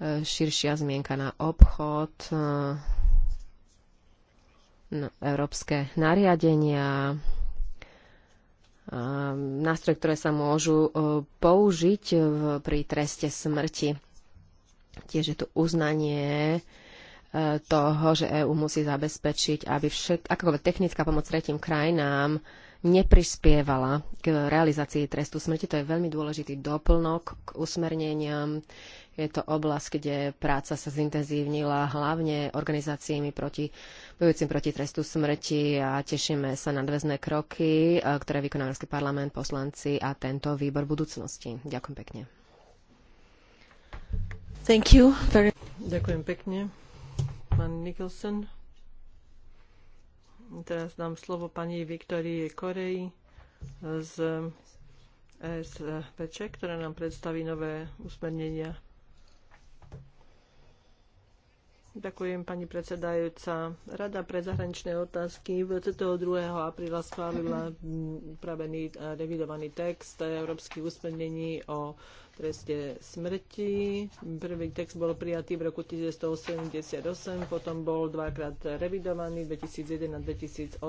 e, širšia zmienka na obchod, no, európske nariadenia, e, nástroje, ktoré sa môžu použiť v, pri treste smrti. Tiež je tu uznanie toho, že EÚ musí zabezpečiť, aby všet, akákoľvek technická pomoc tretím krajinám neprispievala k realizácii trestu smrti. To je veľmi dôležitý doplnok k usmerneniam. Je to oblasť, kde práca sa zintenzívnila hlavne organizáciami proti, bojujúcim proti trestu smrti a tešíme sa na dvezné kroky, e, ktoré vykoná Európsky parlament, poslanci a tento výbor budúcnosti. Ďakujem pekne. Thank you very... Ďakujem pekne pán Mikkelsen. Teraz dám slovo pani Viktorii Koreji z ESPC, ktorá nám predstaví nové usmernenia Ďakujem, pani predsedajúca. Rada pre zahraničné otázky 22. apríla schválila mm, upravený a revidovaný text Európskych usmernení o treste smrti. Prvý text bol prijatý v roku 1988, potom bol dvakrát revidovaný 2001 a 2008.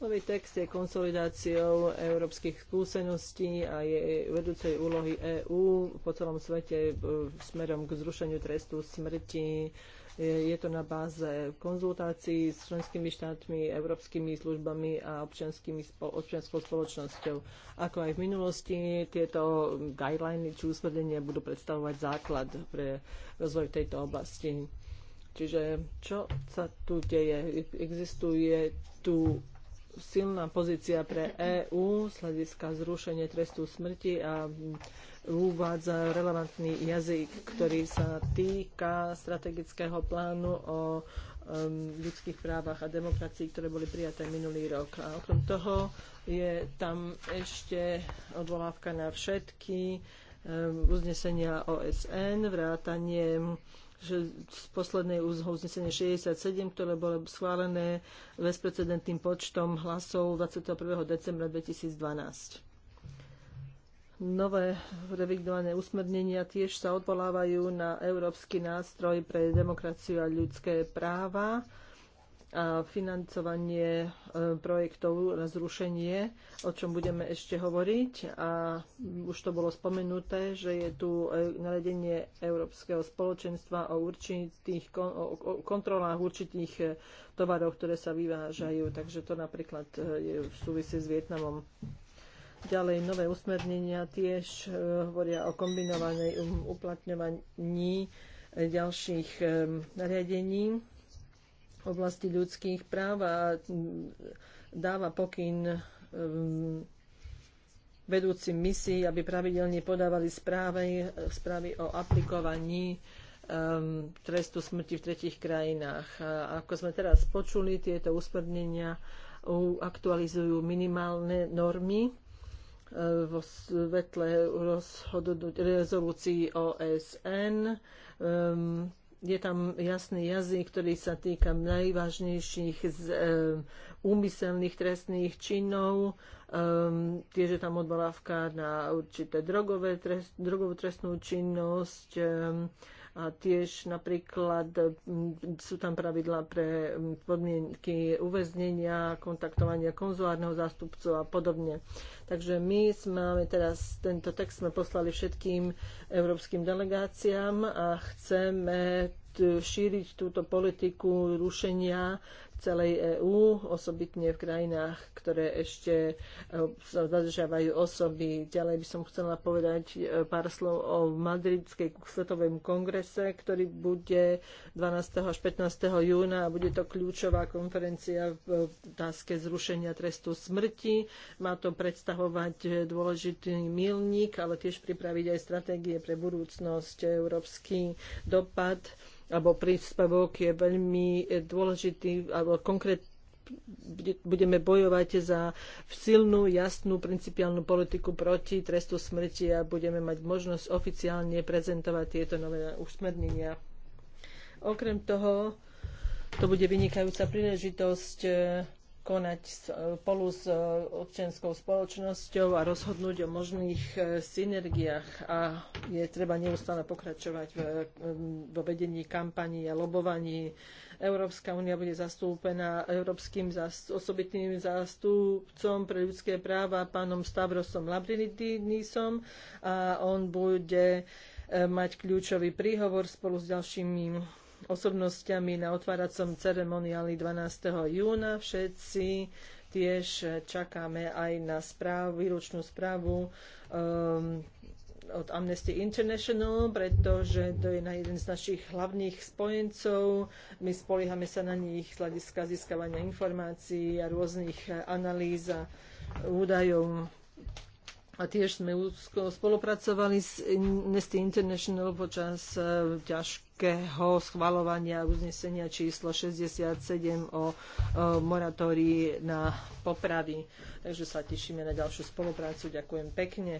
Nový text je konsolidáciou európskych skúseností a je vedúcej úlohy EÚ po celom svete smerom k zrušeniu trestu smrti je to na báze konzultácií s členskými štátmi, európskymi službami a občianskými, občianskou spoločnosťou. Ako aj v minulosti, tieto guideliny či usmernenia budú predstavovať základ pre rozvoj tejto oblasti. Čiže čo sa tu deje? Existuje tu silná pozícia pre EÚ z hľadiska zrušenia trestu smrti a uvádza relevantný jazyk, ktorý sa týka strategického plánu o ľudských právach a demokracii, ktoré boli prijaté minulý rok. A okrem toho je tam ešte odvolávka na všetky uznesenia OSN, vrátanie že z poslednej uznesenie 67, ktoré bolo schválené bezprecedentným počtom hlasov 21. decembra 2012. Nové revidované usmernenia tiež sa odvolávajú na Európsky nástroj pre demokraciu a ľudské práva a financovanie e, projektov na zrušenie, o čom budeme ešte hovoriť. A už to bolo spomenuté, že je tu e, naredenie Európskeho spoločenstva o určitých o kontrolách určitých e, tovarov, ktoré sa vyvážajú. Takže to napríklad je v súvisí s Vietnamom. Ďalej nové usmernenia tiež e, hovoria o kombinovanej um, uplatňovaní e, ďalších e, nariadení v oblasti ľudských práv a dáva pokyn vedúcim misií, aby pravidelne podávali správy, správy o aplikovaní um, trestu smrti v tretich krajinách. A ako sme teraz počuli, tieto usmernenia aktualizujú minimálne normy vo svetle rezolúcií OSN. Um, ehm, je tam jasný jazyk, ktorý sa týka najvážnejších z, ehm, úmyselných trestných činov, um, tiež je tam odbalávka na určité drogové trest, drogovú trestnú činnosť, um, a tiež napríklad sú tam pravidlá pre podmienky uväznenia, kontaktovania konzulárneho zástupcu a podobne. Takže my máme teraz, tento text sme poslali všetkým európskym delegáciám a chceme šíriť túto politiku rušenia celej EÚ, osobitne v krajinách, ktoré ešte e, zadržiavajú osoby. Ďalej by som chcela povedať e, pár slov o Madridskej svetovom kongrese, ktorý bude 12. až 15. júna a bude to kľúčová konferencia v otázke zrušenia trestu smrti. Má to predstavovať dôležitý milník, ale tiež pripraviť aj stratégie pre budúcnosť, európsky dopad alebo príspevok je veľmi dôležitý, alebo konkrétny budeme bojovať za silnú, jasnú, principiálnu politiku proti trestu smrti a budeme mať možnosť oficiálne prezentovať tieto nové usmernenia. Okrem toho, to bude vynikajúca príležitosť eh, konať e, spolu s e, občianskou spoločnosťou a rozhodnúť o možných e, synergiách. A je treba neustále pokračovať vo vedení kampaní a lobovaní. Európska únia bude zastúpená európskym zast- osobitným zástupcom pre ľudské práva pánom Stavrosom Labrinidisom a on bude mať kľúčový príhovor spolu s ďalšími osobnostiami na otváracom ceremoniáli 12. júna. Všetci tiež čakáme aj na správ, výročnú správu um, od Amnesty International, pretože to je na jeden z našich hlavných spojencov. My spoliehame sa na nich z hľadiska získavania informácií a rôznych analýz a údajov a tiež sme úzko spolupracovali s Nesty International počas e, ťažkého schvalovania uznesenia číslo 67 o, o e, moratórii na popravy. Takže sa tešíme na ďalšiu spoluprácu. Ďakujem pekne.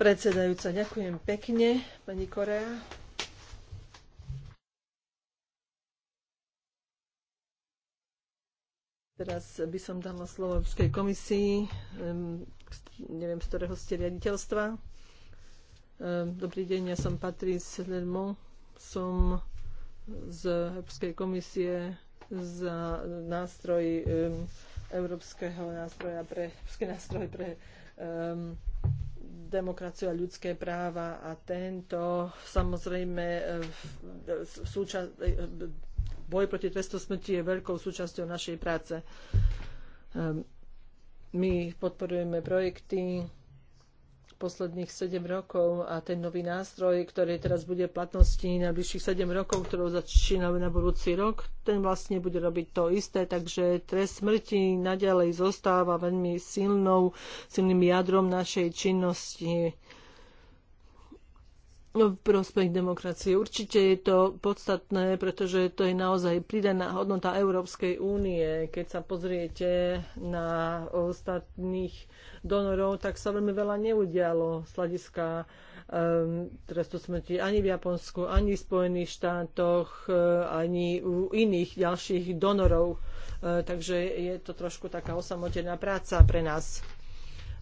Predsedajúca, ďakujem pekne, pani Korea. Teraz by som dala slovo Európskej komisii neviem, z ktorého ste riaditeľstva. Ehm, dobrý deň, ja som Patrice Lermont, som z Európskej komisie za nástroj ehm, Európskeho nástroja pre, Európske nástroj pre um, demokraciu a ľudské práva a tento samozrejme e, súča- e, e, boj proti trestu smrti je veľkou súčasťou našej práce. Um, my podporujeme projekty posledných 7 rokov a ten nový nástroj, ktorý teraz bude v platnosti na bližších 7 rokov, ktorou začíname na budúci rok, ten vlastne bude robiť to isté, takže trest smrti naďalej zostáva veľmi silnou, silným jadrom našej činnosti. No, v prospech demokracie. Určite je to podstatné, pretože to je naozaj pridaná hodnota Európskej únie. Keď sa pozriete na ostatných donorov, tak sa veľmi veľa neudialo z hľadiska um, trestu smrti ani v Japonsku, ani v Spojených štátoch, e, ani u iných ďalších donorov. Uh, takže je to trošku taká osamotená práca pre nás.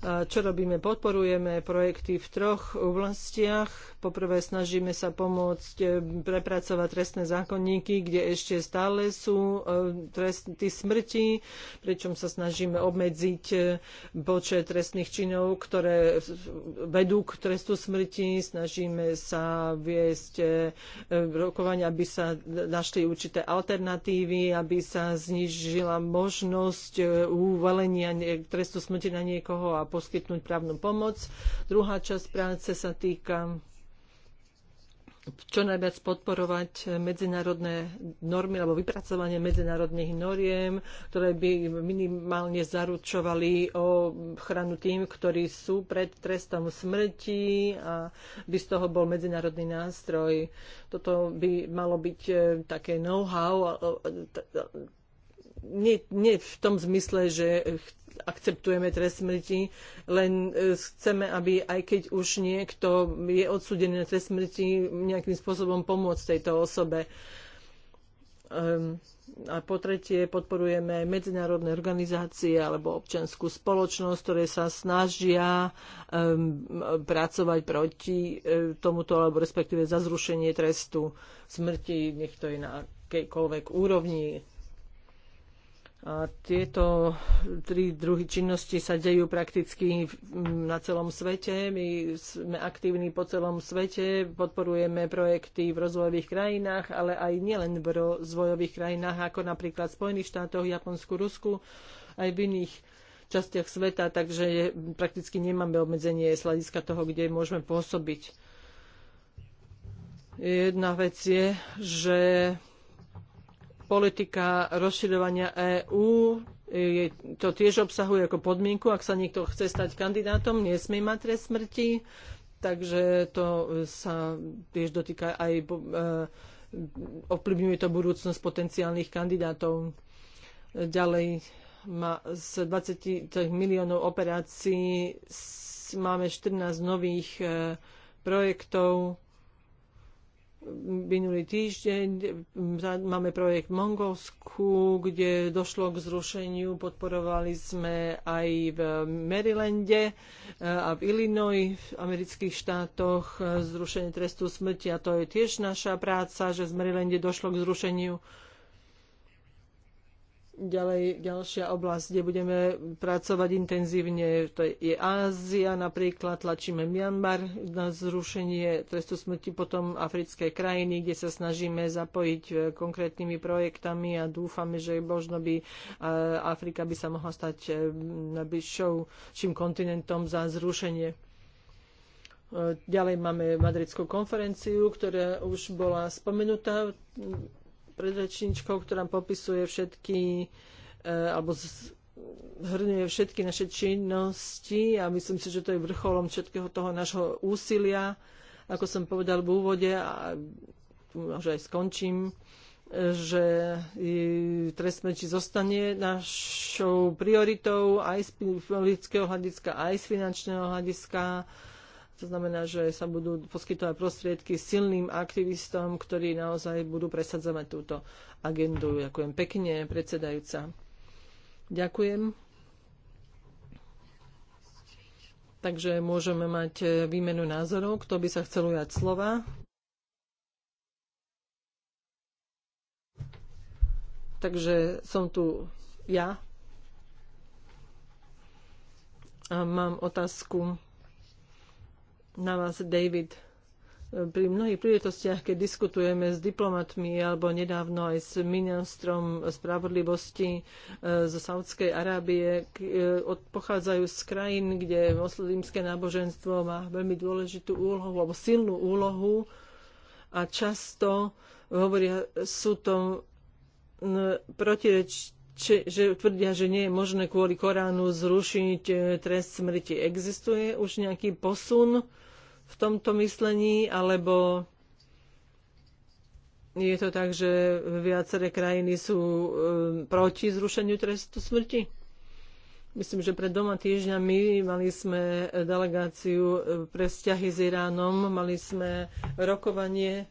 E, čo robíme? Podporujeme projekty v troch oblastiach Poprvé snažíme sa pomôcť e, prepracovať trestné zákonníky, kde ešte stále sú e, tresty smrti, pričom sa snažíme obmedziť e, počet trestných činov, ktoré vedú k trestu smrti. Snažíme sa viesť rokovania, aby sa našli určité alternatívy, aby sa znižila možnosť uvalenia trestu smrti na niekoho a poskytnúť právnu pomoc. Druhá časť práce sa týka čo najviac podporovať medzinárodné normy alebo vypracovanie medzinárodných noriem, ktoré by minimálne zaručovali ochranu tým, ktorí sú pred trestom smrti a by z toho bol medzinárodný nástroj. Toto by malo byť eh, také know-how eh, nie, nie v tom zmysle, že akceptujeme trest smrti, len e, chceme, aby aj keď už niekto je odsudený na trest smrti, nejakým spôsobom pomôcť tejto osobe. Ehm, a po tretie podporujeme medzinárodné organizácie alebo občianskú spoločnosť, ktoré sa snažia um, pracovať proti um, tomuto alebo respektíve za zrušenie trestu smrti, nech to je na akejkoľvek úrovni. A tieto tri druhy činnosti sa dejú prakticky na celom svete. My sme aktívni po celom svete, podporujeme projekty v rozvojových krajinách, ale aj nielen v rozvojových krajinách, ako napríklad v Spojených štátoch, Japonsku, Rusku, aj v iných častiach sveta, takže prakticky nemáme obmedzenie z hľadiska toho, kde môžeme pôsobiť. Jedna vec je, že politika rozširovania EÚ e, to tiež obsahuje ako podmienku, ak sa niekto chce stať kandidátom, nesmie mať trest smrti, takže to e, sa tiež dotýka aj e, ovplyvňuje to budúcnosť potenciálnych kandidátov. Ďalej z 20 miliónov operácií máme 14 nových projektov, minulý týždeň máme projekt v Mongolsku, kde došlo k zrušeniu. Podporovali sme aj v Marylande e, a v Illinois, v amerických štátoch, e, zrušenie trestu smrti. A to je tiež naša práca, že v Marylande došlo k zrušeniu Ďalej, ďalšia oblasť, kde budeme pracovať intenzívne, to je Ázia, napríklad tlačíme Myanmar na zrušenie trestu smrti, potom africké krajiny, kde sa snažíme zapojiť e, konkrétnymi projektami a dúfame, že možno by e, Afrika by sa mohla stať e, najbližším kontinentom za zrušenie. Ďalej máme Madridskú konferenciu, ktorá už bola spomenutá predrečničkou, ktorá popisuje všetky e, alebo zhrňuje všetky naše činnosti a myslím si, že to je vrcholom všetkého toho nášho úsilia. Ako som povedal v úvode, a možno aj skončím, e, že trest či zostane našou prioritou aj z politického hľadiska, aj z finančného hľadiska to znamená, že sa budú poskytovať prostriedky silným aktivistom, ktorí naozaj budú presadzovať túto agendu. Ďakujem pekne, predsedajúca. Ďakujem. Takže môžeme mať e, výmenu názorov. Kto by sa chcel ujať slova? Takže som tu ja. A mám otázku na vás, David. Pri mnohých príležitostiach, keď diskutujeme s diplomatmi alebo nedávno aj s ministrom spravodlivosti e, zo Saudskej Arábie, e, pochádzajú z krajín, kde moslimské náboženstvo má veľmi dôležitú úlohu alebo silnú úlohu a často hovoria, sú to protireč, či, že tvrdia, že nie je možné kvôli Koránu zrušiť e, trest smrti. Existuje už nejaký posun v tomto myslení, alebo je to tak, že viaceré krajiny sú e, proti zrušeniu trestu smrti? Myslím, že pred dvoma týždňami mali sme delegáciu e, pre vzťahy s Iránom, mali sme rokovanie,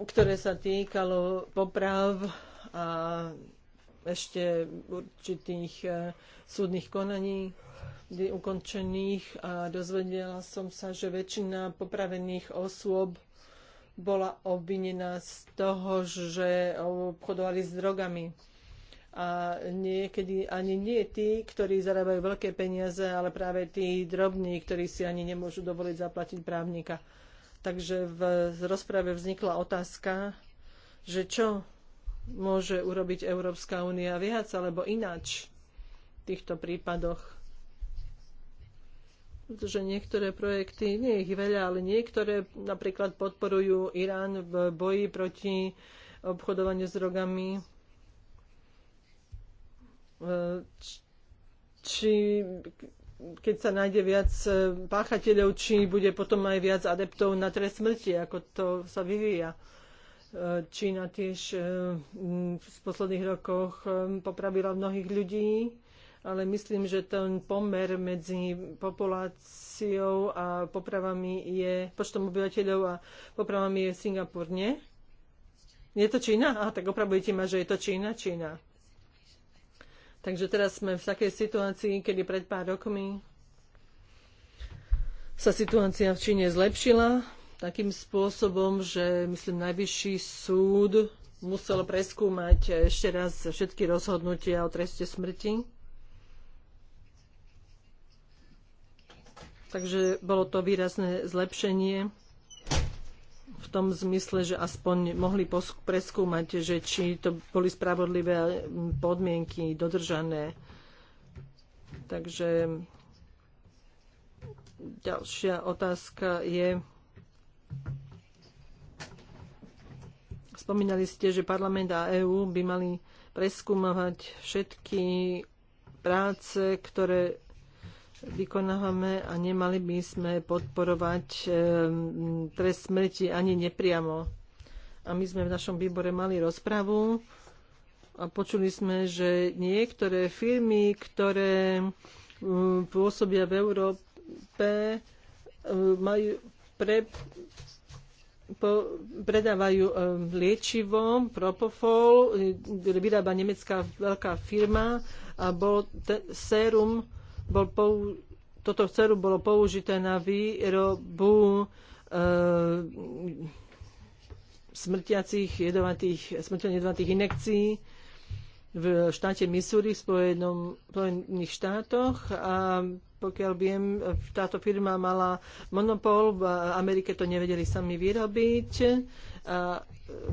ktoré sa týkalo poprav a ešte určitých e, súdnych konaní ukončených a dozvedela som sa, že väčšina popravených osôb bola obvinená z toho, že obchodovali s drogami. A niekedy ani nie tí, ktorí zarábajú veľké peniaze, ale práve tí drobní, ktorí si ani nemôžu dovoliť zaplatiť právnika. Takže v rozprave vznikla otázka, že čo môže urobiť Európska únia viac alebo ináč v týchto prípadoch pretože niektoré projekty, nie je ich veľa, ale niektoré napríklad podporujú Irán v boji proti obchodovaniu s drogami. E, či keď sa nájde viac e, páchateľov, či bude potom aj viac adeptov na trest smrti, ako to sa vyvíja. E, Čína tiež v posledných rokoch popravila mnohých ľudí ale myslím, že ten pomer medzi populáciou a popravami je, počtom obyvateľov a popravami je Singapur, nie? Je to Čína? Aha, tak opravujte ma, že je to Čína, Čína. Takže teraz sme v takej situácii, kedy pred pár rokmi sa situácia v Číne zlepšila takým spôsobom, že myslím najvyšší súd musel preskúmať ešte raz všetky rozhodnutia o treste smrti Takže bolo to výrazné zlepšenie v tom zmysle, že aspoň mohli preskúmať, že či to boli spravodlivé podmienky dodržané. Takže ďalšia otázka je, spomínali ste, že parlament a EÚ by mali preskúmavať všetky práce, ktoré vykonávame a nemali by sme podporovať ehm, trest smrti ani nepriamo. A my sme v našom výbore mali rozpravu a počuli sme, že niektoré firmy, ktoré ehm, pôsobia v Európe, ehm, majú pre, po, predávajú liečivo, propofol, e, vyrába nemecká veľká firma a bol te, sérum bol pou, toto serum bolo použité na výrobu e, smrtiacich jedovatých, smrteľne jedovatých inekcií v štáte Missouri v Spojených štátoch a pokiaľ viem, táto firma mala monopol, v Amerike to nevedeli sami vyrobiť a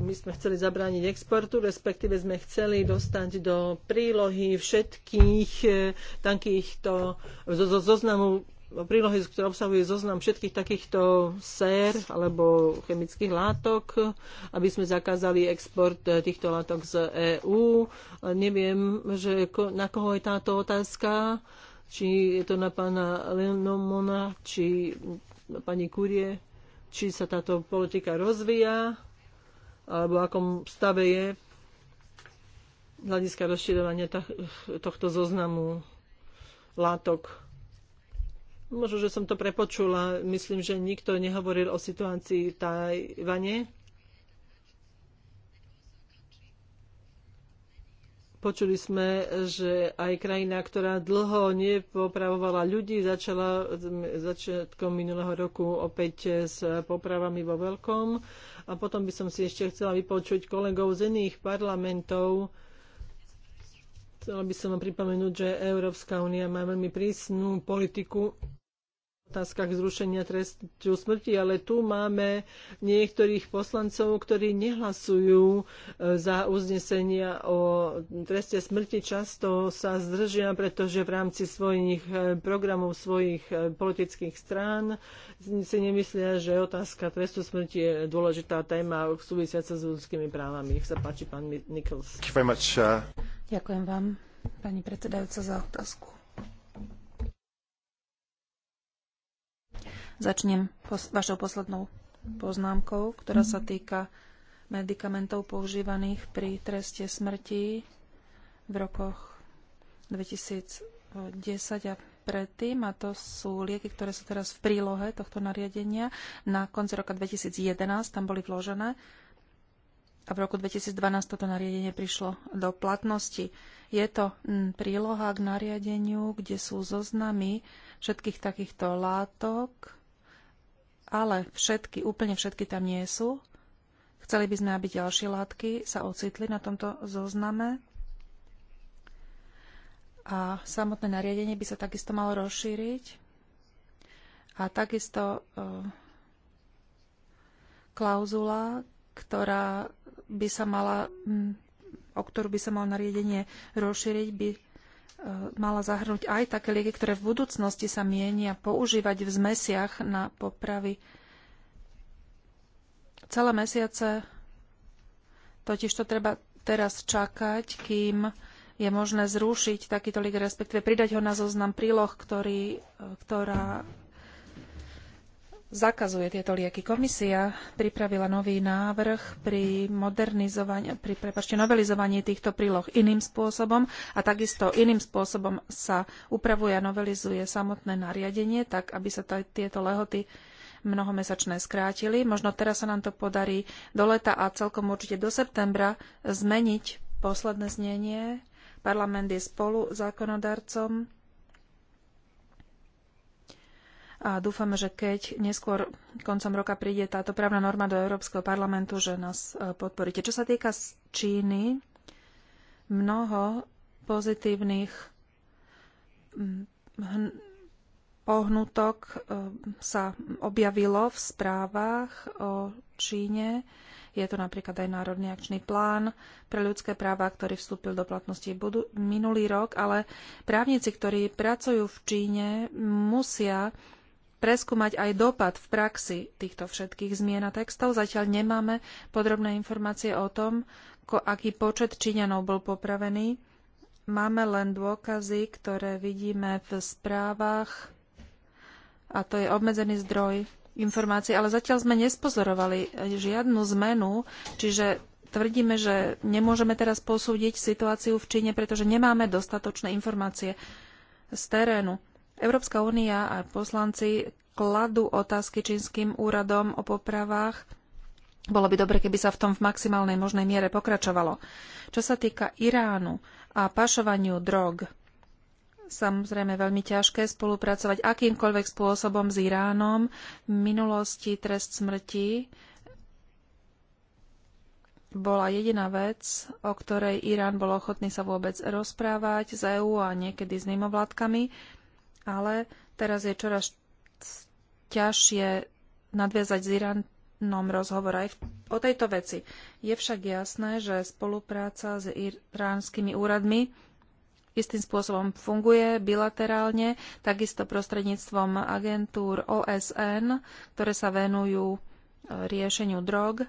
my sme chceli zabrániť exportu, respektíve sme chceli dostať do prílohy všetkých eh, takýchto zo, zo, zoznamu prílohy, ktoré obsahuje zoznam všetkých takýchto sér alebo chemických látok, aby sme zakázali export eh, týchto látok z EÚ. Neviem, že na koho je táto otázka, či je to na pána Lenomona, či na pani Kurie, či sa táto politika rozvíja, alebo v akom stave je z hľadiska rozširovania tohto zoznamu látok. Možno, že som to prepočula. Myslím, že nikto nehovoril o situácii v Tajvane. Počuli sme, že aj krajina, ktorá dlho nepopravovala ľudí, začala začiatkom minulého roku opäť s popravami vo veľkom. A potom by som si ešte chcela vypočuť kolegov z iných parlamentov, Chcela by som vám pripomenúť, že Európska únia má veľmi prísnu politiku otázkach zrušenia trestu smrti, ale tu máme niektorých poslancov, ktorí nehlasujú e, za uznesenia o treste smrti. Často sa zdržia, pretože v rámci svojich e, programov, svojich e, politických strán si nemyslia, že otázka trestu smrti je dôležitá téma súvisiaca s ľudskými právami. Nech sa páči, pán Nichols. Uh, Ďakujem vám, pani predsedajúca, za otázku. Začnem pos- vašou poslednou poznámkou, ktorá sa mhm. týka medikamentov používaných pri treste smrti v rokoch 2010 a predtým, a to sú lieky, ktoré sú teraz v prílohe tohto nariadenia. Na konci roka 2011 tam boli vložené a v roku 2012 toto nariadenie prišlo do platnosti. Je to mm, príloha k nariadeniu, kde sú zoznamy všetkých takýchto látok, ale všetky, úplne všetky tam nie sú. Chceli by sme, aby ďalšie látky sa ocitli na tomto zozname. A samotné nariadenie by sa takisto malo rozšíriť. A takisto uh, klauzula, ktorá by sa mala, um, o ktorú by sa malo nariadenie rozšíriť, by E, mala zahrnúť aj také lieky, ktoré v budúcnosti sa mienia používať v zmesiach na popravy. Celé mesiace totiž to treba teraz čakať, kým je možné zrušiť takýto liek, respektíve pridať ho na zoznam príloh, ktorý, e, ktorá zakazuje tieto lieky. Komisia pripravila nový návrh pri modernizovaní, pri prepačte, novelizovaní týchto príloh iným spôsobom a takisto iným spôsobom sa upravuje a novelizuje samotné nariadenie, tak aby sa tieto lehoty mnohomesačné skrátili. Možno teraz sa nám to podarí do leta a celkom určite do septembra zmeniť posledné znenie. Parlament je spolu zákonodarcom a dúfame, že keď neskôr koncom roka príde táto právna norma do Európskeho parlamentu, že nás e, podporíte. Čo sa týka Číny, mnoho pozitívnych hm, pohnutok e, sa objavilo v správach o Číne. Je to napríklad aj Národný akčný plán pre ľudské práva, ktorý vstúpil do platnosti minulý rok, ale právnici, ktorí pracujú v Číne, musia preskúmať aj dopad v praxi týchto všetkých zmien a textov. Zatiaľ nemáme podrobné informácie o tom, ko, aký počet Číňanov bol popravený. Máme len dôkazy, ktoré vidíme v správach a to je obmedzený zdroj informácií, ale zatiaľ sme nespozorovali žiadnu zmenu, čiže tvrdíme, že nemôžeme teraz posúdiť situáciu v Číne, pretože nemáme dostatočné informácie z terénu. Európska únia a poslanci kladú otázky čínskym úradom o popravách. Bolo by dobre, keby sa v tom v maximálnej možnej miere pokračovalo. Čo sa týka Iránu a pašovaniu drog, samozrejme veľmi ťažké spolupracovať akýmkoľvek spôsobom s Iránom. V minulosti trest smrti bola jediná vec, o ktorej Irán bol ochotný sa vôbec rozprávať s EÚ a niekedy s mimovládkami ale teraz je čoraz ťažšie nadviazať s Iránom rozhovor aj o tejto veci. Je však jasné, že spolupráca s iránskymi úradmi istým spôsobom funguje bilaterálne, takisto prostredníctvom agentúr OSN, ktoré sa venujú e, riešeniu drog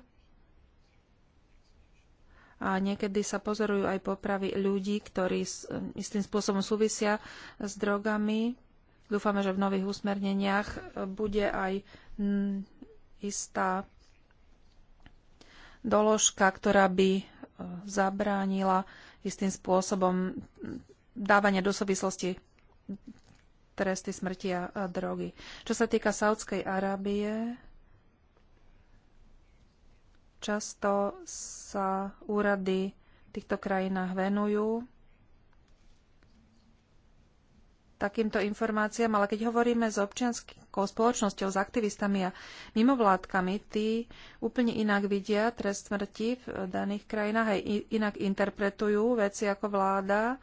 a niekedy sa pozorujú aj popravy ľudí, ktorí istým spôsobom súvisia s drogami. Dúfame, že v nových usmerneniach bude aj mm, istá doložka, ktorá by e, zabránila istým spôsobom mm, dávania do súvislosti tresty smrti a drogy. Čo sa týka Saudskej Arábie, Často sa úrady v týchto krajinách venujú takýmto informáciám, ale keď hovoríme s občianskou spoločnosťou, s aktivistami a mimovládkami, tí úplne inak vidia trest smrti v daných krajinách, aj inak interpretujú veci ako vláda.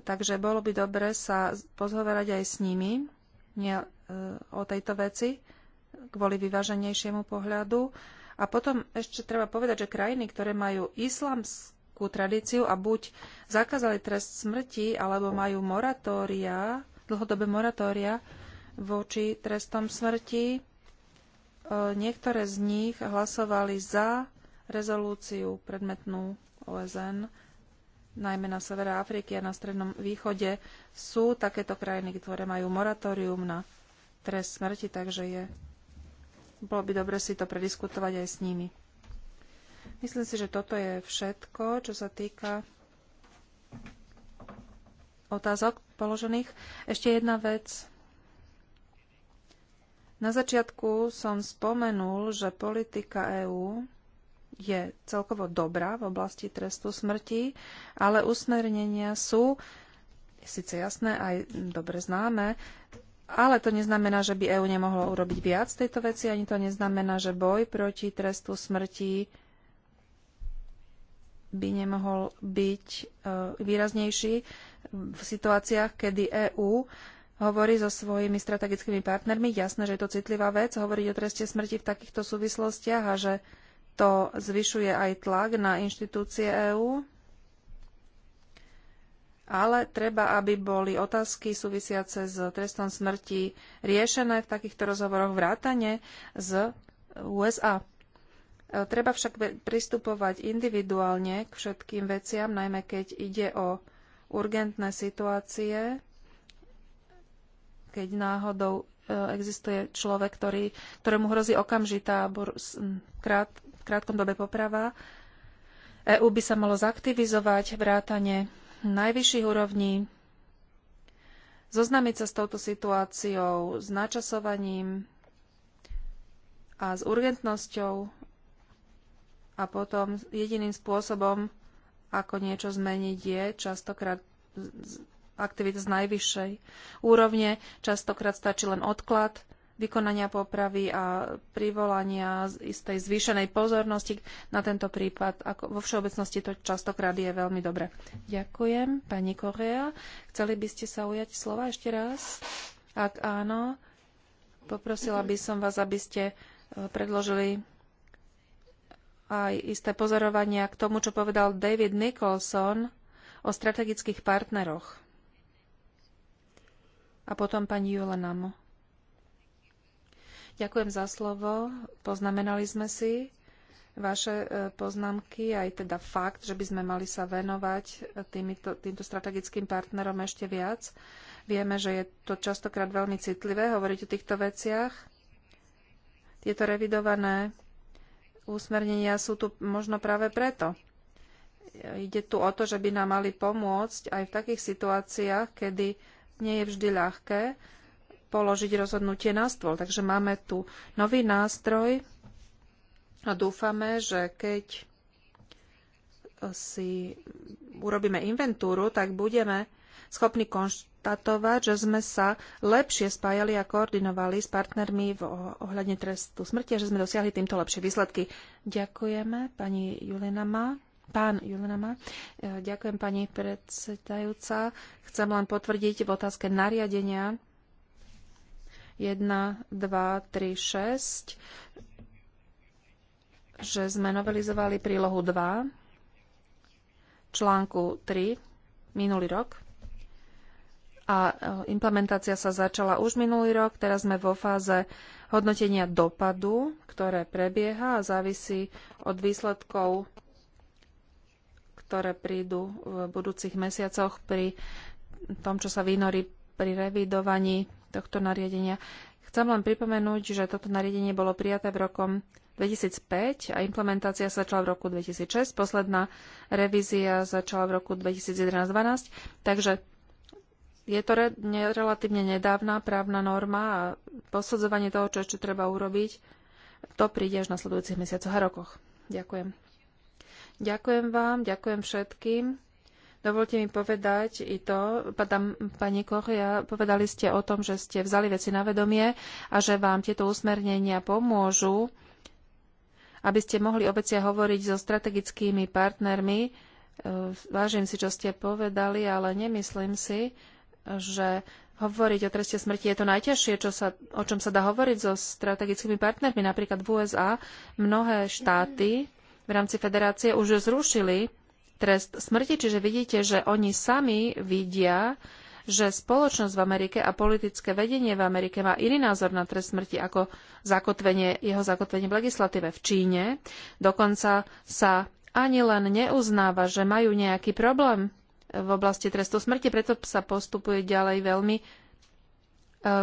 Takže bolo by dobre sa pozhoverať aj s nimi nie, e, o tejto veci kvôli vyváženejšiemu pohľadu. A potom ešte treba povedať, že krajiny, ktoré majú islamskú tradíciu a buď zakázali trest smrti, alebo majú moratória, dlhodobé moratória voči trestom smrti, e, niektoré z nich hlasovali za rezolúciu predmetnú OSN, najmä na severe Afriky a na Strednom východe, sú takéto krajiny, ktoré majú moratórium na trest smrti, takže je bolo by dobre si to prediskutovať aj s nimi. Myslím si, že toto je všetko, čo sa týka otázok položených. Ešte jedna vec. Na začiatku som spomenul, že politika EÚ je celkovo dobrá v oblasti trestu smrti, ale usmernenia sú síce jasné, aj dobre známe, ale to neznamená, že by EÚ nemohlo urobiť viac tejto veci, ani to neznamená, že boj proti trestu smrti by nemohol byť e, výraznejší v situáciách, kedy EÚ hovorí so svojimi strategickými partnermi. Jasné, že je to citlivá vec hovoriť o treste smrti v takýchto súvislostiach a že to zvyšuje aj tlak na inštitúcie EÚ ale treba, aby boli otázky súvisiace s trestom smrti riešené v takýchto rozhovoroch vrátane z USA. E, treba však pristupovať individuálne k všetkým veciam, najmä keď ide o urgentné situácie, keď náhodou e, existuje človek, ktorý, ktorému hrozí okamžitá krát, krátkom dobe poprava. EÚ by sa malo zaktivizovať vrátane najvyšších úrovní, zoznámiť sa s touto situáciou, s načasovaním a s urgentnosťou a potom jediným spôsobom, ako niečo zmeniť, je častokrát aktivita z najvyššej úrovne. Častokrát stačí len odklad vykonania popravy a privolania istej zvýšenej pozornosti na tento prípad. Ako vo všeobecnosti to častokrát je veľmi dobre. Ďakujem. Pani Korea, chceli by ste sa ujať slova ešte raz? Ak áno, poprosila by som vás, aby ste e, predložili aj isté pozorovania k tomu, čo povedal David Nicholson o strategických partneroch. A potom pani Jule Namo. Ďakujem za slovo. Poznamenali sme si vaše e, poznámky, aj teda fakt, že by sme mali sa venovať e, týmito, týmto strategickým partnerom ešte viac. Vieme, že je to častokrát veľmi citlivé hovoriť o týchto veciach. Tieto revidované úsmernenia sú tu možno práve preto. Ide tu o to, že by nám mali pomôcť aj v takých situáciách, kedy nie je vždy ľahké položiť rozhodnutie na stôl. Takže máme tu nový nástroj a dúfame, že keď si urobíme inventúru, tak budeme schopní konštatovať, že sme sa lepšie spájali a koordinovali s partnermi v ohľadne trestu smrti a že sme dosiahli týmto lepšie výsledky. Ďakujeme pani Julina Ma. Pán Julina Ma. E, ďakujem pani predsedajúca. Chcem len potvrdiť v otázke nariadenia 1, 2, 3, 6, že sme novelizovali prílohu 2 článku 3 minulý rok a e, implementácia sa začala už minulý rok. Teraz sme vo fáze hodnotenia dopadu, ktoré prebieha a závisí od výsledkov, ktoré prídu v budúcich mesiacoch pri tom, čo sa vynorí pri revidovaní tohto nariadenia. Chcem len pripomenúť, že toto nariadenie bolo prijaté v rokom 2005 a implementácia začala v roku 2006. Posledná revízia začala v roku 2011-2012. Takže je to re- ne- relatívne nedávna právna norma a posudzovanie toho, čo ešte treba urobiť, to príde až v nasledujúcich mesiacoch a rokoch. Ďakujem. Ďakujem vám, ďakujem všetkým. Dovolte mi povedať i to, padam, pani Koria, povedali ste o tom, že ste vzali veci na vedomie a že vám tieto usmernenia pomôžu, aby ste mohli o veciach hovoriť so strategickými partnermi. E, vážim si, čo ste povedali, ale nemyslím si, že hovoriť o treste smrti je to najťažšie, čo sa, o čom sa dá hovoriť so strategickými partnermi. Napríklad v USA mnohé štáty v rámci federácie už zrušili trest smrti. Čiže vidíte, že oni sami vidia, že spoločnosť v Amerike a politické vedenie v Amerike má iný názor na trest smrti ako zakotvenie, jeho zakotvenie v legislatíve v Číne. Dokonca sa ani len neuznáva, že majú nejaký problém v oblasti trestu smrti, preto sa postupuje ďalej veľmi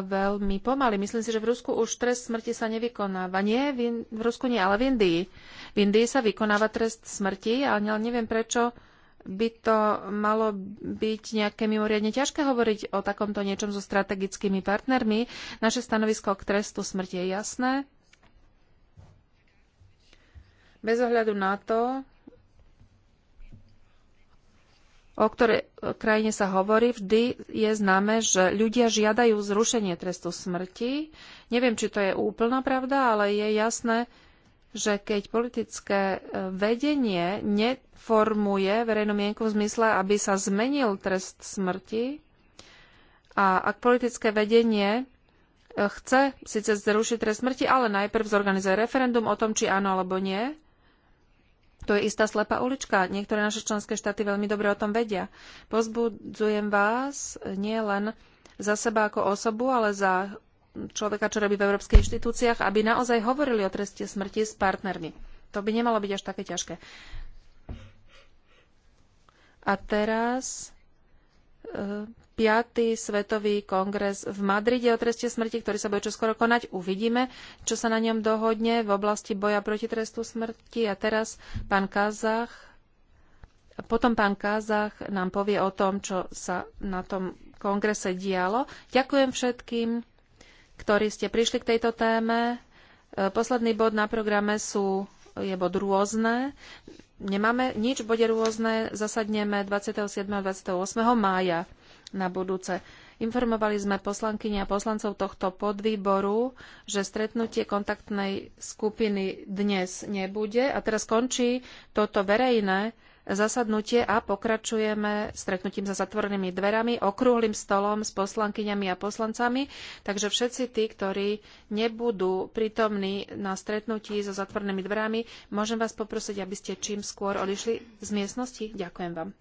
veľmi pomaly. Myslím si, že v Rusku už trest smrti sa nevykonáva. Nie, v, Rusku nie, ale v Indii. V Indii sa vykonáva trest smrti, ale neviem prečo by to malo byť nejaké mimoriadne ťažké hovoriť o takomto niečom so strategickými partnermi. Naše stanovisko k trestu smrti je jasné. Bez ohľadu na to, o ktorej krajine sa hovorí, vždy je známe, že ľudia žiadajú zrušenie trestu smrti. Neviem, či to je úplná pravda, ale je jasné, že keď politické e, vedenie neformuje verejnú mienku v zmysle, aby sa zmenil trest smrti, a ak politické vedenie e, chce síce zrušiť trest smrti, ale najprv zorganizuje referendum o tom, či áno alebo nie, to je istá slepá ulička. Niektoré naše členské štáty veľmi dobre o tom vedia. Pozbudzujem vás nie len za seba ako osobu, ale za človeka, čo robí v európskych inštitúciách, aby naozaj hovorili o treste smrti s partnermi. To by nemalo byť až také ťažké. A teraz eh, 5. svetový kongres v Madride o treste smrti, ktorý sa bude čoskoro konať. Uvidíme, čo sa na ňom dohodne v oblasti boja proti trestu smrti. A teraz pán Kazach, potom pán Kazach nám povie o tom, čo sa na tom kongrese dialo. Ďakujem všetkým, ktorí ste prišli k tejto téme. E, posledný bod na programe sú, je bod rôzne nemáme nič, bode rôzne, zasadneme 27. a 28. mája na budúce. Informovali sme poslankyne a poslancov tohto podvýboru, že stretnutie kontaktnej skupiny dnes nebude. A teraz končí toto verejné zasadnutie a pokračujeme stretnutím za zatvorenými dverami, okrúhlym stolom s poslankyňami a poslancami. Takže všetci tí, ktorí nebudú prítomní na stretnutí so zatvorenými dverami, môžem vás poprosiť, aby ste čím skôr odišli z miestnosti. Ďakujem vám.